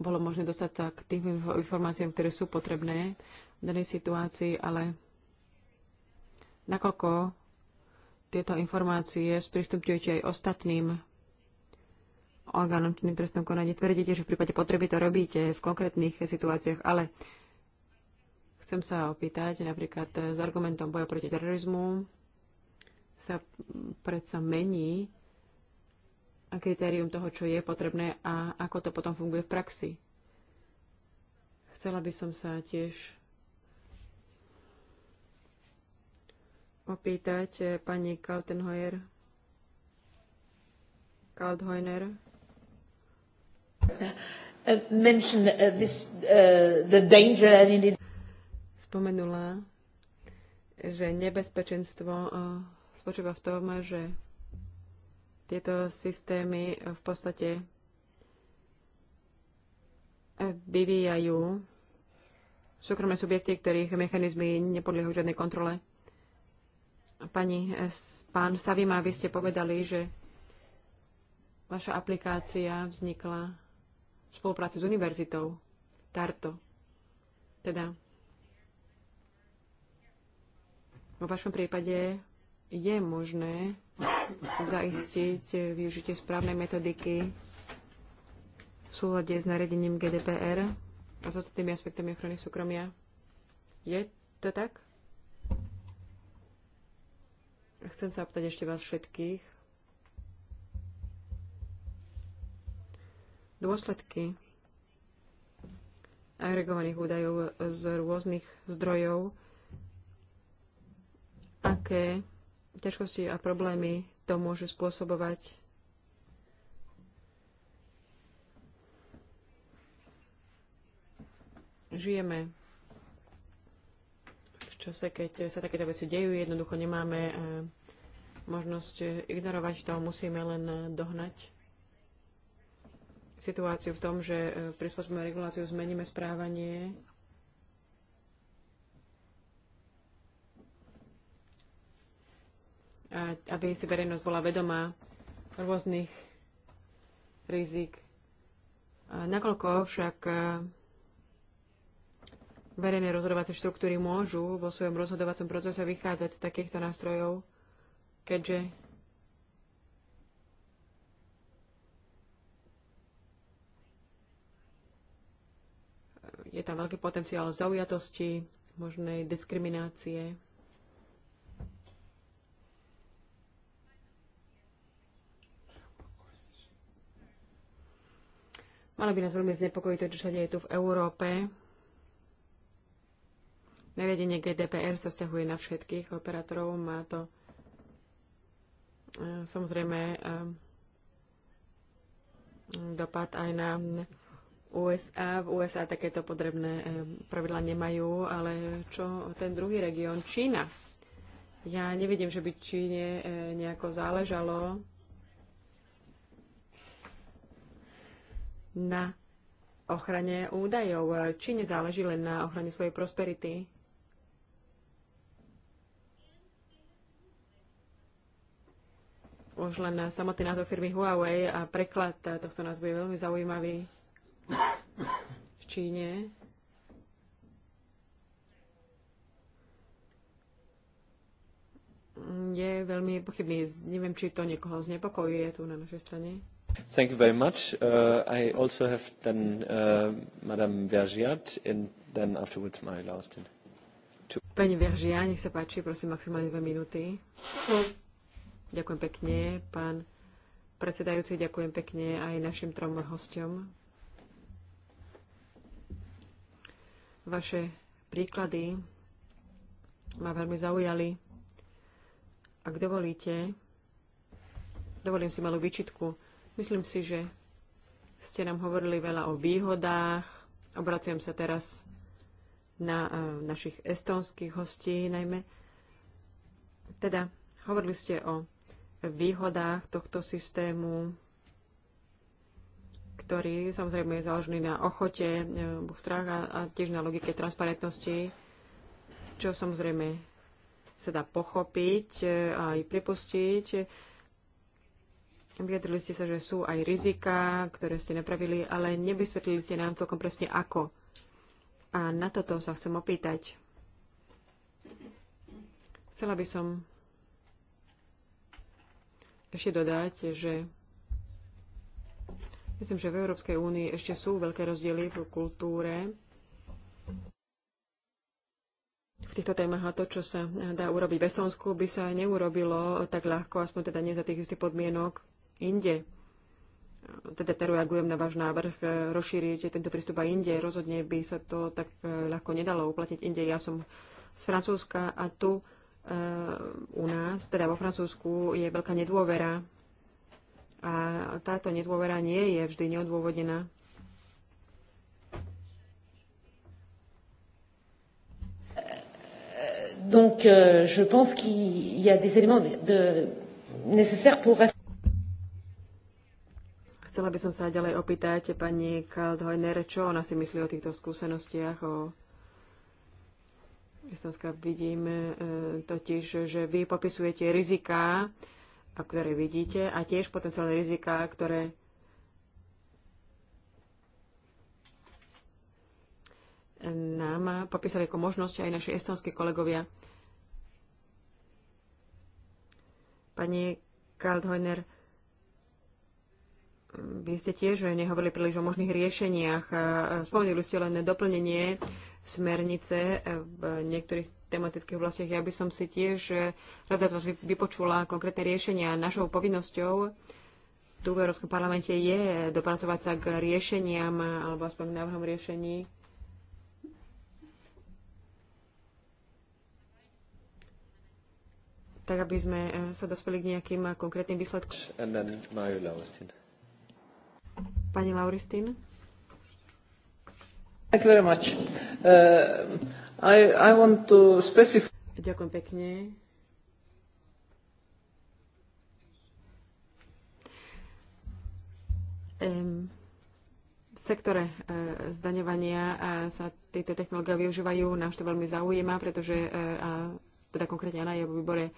bolo možné dostať sa k tým informáciám, ktoré sú potrebné danej situácii, ale nakoľko tieto informácie sprístupňujete aj ostatným orgánom činným trestnom konaní. Tvrdíte, že v prípade potreby to robíte v konkrétnych situáciách, ale chcem sa opýtať, napríklad s argumentom boja proti terorizmu sa predsa mení a kritérium toho, čo je potrebné a ako to potom funguje v praxi. Chcela by som sa tiež opýtať eh, pani Kaltenhoyer. Kaldhojner. Uh,
uh, uh,
Spomenula, že nebezpečenstvo eh, spočíva v tom, že tieto systémy eh, v podstate vyvíjajú súkromné subjekty, ktorých mechanizmy nepodliehajú žiadnej kontrole. Pani, eh, pán Savima, vy ste povedali, že vaša aplikácia vznikla v spolupráci s univerzitou Tarto. Teda vo vašom prípade je možné zaistiť využitie správnej metodiky v súlade s nariadením GDPR a s ostatnými aspektami ochrany súkromia. Je to tak? Chcem sa opýtať ešte vás všetkých. Dôsledky agregovaných údajov z rôznych zdrojov, aké ťažkosti a problémy to môže spôsobovať. Žijeme v čase, keď sa takéto veci dejú, jednoducho nemáme eh, možnosť ignorovať to, musíme len dohnať situáciu v tom, že e, prispôsobíme reguláciu, zmeníme správanie. A aby si verejnosť bola vedomá rôznych rizik. A nakoľko však e, verejné rozhodovacie štruktúry môžu vo svojom rozhodovacom procese vychádzať z takýchto nástrojov, keďže je tam veľký potenciál zaujatosti, možnej diskriminácie. Malo by nás veľmi znepokojiť to, čo sa deje tu v Európe. Nariadenie GDPR sa vzťahuje na všetkých operátorov, má to Samozrejme, ehm, dopad aj na USA. V USA takéto podrebné ehm, pravidla nemajú, ale čo ten druhý región, Čína. Ja nevidím, že by Číne e, nejako záležalo na ochrane údajov. Číne záleží len na ochrane svojej prosperity. už len na samotný názov firmy Huawei a preklad tohto názvu je veľmi zaujímavý v Číne. Je veľmi pochybný. Neviem, či to niekoho znepokojuje tu na našej strane.
Thank you very much. Uh, I also have then uh, Madame Vergiat and then afterwards Mary Laustin.
Pani Vergiat, nech sa páči, prosím, maximálne dve minúty. Ďakujem pekne, pán predsedajúci, ďakujem pekne aj našim trom hostom. Vaše príklady ma veľmi zaujali. Ak dovolíte, dovolím si malú výčitku. Myslím si, že ste nám hovorili veľa o výhodách. Obraciam sa teraz na e, našich estonských hostí najmä. Teda hovorili ste o výhodách tohto systému, ktorý samozrejme je založený na ochote e, strach a, a tiež na logike transparentnosti, čo samozrejme sa dá pochopiť e, a aj pripustiť. Vyjadrili ste sa, že sú aj rizika, ktoré ste napravili, ale nevysvetlili ste nám celkom presne ako. A na toto sa chcem opýtať. Chcela by som ešte dodať, že myslím, že v Európskej únii ešte sú veľké rozdiely v kultúre v týchto témach a to, čo sa dá urobiť v Estonsku, by sa neurobilo tak ľahko, aspoň teda nie za tých istých podmienok inde. Teda reagujem na váš návrh eh, rozšíriť tento prístup aj inde. Rozhodne by sa to tak eh, ľahko nedalo uplatniť inde. Ja som z Francúzska a tu u nás, teda vo Francúzsku, je veľká nedôvera. A táto nedôvera nie je vždy neodôvodená.
Donc, euh, je pense qu'il y a des éléments de, de, nécessaires pour. Chcela
by som sa ďalej opýtať pani Kaldhojner, čo ona si myslí o týchto skúsenostiach, o Estonska vidím e, totiž, že vy popisujete riziká, ktoré vidíte, a tiež potenciálne riziká, ktoré nám popísali ako možnosť aj naši estonskí kolegovia. Pani Kaldhojner, vy ste tiež nehovorili príliš o možných riešeniach. Spomenuli ste len doplnenie smernice eh, v niektorých tematických oblastiach. Ja by som si tiež eh, rada vás vypočula konkrétne riešenia. Našou povinnosťou tu v Európskom parlamente je dopracovať sa k riešeniam alebo aspoň k návrhom riešení. tak aby sme eh, sa dospeli k nejakým konkrétnym výsledkom. Pani Lauristin. Thank you very much. Uh, I, I want to specify... Ďakujem pekne. Um, v sektore uh, zdaňovania uh, sa tieto technológie využívajú. Nás to veľmi zaujíma, pretože uh, a, teda konkrétne na je vo výbore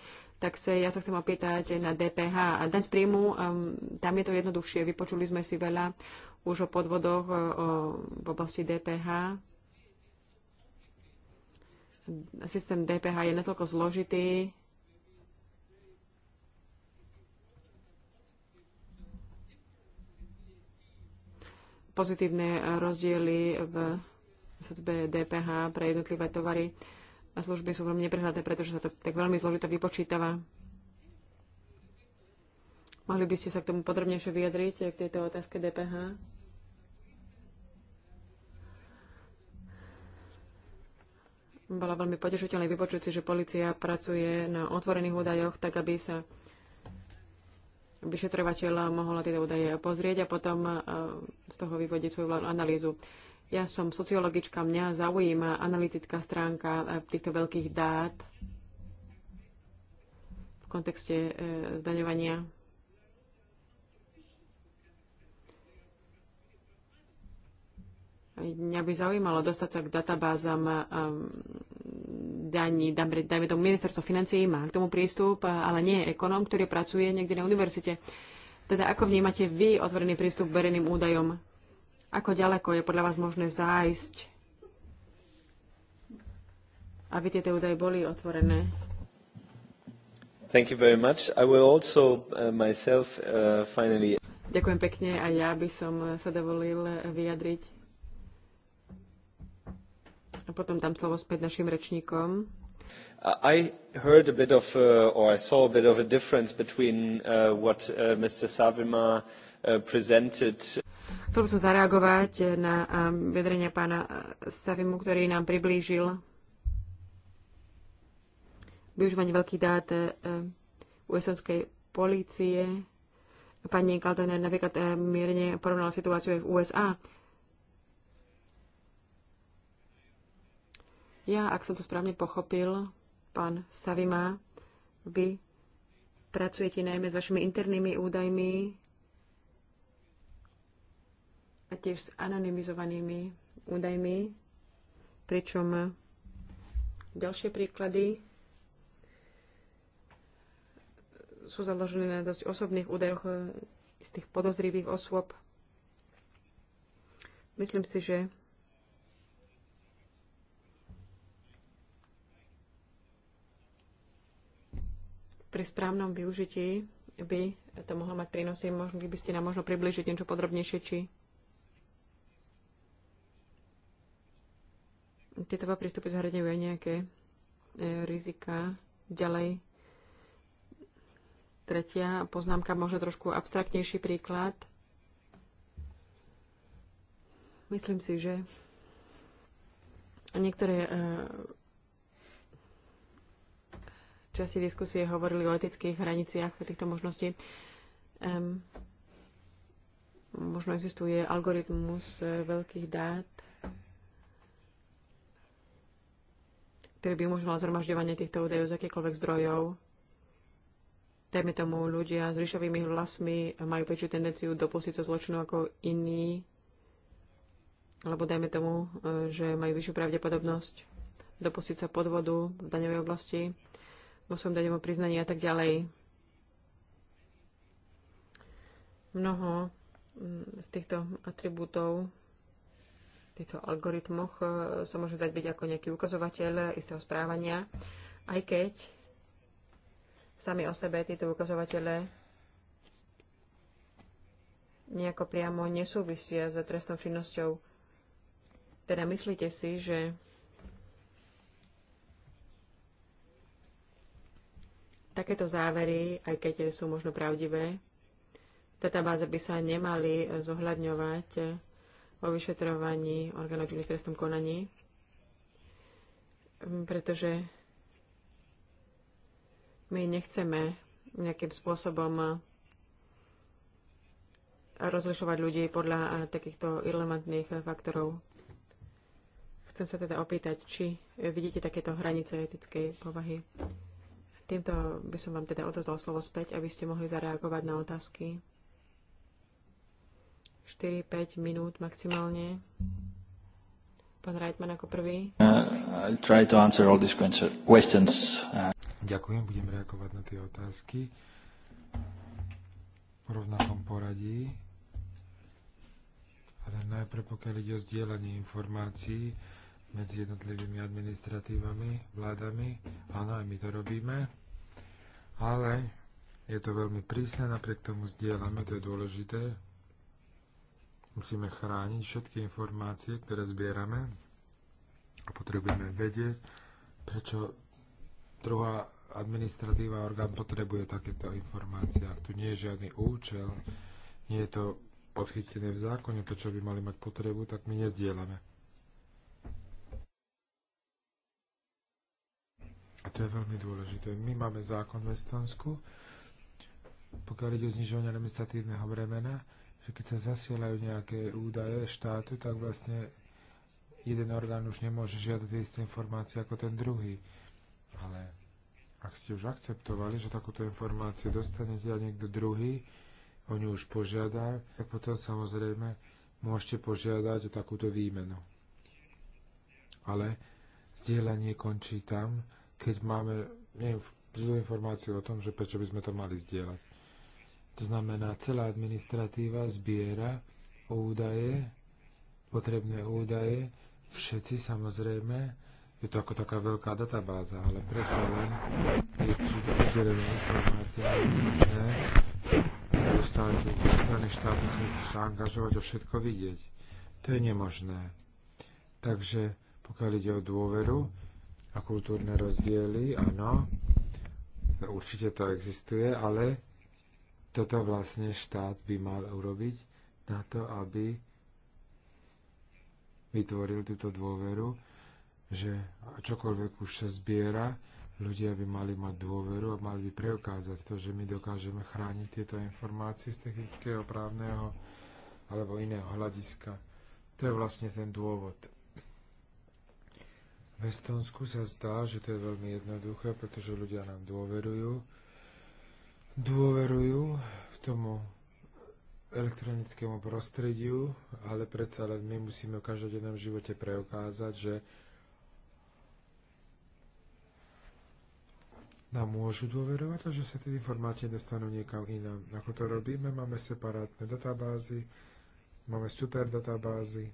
tak sa, ja sa chcem opýtať na DPH a daň z príjmu. Um, tam je to jednoduchšie. Vypočuli sme si veľa už o podvodoch o, v oblasti DPH. Systém DPH je natoľko zložitý, pozitívne rozdiely v sadzbe DPH pre jednotlivé tovary a služby sú veľmi neprehľadné, pretože sa to tak veľmi zložito vypočítava. Mohli by ste sa k tomu podrobnejšie vyjadriť, k tejto otázke DPH? Bola veľmi potešiteľné vypočuť si, že policia pracuje na otvorených údajoch, tak aby sa vyšetrovateľ mohol na tieto údaje pozrieť a potom e, z toho vyvodiť svoju analýzu. Ja som sociologička, mňa zaujíma analytická stránka e, týchto veľkých dát v kontekste e, zdaňovania Mňa by zaujímalo dostať sa k databázam um, daní, dajme tomu ministerstvo financie má k tomu prístup, ale nie je ekonóm, ktorý pracuje niekde na univerzite. Teda ako vnímate vy otvorený prístup k verejným údajom? Ako ďaleko je podľa vás možné zájsť, aby tieto údaje boli otvorené?
Thank you very much. I will also uh, myself uh, finally...
Ďakujem pekne a ja by som sa dovolil vyjadriť a potom dám slovo späť našim rečníkom.
I heard a bit of, uh, or I saw a bit of a difference between uh, what uh, Mr. Savima uh, presented.
Chcel som zareagovať na um, vedrenia pána uh, Savimu, ktorý nám priblížil využívanie veľkých dát uh, USonskej polície. Pani Kaltonen napríklad uh, mierne porovnala situáciu aj v USA Ja, ak som to správne pochopil, pán Savima, vy pracujete najmä s vašimi internými údajmi a tiež s anonymizovanými údajmi, pričom ďalšie príklady sú založené na dosť osobných údajoch z e, tých podozrivých osôb. Myslím si, že pri správnom využití by to mohlo mať prínosy. Mohli by ste nám možno približiť niečo podrobnejšie, či tieto dva prístupy zahradňujú aj nejaké e, rizika. Ďalej, tretia poznámka, možno trošku abstraktnejší príklad. Myslím si, že niektoré e, časti diskusie hovorili o etických hraniciach týchto možností. Um, možno existuje algoritmus eh, veľkých dát, ktorý by umožňoval zhromažďovanie týchto údajov z akýchkoľvek zdrojov. Dajme tomu, ľudia s ryšovými hlasmi majú väčšiu tendenciu dopustiť sa zločinu ako iní, alebo dajme tomu, eh, že majú vyššiu pravdepodobnosť dopustiť sa podvodu v daňovej oblasti vo svojom daňovom priznaní a tak ďalej. Mnoho mm, z týchto atribútov, týchto algoritmoch e, sa môže zdať byť ako nejaký ukazovateľ istého správania, aj keď sami o sebe títo ukazovatele nejako priamo nesúvisia s trestnou činnosťou. Teda myslíte si, že Takéto závery, aj keď sú možno pravdivé, v databáze by sa nemali zohľadňovať vo vyšetrovaní orgánov činných trestnom konaní, pretože my nechceme nejakým spôsobom rozlišovať ľudí podľa takýchto irrelevantných faktorov. Chcem sa teda opýtať, či vidíte takéto hranice etickej povahy. Týmto by som vám teda odozdal slovo späť, aby ste mohli zareagovať na otázky. 4-5 minút maximálne. Pán Reitman ako prvý.
Uh, uh, Ďakujem, budem reagovať na tie otázky v rovnakom poradí. Ale najprv, pokiaľ ide o zdieľanie informácií medzi jednotlivými administratívami, vládami, áno, aj my to robíme ale je to veľmi prísne, napriek tomu zdieľame, to je dôležité. Musíme chrániť všetky informácie, ktoré zbierame a potrebujeme vedieť, prečo druhá administratíva orgán potrebuje takéto informácie. Ak tu nie je žiadny účel, nie je to podchytené v zákone, prečo by mali mať potrebu, tak my nezdielame. A to je veľmi dôležité. My máme zákon v Estonsku, pokiaľ ide o znižovanie administratívneho bremena, že keď sa zasielajú nejaké údaje štátu, tak vlastne jeden orgán už nemôže žiadať isté informácie ako ten druhý. Ale ak ste už akceptovali, že takúto informáciu dostanete a niekto druhý o ňu už požiada, tak potom samozrejme môžete požiadať o takúto výmenu. Ale zdieľanie končí tam, keď máme neviem, zlú informáciu o tom, že prečo by sme to mali zdieľať. To znamená, celá administratíva zbiera údaje, potrebné údaje, všetci samozrejme, je to ako taká veľká databáza, ale prečo len je tu to udelené informácie, možné do štátu, sa angažovať a všetko vidieť. To je nemožné. Takže pokiaľ ide o dôveru, a kultúrne rozdiely, áno, určite to existuje, ale toto vlastne štát by mal urobiť na to, aby vytvoril túto dôveru, že čokoľvek už sa zbiera, ľudia by mali mať dôveru a mali by preukázať to, že my dokážeme chrániť tieto informácie z technického, právneho alebo iného hľadiska. To je vlastne ten dôvod. V Estonsku sa zdá, že to je veľmi jednoduché, pretože ľudia nám dôverujú. Dôverujú k tomu elektronickému prostrediu, ale predsa len my musíme v každodennom živote preukázať, že nám môžu dôverovať a že sa tie informácie dostanú niekam inám. Ako to robíme, máme separátne databázy, máme super databázy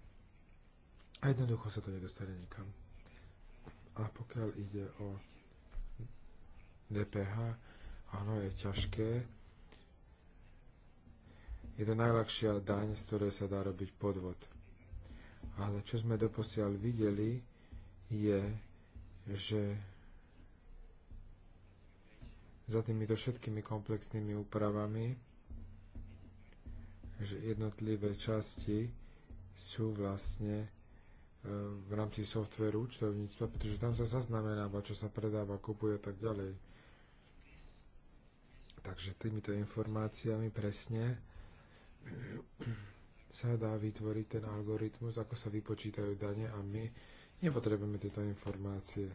a jednoducho sa to nedostane nikam. A pokiaľ ide o DPH, áno, je ťažké. Je to najľahšia daň, z ktorej sa dá robiť podvod. Ale čo sme doposiaľ videli, je, že za týmito všetkými komplexnými úpravami, že jednotlivé časti sú vlastne v rámci softveru účtovníctva, pretože tam sa zaznamenáva, čo sa predáva, kupuje a tak ďalej. Takže týmito informáciami presne sa dá vytvoriť ten algoritmus, ako sa vypočítajú dane a my nepotrebujeme tieto informácie,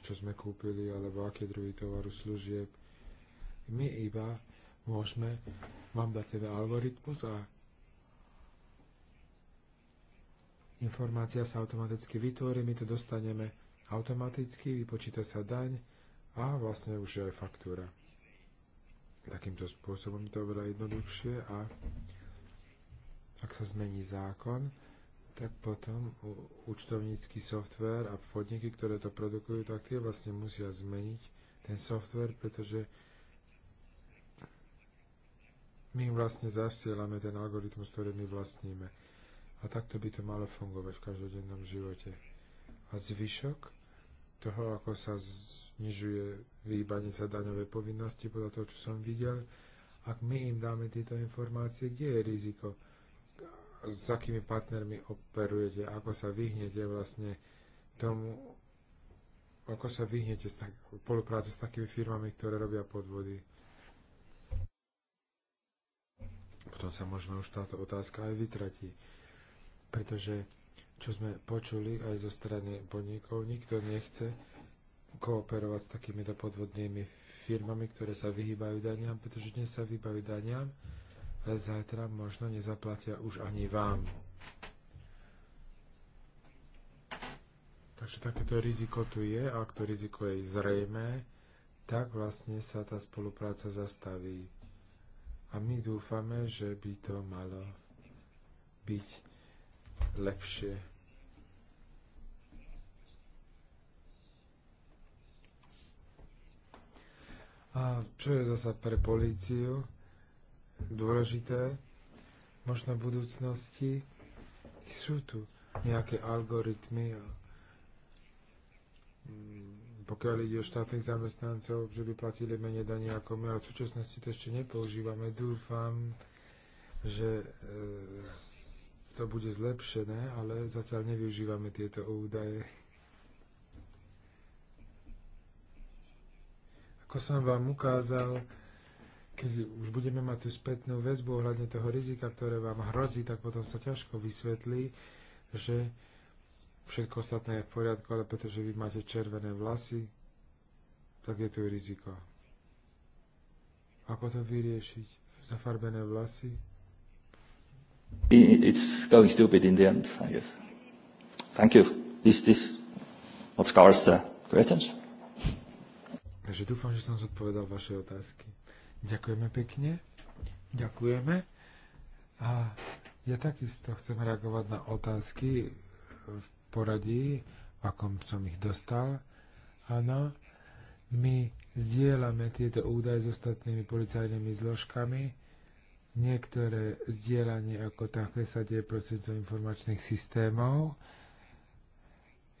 čo sme kúpili alebo aké druhý tovaru služieb. My iba môžeme vám dať ten algoritmus a informácia sa automaticky vytvorí, my to dostaneme automaticky, vypočíta sa daň a vlastne už je aj faktúra. Takýmto spôsobom to je oveľa jednoduchšie a ak sa zmení zákon, tak potom účtovnícky software a podniky, ktoré to produkujú, tak tie vlastne musia zmeniť ten software, pretože my vlastne zasielame ten algoritmus, ktorý my vlastníme. A takto by to malo fungovať v každodennom živote. A zvyšok toho, ako sa znižuje výbanie sa daňové povinnosti podľa toho, čo som videl, ak my im dáme tieto informácie, kde je riziko, s akými partnermi operujete, ako sa vyhnete vlastne tomu, ako sa vyhnete z tak, spolupráce s takými firmami, ktoré robia podvody. Potom sa možno už táto otázka aj vytratí pretože čo sme počuli aj zo strany podnikov, nikto nechce kooperovať s takými podvodnými firmami, ktoré sa vyhýbajú daniam, pretože dnes sa vyhýbajú daniam, ale zajtra možno nezaplatia už ani vám. Takže takéto riziko tu je a ak to riziko je zrejmé, tak vlastne sa tá spolupráca zastaví. A my dúfame, že by to malo byť lepšie. A čo je zasa pre políciu dôležité, možno v budúcnosti, sú tu nejaké algoritmy, a mm, pokiaľ ide o štátnych zamestnancov, že by platili menej daní ako my, ale v súčasnosti to ešte nepoužívame. Dúfam, že e, to bude zlepšené, ale zatiaľ nevyužívame tieto údaje. Ako som vám ukázal, keď už budeme mať tú spätnú väzbu ohľadne toho rizika, ktoré vám hrozí, tak potom sa ťažko vysvetlí, že všetko ostatné je v poriadku, ale pretože vy máte červené vlasy, tak je tu riziko. Ako to vyriešiť? Zafarbené vlasy?
It's going stupid in the end, I guess. Thank you. Is this what scars the questions?
Takže dúfam, že som zodpovedal vaše otázky. Ďakujeme pekne. Ďakujeme. A ja takisto chcem reagovať na otázky v poradí, v akom som ich dostal. Áno, my zdieľame tieto údaje s ostatnými policajnými zložkami niektoré zdieľanie ako také sa deje prostredcom informačných systémov.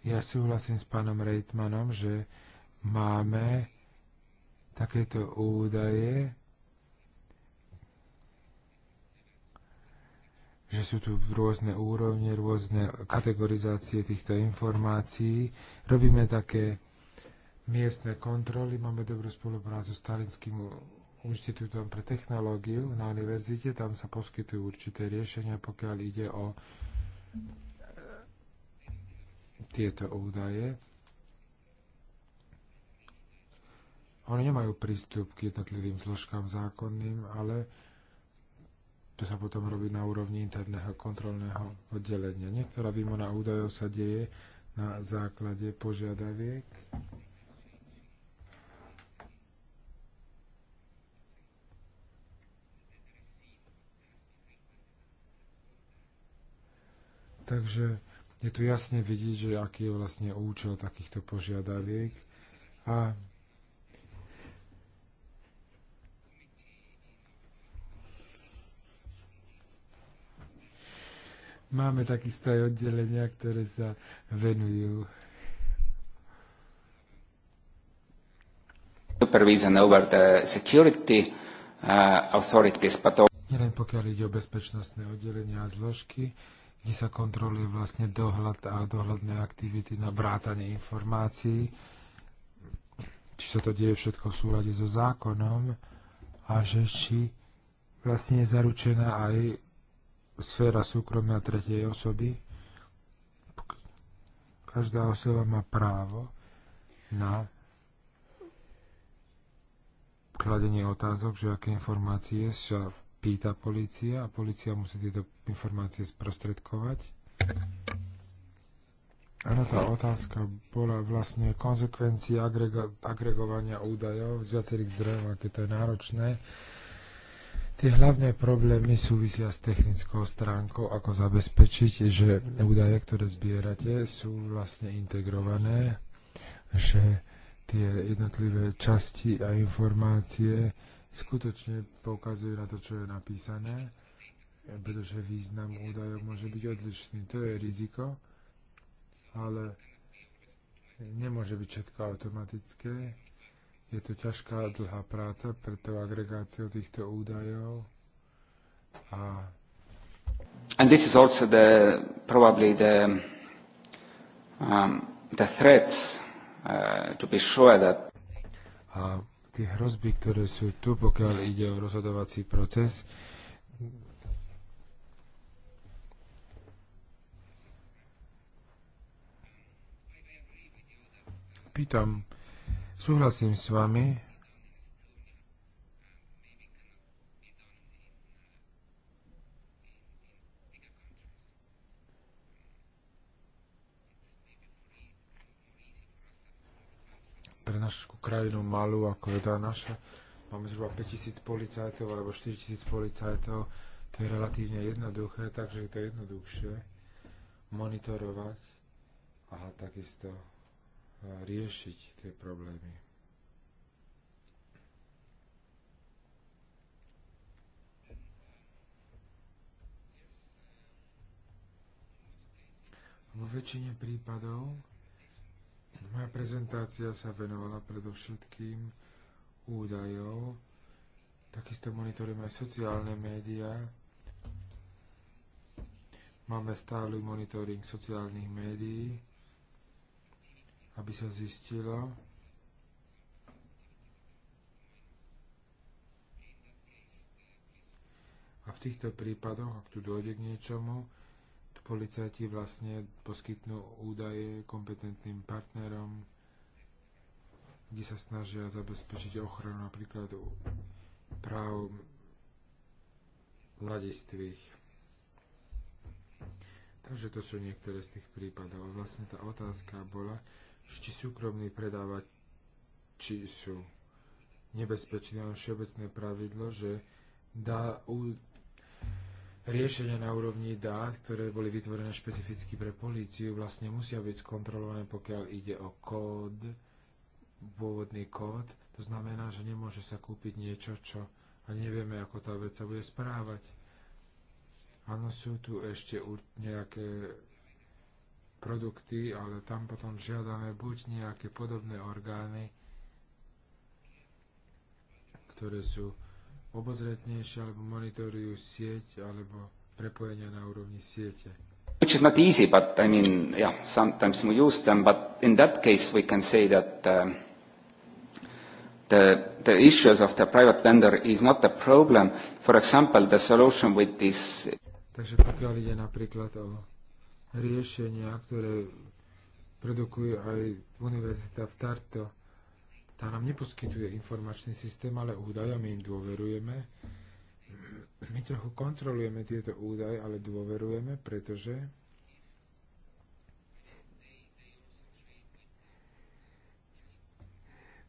Ja súhlasím s pánom Reitmanom, že máme takéto údaje, že sú tu rôzne úrovne, rôzne kategorizácie týchto informácií. Robíme také miestne kontroly, máme dobrú spoluprácu s Talinským Inštitútom pre technológiu na univerzite. Tam sa poskytujú určité riešenia, pokiaľ ide o e, tieto údaje. Oni nemajú prístup k jednotlivým zložkám zákonným, ale to sa potom robí na úrovni interného kontrolného oddelenia. Niektorá výmona údajov sa deje na základe požiadaviek Takže je tu jasne vidieť, že aký je vlastne účel takýchto požiadaviek. A máme takisto aj oddelenia, ktoré sa venujú supervision over the security uh, authorities, but nielen pokiaľ ide o bezpečnostné oddelenia a zložky, kde sa kontroluje vlastne dohľad a dohľadné aktivity na vrátanie informácií, či sa to deje všetko v súlade so zákonom a že či vlastne je zaručená aj sféra súkromia tretej osoby. Každá osoba má právo na kladenie otázok, že aké informácie sa pýta policia a policia musí tieto informácie sprostredkovať. Áno, tá otázka bola vlastne konsekvencia agrego- agregovania údajov z viacerých zdrojov, aké to je náročné. Tie hlavné problémy súvisia s technickou stránkou, ako zabezpečiť, že údaje, ktoré zbierate, sú vlastne integrované, že tie jednotlivé časti a informácie skutočne poukazuje na to, čo je napísané, pretože význam údajov môže byť odlišný. To je riziko, ale nemôže byť všetko automatické. Je to ťažká a dlhá práca pre tú agregáciu týchto údajov. A And this is also the, probably the, um, the threats uh, to be sure that a tie hrozby, ktoré sú tu, pokiaľ ide o rozhodovací proces, pýtam, súhlasím s vami, našu krajinu malú, ako je tá naša. Máme zhruba 5000 policajtov alebo 4000 policajtov. To je relatívne jednoduché, takže je to jednoduchšie monitorovať a takisto e, riešiť tie problémy. Vo väčšine prípadov moja prezentácia sa venovala predovšetkým údajov, takisto monitorujem aj sociálne médiá. Máme stály monitoring sociálnych médií, aby sa zistilo, A v týchto prípadoch, ak tu dojde k niečomu, policajti vlastne poskytnú údaje kompetentným partnerom, kde sa snažia zabezpečiť ochranu napríklad práv mladistvých. Takže to sú niektoré z tých prípadov. vlastne tá otázka bola, či súkromní predávať, či sú nebezpečné, ale všeobecné pravidlo, že dá riešenia na úrovni dát, ktoré boli vytvorené špecificky pre políciu, vlastne musia byť skontrolované, pokiaľ ide o kód, pôvodný kód. To znamená, že nemôže sa kúpiť niečo, čo ani nevieme, ako tá vec sa bude správať. Áno, sú tu ešte nejaké produkty, ale tam potom žiadame buď nejaké podobné orgány, ktoré sú obozretnejšie alebo monitorujú sieť alebo prepojenia na úrovni siete. Which is not easy, but I mean, yeah, sometimes we use them, but in that case we can say that um, the, the issues of the private vendor is not a problem. For example, the solution with this... Takže pokiaľ ide napríklad o riešenia, ktoré produkuje aj univerzita v Tartu, tá nám neposkytuje informačný systém, ale údaje, my im dôverujeme. My trochu kontrolujeme tieto údaje, ale dôverujeme, pretože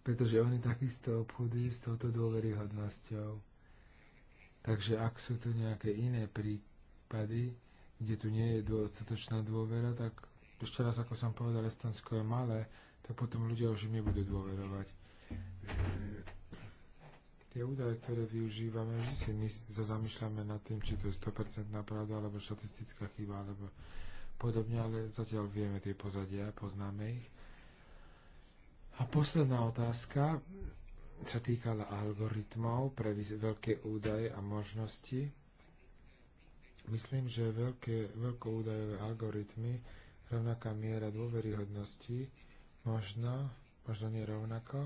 pretože oni takisto obchodujú s touto dôveryhodnosťou. Takže ak sú tu nejaké iné prípady, kde tu nie je dostatočná dôvera, tak ešte raz, ako som povedal, Estonsko je malé, tak potom ľudia už nebudú dôverovať tie údaje, ktoré využívame, vždy si my sa zamýšľame nad tým, či to je 100% pravda, alebo štatistická chyba, alebo podobne, ale zatiaľ vieme tie pozadia, poznáme ich. A posledná otázka sa týkala algoritmov pre veľké údaje a možnosti. Myslím, že veľké, veľkoúdajové algoritmy, rovnaká miera dôveryhodnosti, možno, možno nerovnako,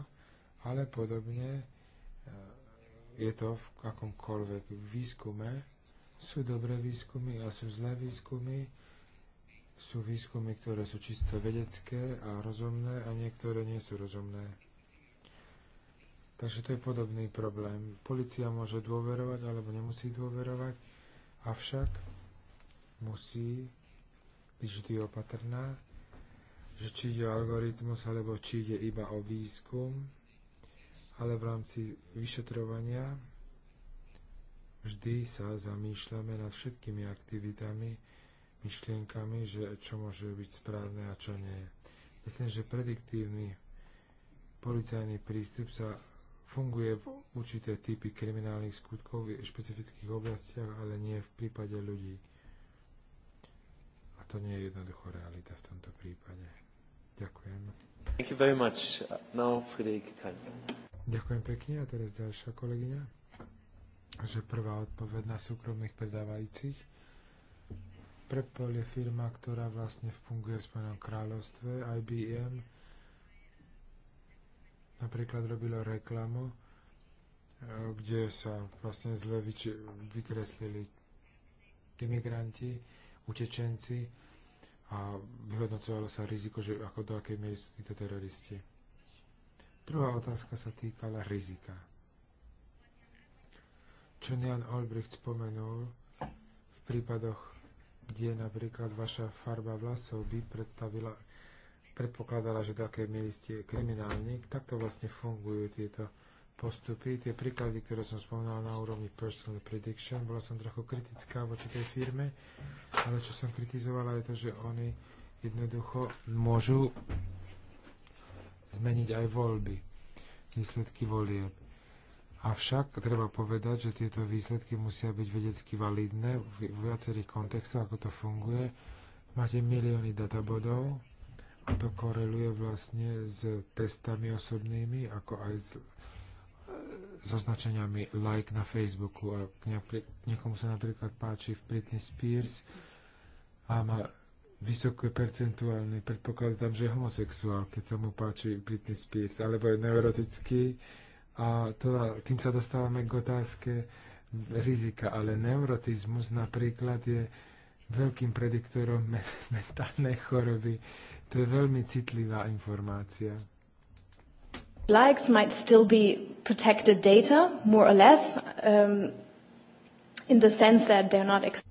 ale podobne e, je to v akomkoľvek výskume. Sú dobré výskumy a sú zlé výskumy. Sú výskumy, ktoré sú čisto vedecké a rozumné a niektoré nie sú rozumné. Takže to je podobný problém. Polícia môže dôverovať alebo nemusí dôverovať, avšak musí byť vždy opatrná, že či ide o algoritmus alebo či ide iba o výskum, ale v rámci vyšetrovania vždy sa zamýšľame nad všetkými aktivitami, myšlienkami, že čo môže byť správne a čo nie. Myslím, že prediktívny policajný prístup sa funguje v určité typy kriminálnych skutkov v špecifických oblastiach, ale nie v prípade ľudí. A to nie je jednoducho realita v tomto prípade. Ďakujem. Thank you very much. Now, Friedrich Kahn. Ďakujem pekne a teraz ďalšia kolegyňa, že prvá odpoveď na súkromných predávajúcich. Prepol je firma, ktorá vlastne funguje v Spojenom kráľovstve, IBM, napríklad robilo reklamu, e, kde sa vlastne zle vykreslili imigranti, utečenci a vyhodnocovalo sa riziko, že ako do akej miery sú títo teroristi. Druhá otázka sa týkala rizika. Čo Jan Olbricht spomenul, v prípadoch, kde napríklad vaša farba vlasov by predstavila, predpokladala, že také miery ste kriminálnik, takto vlastne fungujú tieto postupy. Tie príklady, ktoré som spomínal na úrovni personal prediction, bola som trochu kritická voči tej firme, ale čo som kritizovala je to, že oni jednoducho môžu zmeniť aj voľby, výsledky volieb. Avšak treba povedať, že tieto výsledky musia byť vedecky validné v viacerých kontextoch, ako to funguje. Máte milióny databodov a to koreluje vlastne s testami osobnými, ako aj s, s označeniami like na Facebooku. A niekomu sa napríklad páči v Britney Spears a má vysoké percentuálne, predpokladám, že je homosexuál, keď sa mu páči Britney Spears, alebo je neurotický. A to, tým sa dostávame k otázke rizika, ale neurotizmus napríklad je veľkým prediktorom mentálnej choroby. To je veľmi citlivá informácia.
Likes might still be protected data, more or less, um, in the sense that they're not... Ex-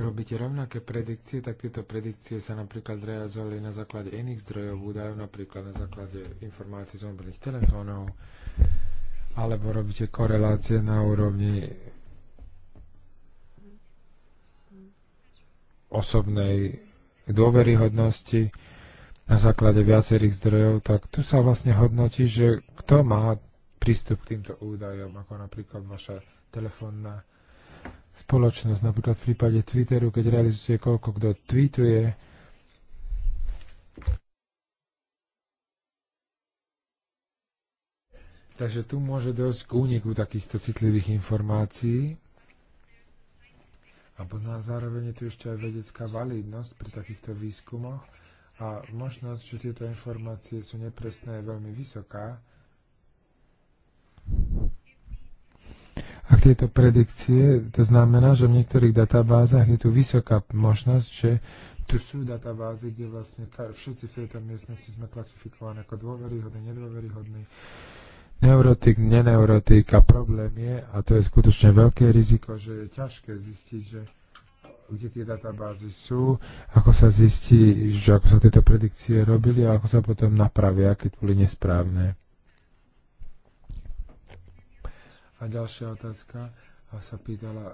ak robíte rovnaké predikcie, tak tieto predikcie sa napríklad realizovali na základe iných zdrojov údajov, napríklad na základe informácií z mobilných telefónov, alebo robíte korelácie na úrovni osobnej dôveryhodnosti na základe viacerých zdrojov, tak tu sa vlastne hodnotí, že kto má prístup k týmto údajom, ako napríklad vaša telefónna spoločnosť. Napríklad v prípade Twitteru, keď realizuje, koľko kto tweetuje, Takže tu môže dosť k úniku takýchto citlivých informácií. A potom zároveň je tu ešte aj vedecká validnosť pri takýchto výskumoch a možnosť, že tieto informácie sú nepresné, je veľmi vysoká. ak tieto predikcie, to znamená, že v niektorých databázach je tu vysoká možnosť, že tu sú databázy, kde vlastne všetci v tejto miestnosti sme klasifikovaní ako dôveryhodný, nedôveryhodný. neurotik, neneurotik a problém je, a to je skutočne veľké riziko, že je ťažké zistiť, že kde tie databázy sú, ako sa zistí, že ako sa tieto predikcie robili a ako sa potom napravia, keď boli nesprávne. A ďalšia otázka a sa pýtala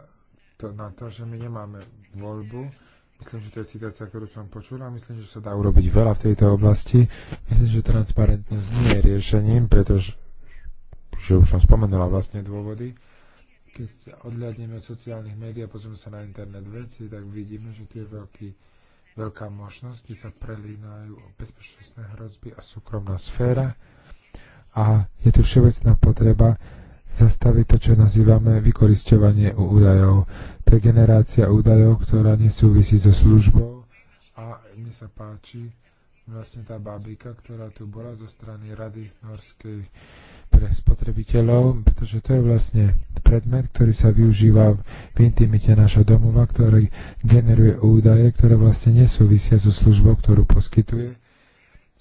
to, na to, že my nemáme voľbu. Myslím, že to je citácia, ktorú som počul a myslím, že sa dá urobiť veľa v tejto oblasti. Myslím, že transparentnosť nie je riešením, pretože že už som spomenula vlastne dôvody. Keď sa odľadneme sociálnych médií a pozrieme sa na internet veci, tak vidíme, že tu je veľký, veľká možnosť, kde sa prelínajú bezpečnostné hrozby a súkromná sféra. A je tu všeobecná potreba zastaviť to, čo nazývame vykorisťovanie údajov. To je generácia údajov, ktorá nesúvisí so službou a mne sa páči vlastne tá bábika, ktorá tu bola zo strany Rady Norskej pre spotrebiteľov, pretože to je vlastne predmet, ktorý sa využíva v intimite našho domova, ktorý generuje údaje, ktoré vlastne nesúvisia so službou, ktorú poskytuje.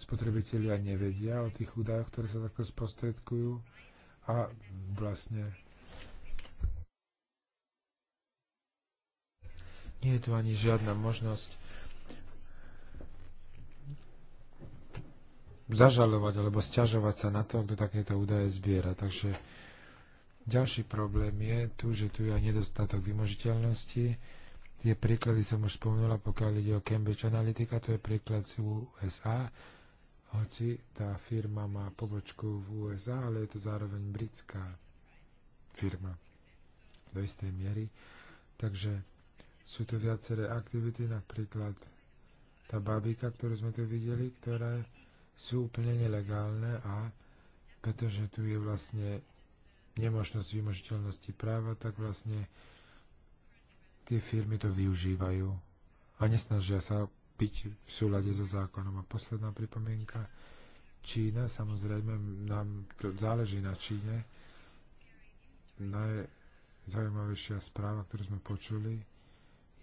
Spotrebitelia nevedia o tých údajoch, ktoré sa takto sprostredkujú a vlastne nie je tu ani žiadna možnosť zažalovať alebo stiažovať sa na to, kto takéto údaje zbiera. Takže ďalší problém je tu, že tu je aj nedostatok vymožiteľnosti. Tie príklady som už spomenula, pokiaľ ide o Cambridge Analytica, to je príklad z USA, hoci tá firma má pobočku v USA, ale je to zároveň britská firma do istej miery. Takže sú tu viaceré aktivity, napríklad tá babika, ktorú sme tu videli, ktoré sú úplne nelegálne a pretože tu je vlastne nemožnosť vymožiteľnosti práva, tak vlastne tie firmy to využívajú a nesnažia sa byť v súlade so zákonom. A posledná pripomienka, Čína, samozrejme, nám to záleží na Číne. Najzaujímavejšia správa, ktorú sme počuli,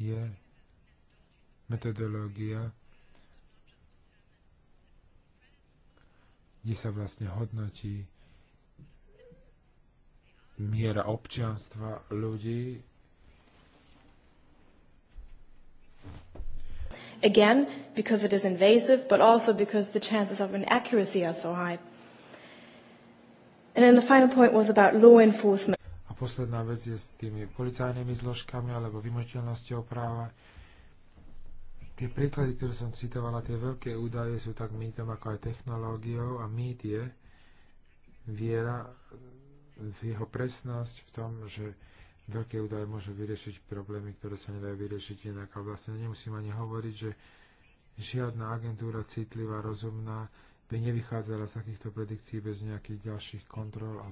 je metodológia, kde sa vlastne hodnotí miera občianstva ľudí
Again, because it is invasive, but also because the chances of inaccuracy are so high. And then the final point was about law enforcement.
A posledná vec je s tými policajnými zložkami alebo vymožiteľnosťou práva. Tie príklady, ktoré som citovala, tie veľké údaje sú tak mýtom ako aj technológiou a mýt je viera v jeho presnosť v tom, že veľké údaje môžu vyriešiť problémy, ktoré sa nedajú vyriešiť inak. A vlastne nemusím ani hovoriť, že žiadna agentúra citlivá, rozumná by nevychádzala z takýchto predikcií bez nejakých ďalších kontrol a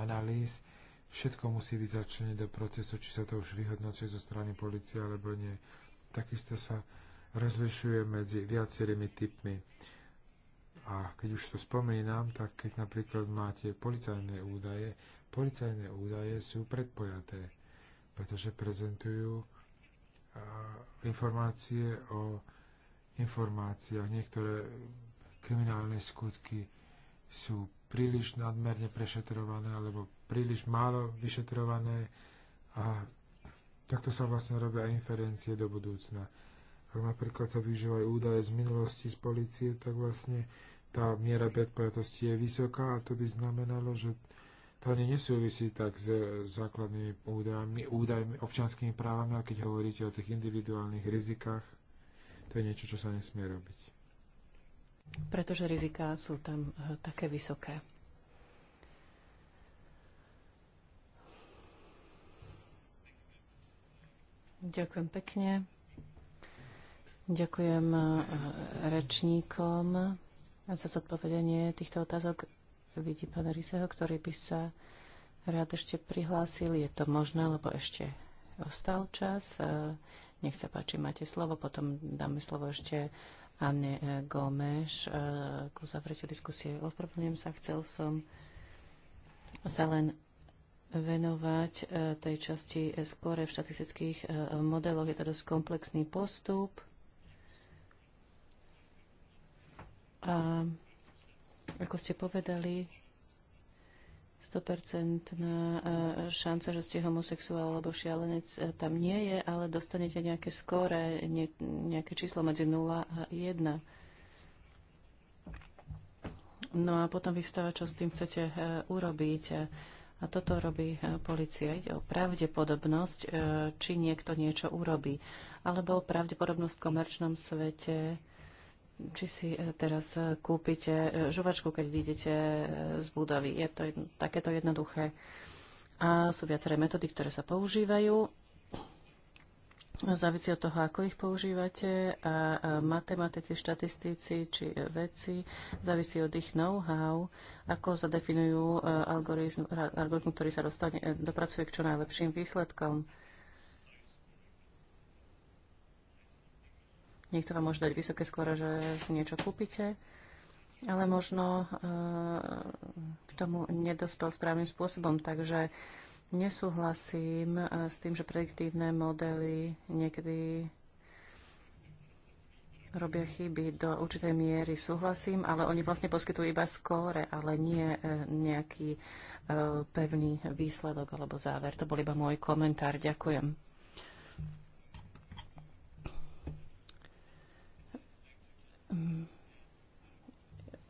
analýz. Všetko musí byť začlené do procesu, či sa to už vyhodnocuje zo strany policie alebo nie. Takisto sa rozlišuje medzi viacerými typmi. A keď už to spomínam, tak keď napríklad máte policajné údaje, Policajné údaje sú predpojaté, pretože prezentujú informácie o informáciách. Niektoré kriminálne skutky sú príliš nadmerne prešetrované alebo príliš málo vyšetrované a takto sa vlastne robia inferencie do budúcna. Ak napríklad sa využívajú údaje z minulosti z policie, tak vlastne tá miera predpojatosti je vysoká a to by znamenalo, že to ani nesúvisí tak s eh, základnými údajmi, údajmi, občanskými právami, ale keď hovoríte o tých individuálnych rizikách, to je niečo, čo sa nesmie robiť.
Pretože riziká sú tam eh, také vysoké. Ďakujem pekne. Ďakujem eh, rečníkom za zodpovedanie týchto otázok vidí pána Riseho, ktorý by sa rád ešte prihlásil. Je to možné, lebo ešte ostal čas. E, nech sa páči, máte slovo. Potom dáme slovo ešte Anne e, Gomeš e, ku uzavretiu diskusie. Ospravedlňujem sa, chcel som sa len venovať tej časti skore v štatistických modeloch. Je to dosť komplexný postup. A ako ste povedali, 100% na e, šanca, že ste homosexuál alebo šialenec e, tam nie je, ale dostanete nejaké skore, nejaké číslo medzi 0 a 1. No a potom vystáva, čo s tým chcete e, urobiť. A toto robí policia. Ide o pravdepodobnosť, či niekto niečo urobí. Alebo pravdepodobnosť v komerčnom svete, či si e, teraz e, kúpite e, žuvačku, keď vidíte z budovy. Je to takéto jednoduché. A sú viaceré metódy, ktoré sa používajú. Závisí od toho, ako ich používate. A matematici, štatistici či vedci závisí od ich know-how, ako zadefinujú algoritmus, ktorý sa dostane, dopracuje k čo najlepším výsledkom. Niekto vám môže dať vysoké skoro, že si niečo kúpite, ale možno eh, k tomu nedospel správnym spôsobom. Takže nesúhlasím eh, s tým, že prediktívne modely niekedy robia chyby do určitej miery, súhlasím, ale oni vlastne poskytujú iba skóre, ale nie eh, nejaký pevný výsledok alebo záver. To bol iba môj komentár. Ďakujem.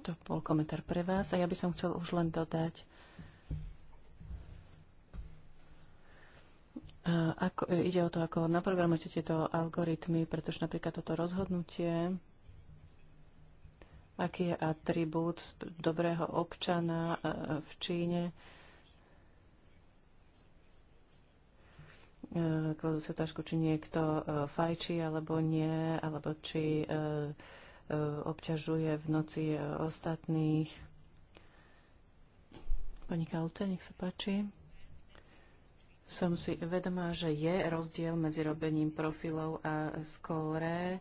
To bol komentár pre vás a ja by som chcel už len dodať, e, ako, e, ide o to, ako naprogramujete tieto algoritmy, pretože napríklad toto rozhodnutie, aký je atribút dobrého občana e, v Číne, kladú sa otázku, či niekto fajčí alebo nie, alebo či E, obťažuje v noci e, ostatných. Pani Kalte, nech sa páči. Som si vedomá, že je rozdiel medzi robením profilov a skóre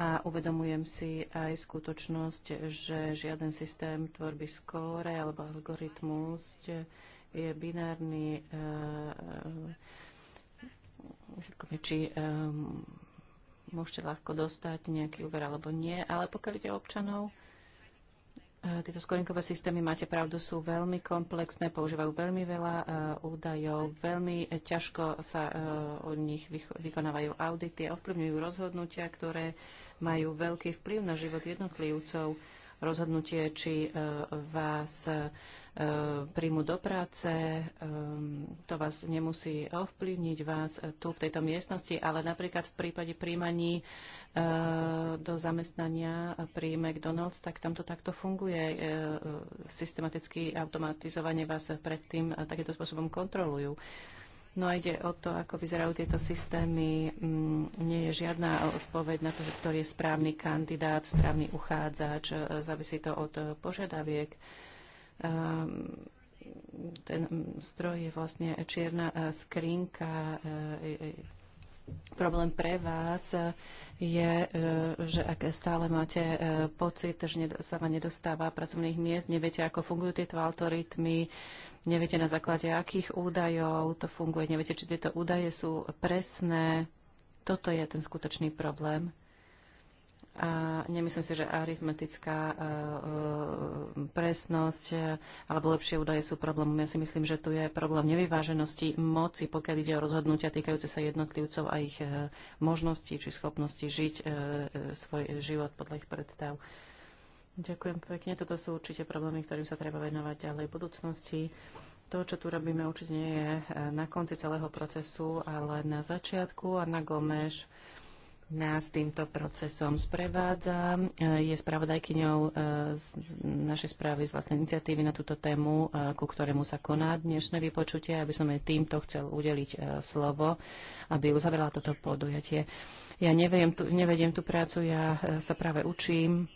a uvedomujem si aj skutočnosť, že žiaden systém tvorby skóre alebo algoritmus je binárny. E, či um, môžete ľahko dostať nejaký úver alebo nie, ale pokiaľ ide občanov, e, tieto skorinkové systémy, máte pravdu, sú veľmi komplexné, používajú veľmi veľa e, údajov, veľmi ťažko sa e, od nich vykonávajú audity a ovplyvňujú rozhodnutia, ktoré majú veľký vplyv na život jednotlivcov rozhodnutie, či e, vás e, príjmu do práce. E, to vás nemusí ovplyvniť vás tu v tejto miestnosti, ale napríklad v prípade príjmaní do zamestnania pri McDonald's, tak tam to takto funguje. Systematicky automatizovanie vás predtým takýmto spôsobom kontrolujú. No a ide o to, ako vyzerajú tieto systémy. Mm, nie je žiadna odpoveď na to, že ktorý je správny kandidát, správny uchádzač. Závisí to od požiadaviek. Ehm, ten stroj je vlastne čierna skrinka e, e, Problém pre vás je, e, že ak stále máte e, pocit, že sa vám nedostáva pracovných miest, neviete, ako fungujú tieto algoritmy, neviete na základe akých údajov to funguje, neviete, či tieto údaje sú presné. Toto je ten skutočný problém. A nemyslím si, že aritmetická e, e, presnosť e, alebo lepšie údaje sú problémom. Ja si myslím, že tu je problém nevyváženosti moci, pokiaľ ide o rozhodnutia týkajúce sa jednotlivcov a ich možností či schopnosti žiť svoj život podľa ich predstav. Ďakujem pekne. Toto sú určite problémy, ktorým sa treba venovať ďalej v budúcnosti. To, čo tu robíme, určite nie je na konci celého procesu, ale na začiatku a na Gomeš nás týmto procesom sprevádza. Je spravodajkyňou e, našej správy z vlastnej iniciatívy na túto tému, e, ku ktorému sa koná dnešné vypočutie. Aby som jej týmto chcel udeliť e, slovo, aby uzavrela toto podujatie. Ja neviem, tu, nevediem tú prácu, ja sa práve učím.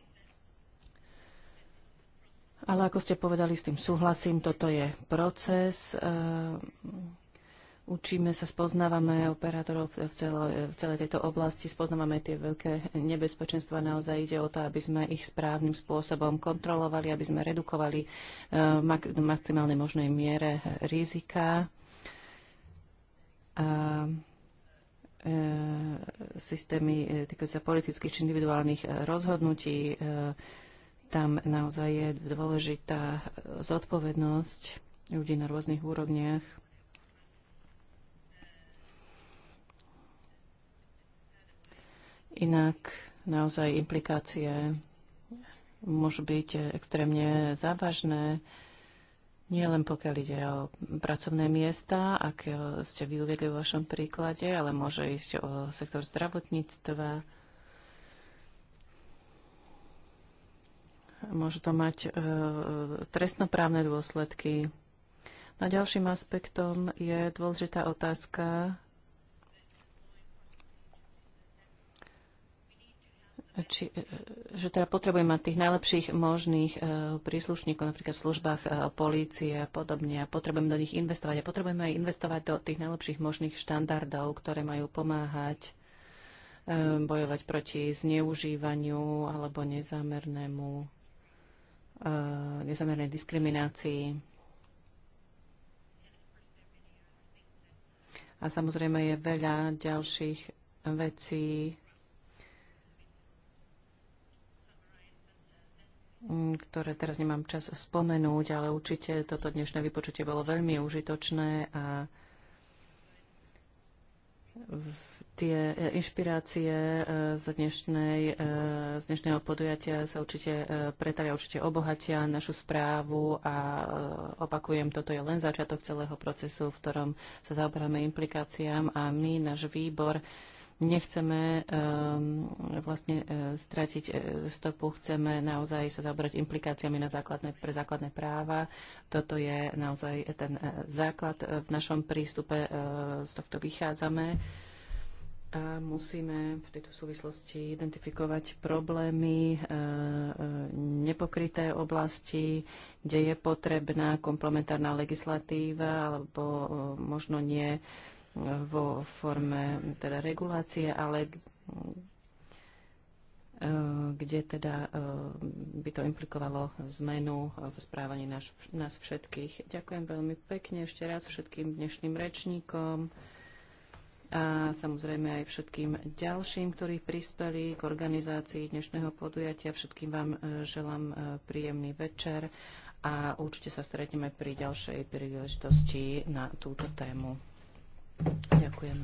Ale ako ste povedali, s tým súhlasím, toto je proces Učíme sa, spoznávame operátorov v, celo, v celej tejto oblasti, spoznávame tie veľké nebezpečenstva. Naozaj ide o to, aby sme ich správnym spôsobom kontrolovali, aby sme redukovali uh, mak- maximálnej možnej miere rizika. A eh, systémy eh, týkajúce sa politických či individuálnych rozhodnutí, tam naozaj je dôležitá zodpovednosť ľudí na rôznych úrovniach. Inak naozaj implikácie môžu byť extrémne závažné, nie len pokiaľ ide o pracovné miesta, aké ste vy uviedli vo vašom príklade, ale môže ísť o sektor zdravotníctva. Môžu to mať e, trestnoprávne dôsledky. Na ďalším aspektom je dôležitá otázka či, e, e, že teda potrebujeme mať tých najlepších možných e, príslušníkov, napríklad v službách polície a podobne. A potrebujeme do nich investovať. A potrebujeme aj investovať do tých najlepších možných štandardov, ktoré majú pomáhať bojovať proti zneužívaniu alebo nezámernému, nezámernej diskriminácii. A samozrejme je veľa ďalších vecí, Mm, ktoré teraz nemám čas spomenúť, ale určite toto dnešné vypočutie bolo veľmi užitočné a tie e, inšpirácie e, z, dnešnej, e, z dnešného podujatia sa určite pretavia, určite obohatia našu správu a opakujem, toto je len začiatok celého procesu, v ktorom sa zaoberáme implikáciám a my, náš výbor, Nechceme ehm, vlastne e, stratiť e, stopu, chceme naozaj sa zaobrať implikáciami na základné, pre základné práva. Toto je naozaj ten e, základ. V našom prístupe z tohto vychádzame a musíme v tejto súvislosti identifikovať problémy, nepokryté oblasti, kde je potrebná komplementárna legislatíva alebo možno nie vo forme teda regulácie, ale eh, kde teda eh, by to implikovalo zmenu v správaní nás, nás všetkých. Ďakujem veľmi pekne ešte raz všetkým dnešným rečníkom a samozrejme aj všetkým ďalším, ktorí prispeli k organizácii dnešného podujatia. Všetkým vám eh, želám príjemný večer a určite sa stretneme pri ďalšej príležitosti na túto tému.
Ďakujem.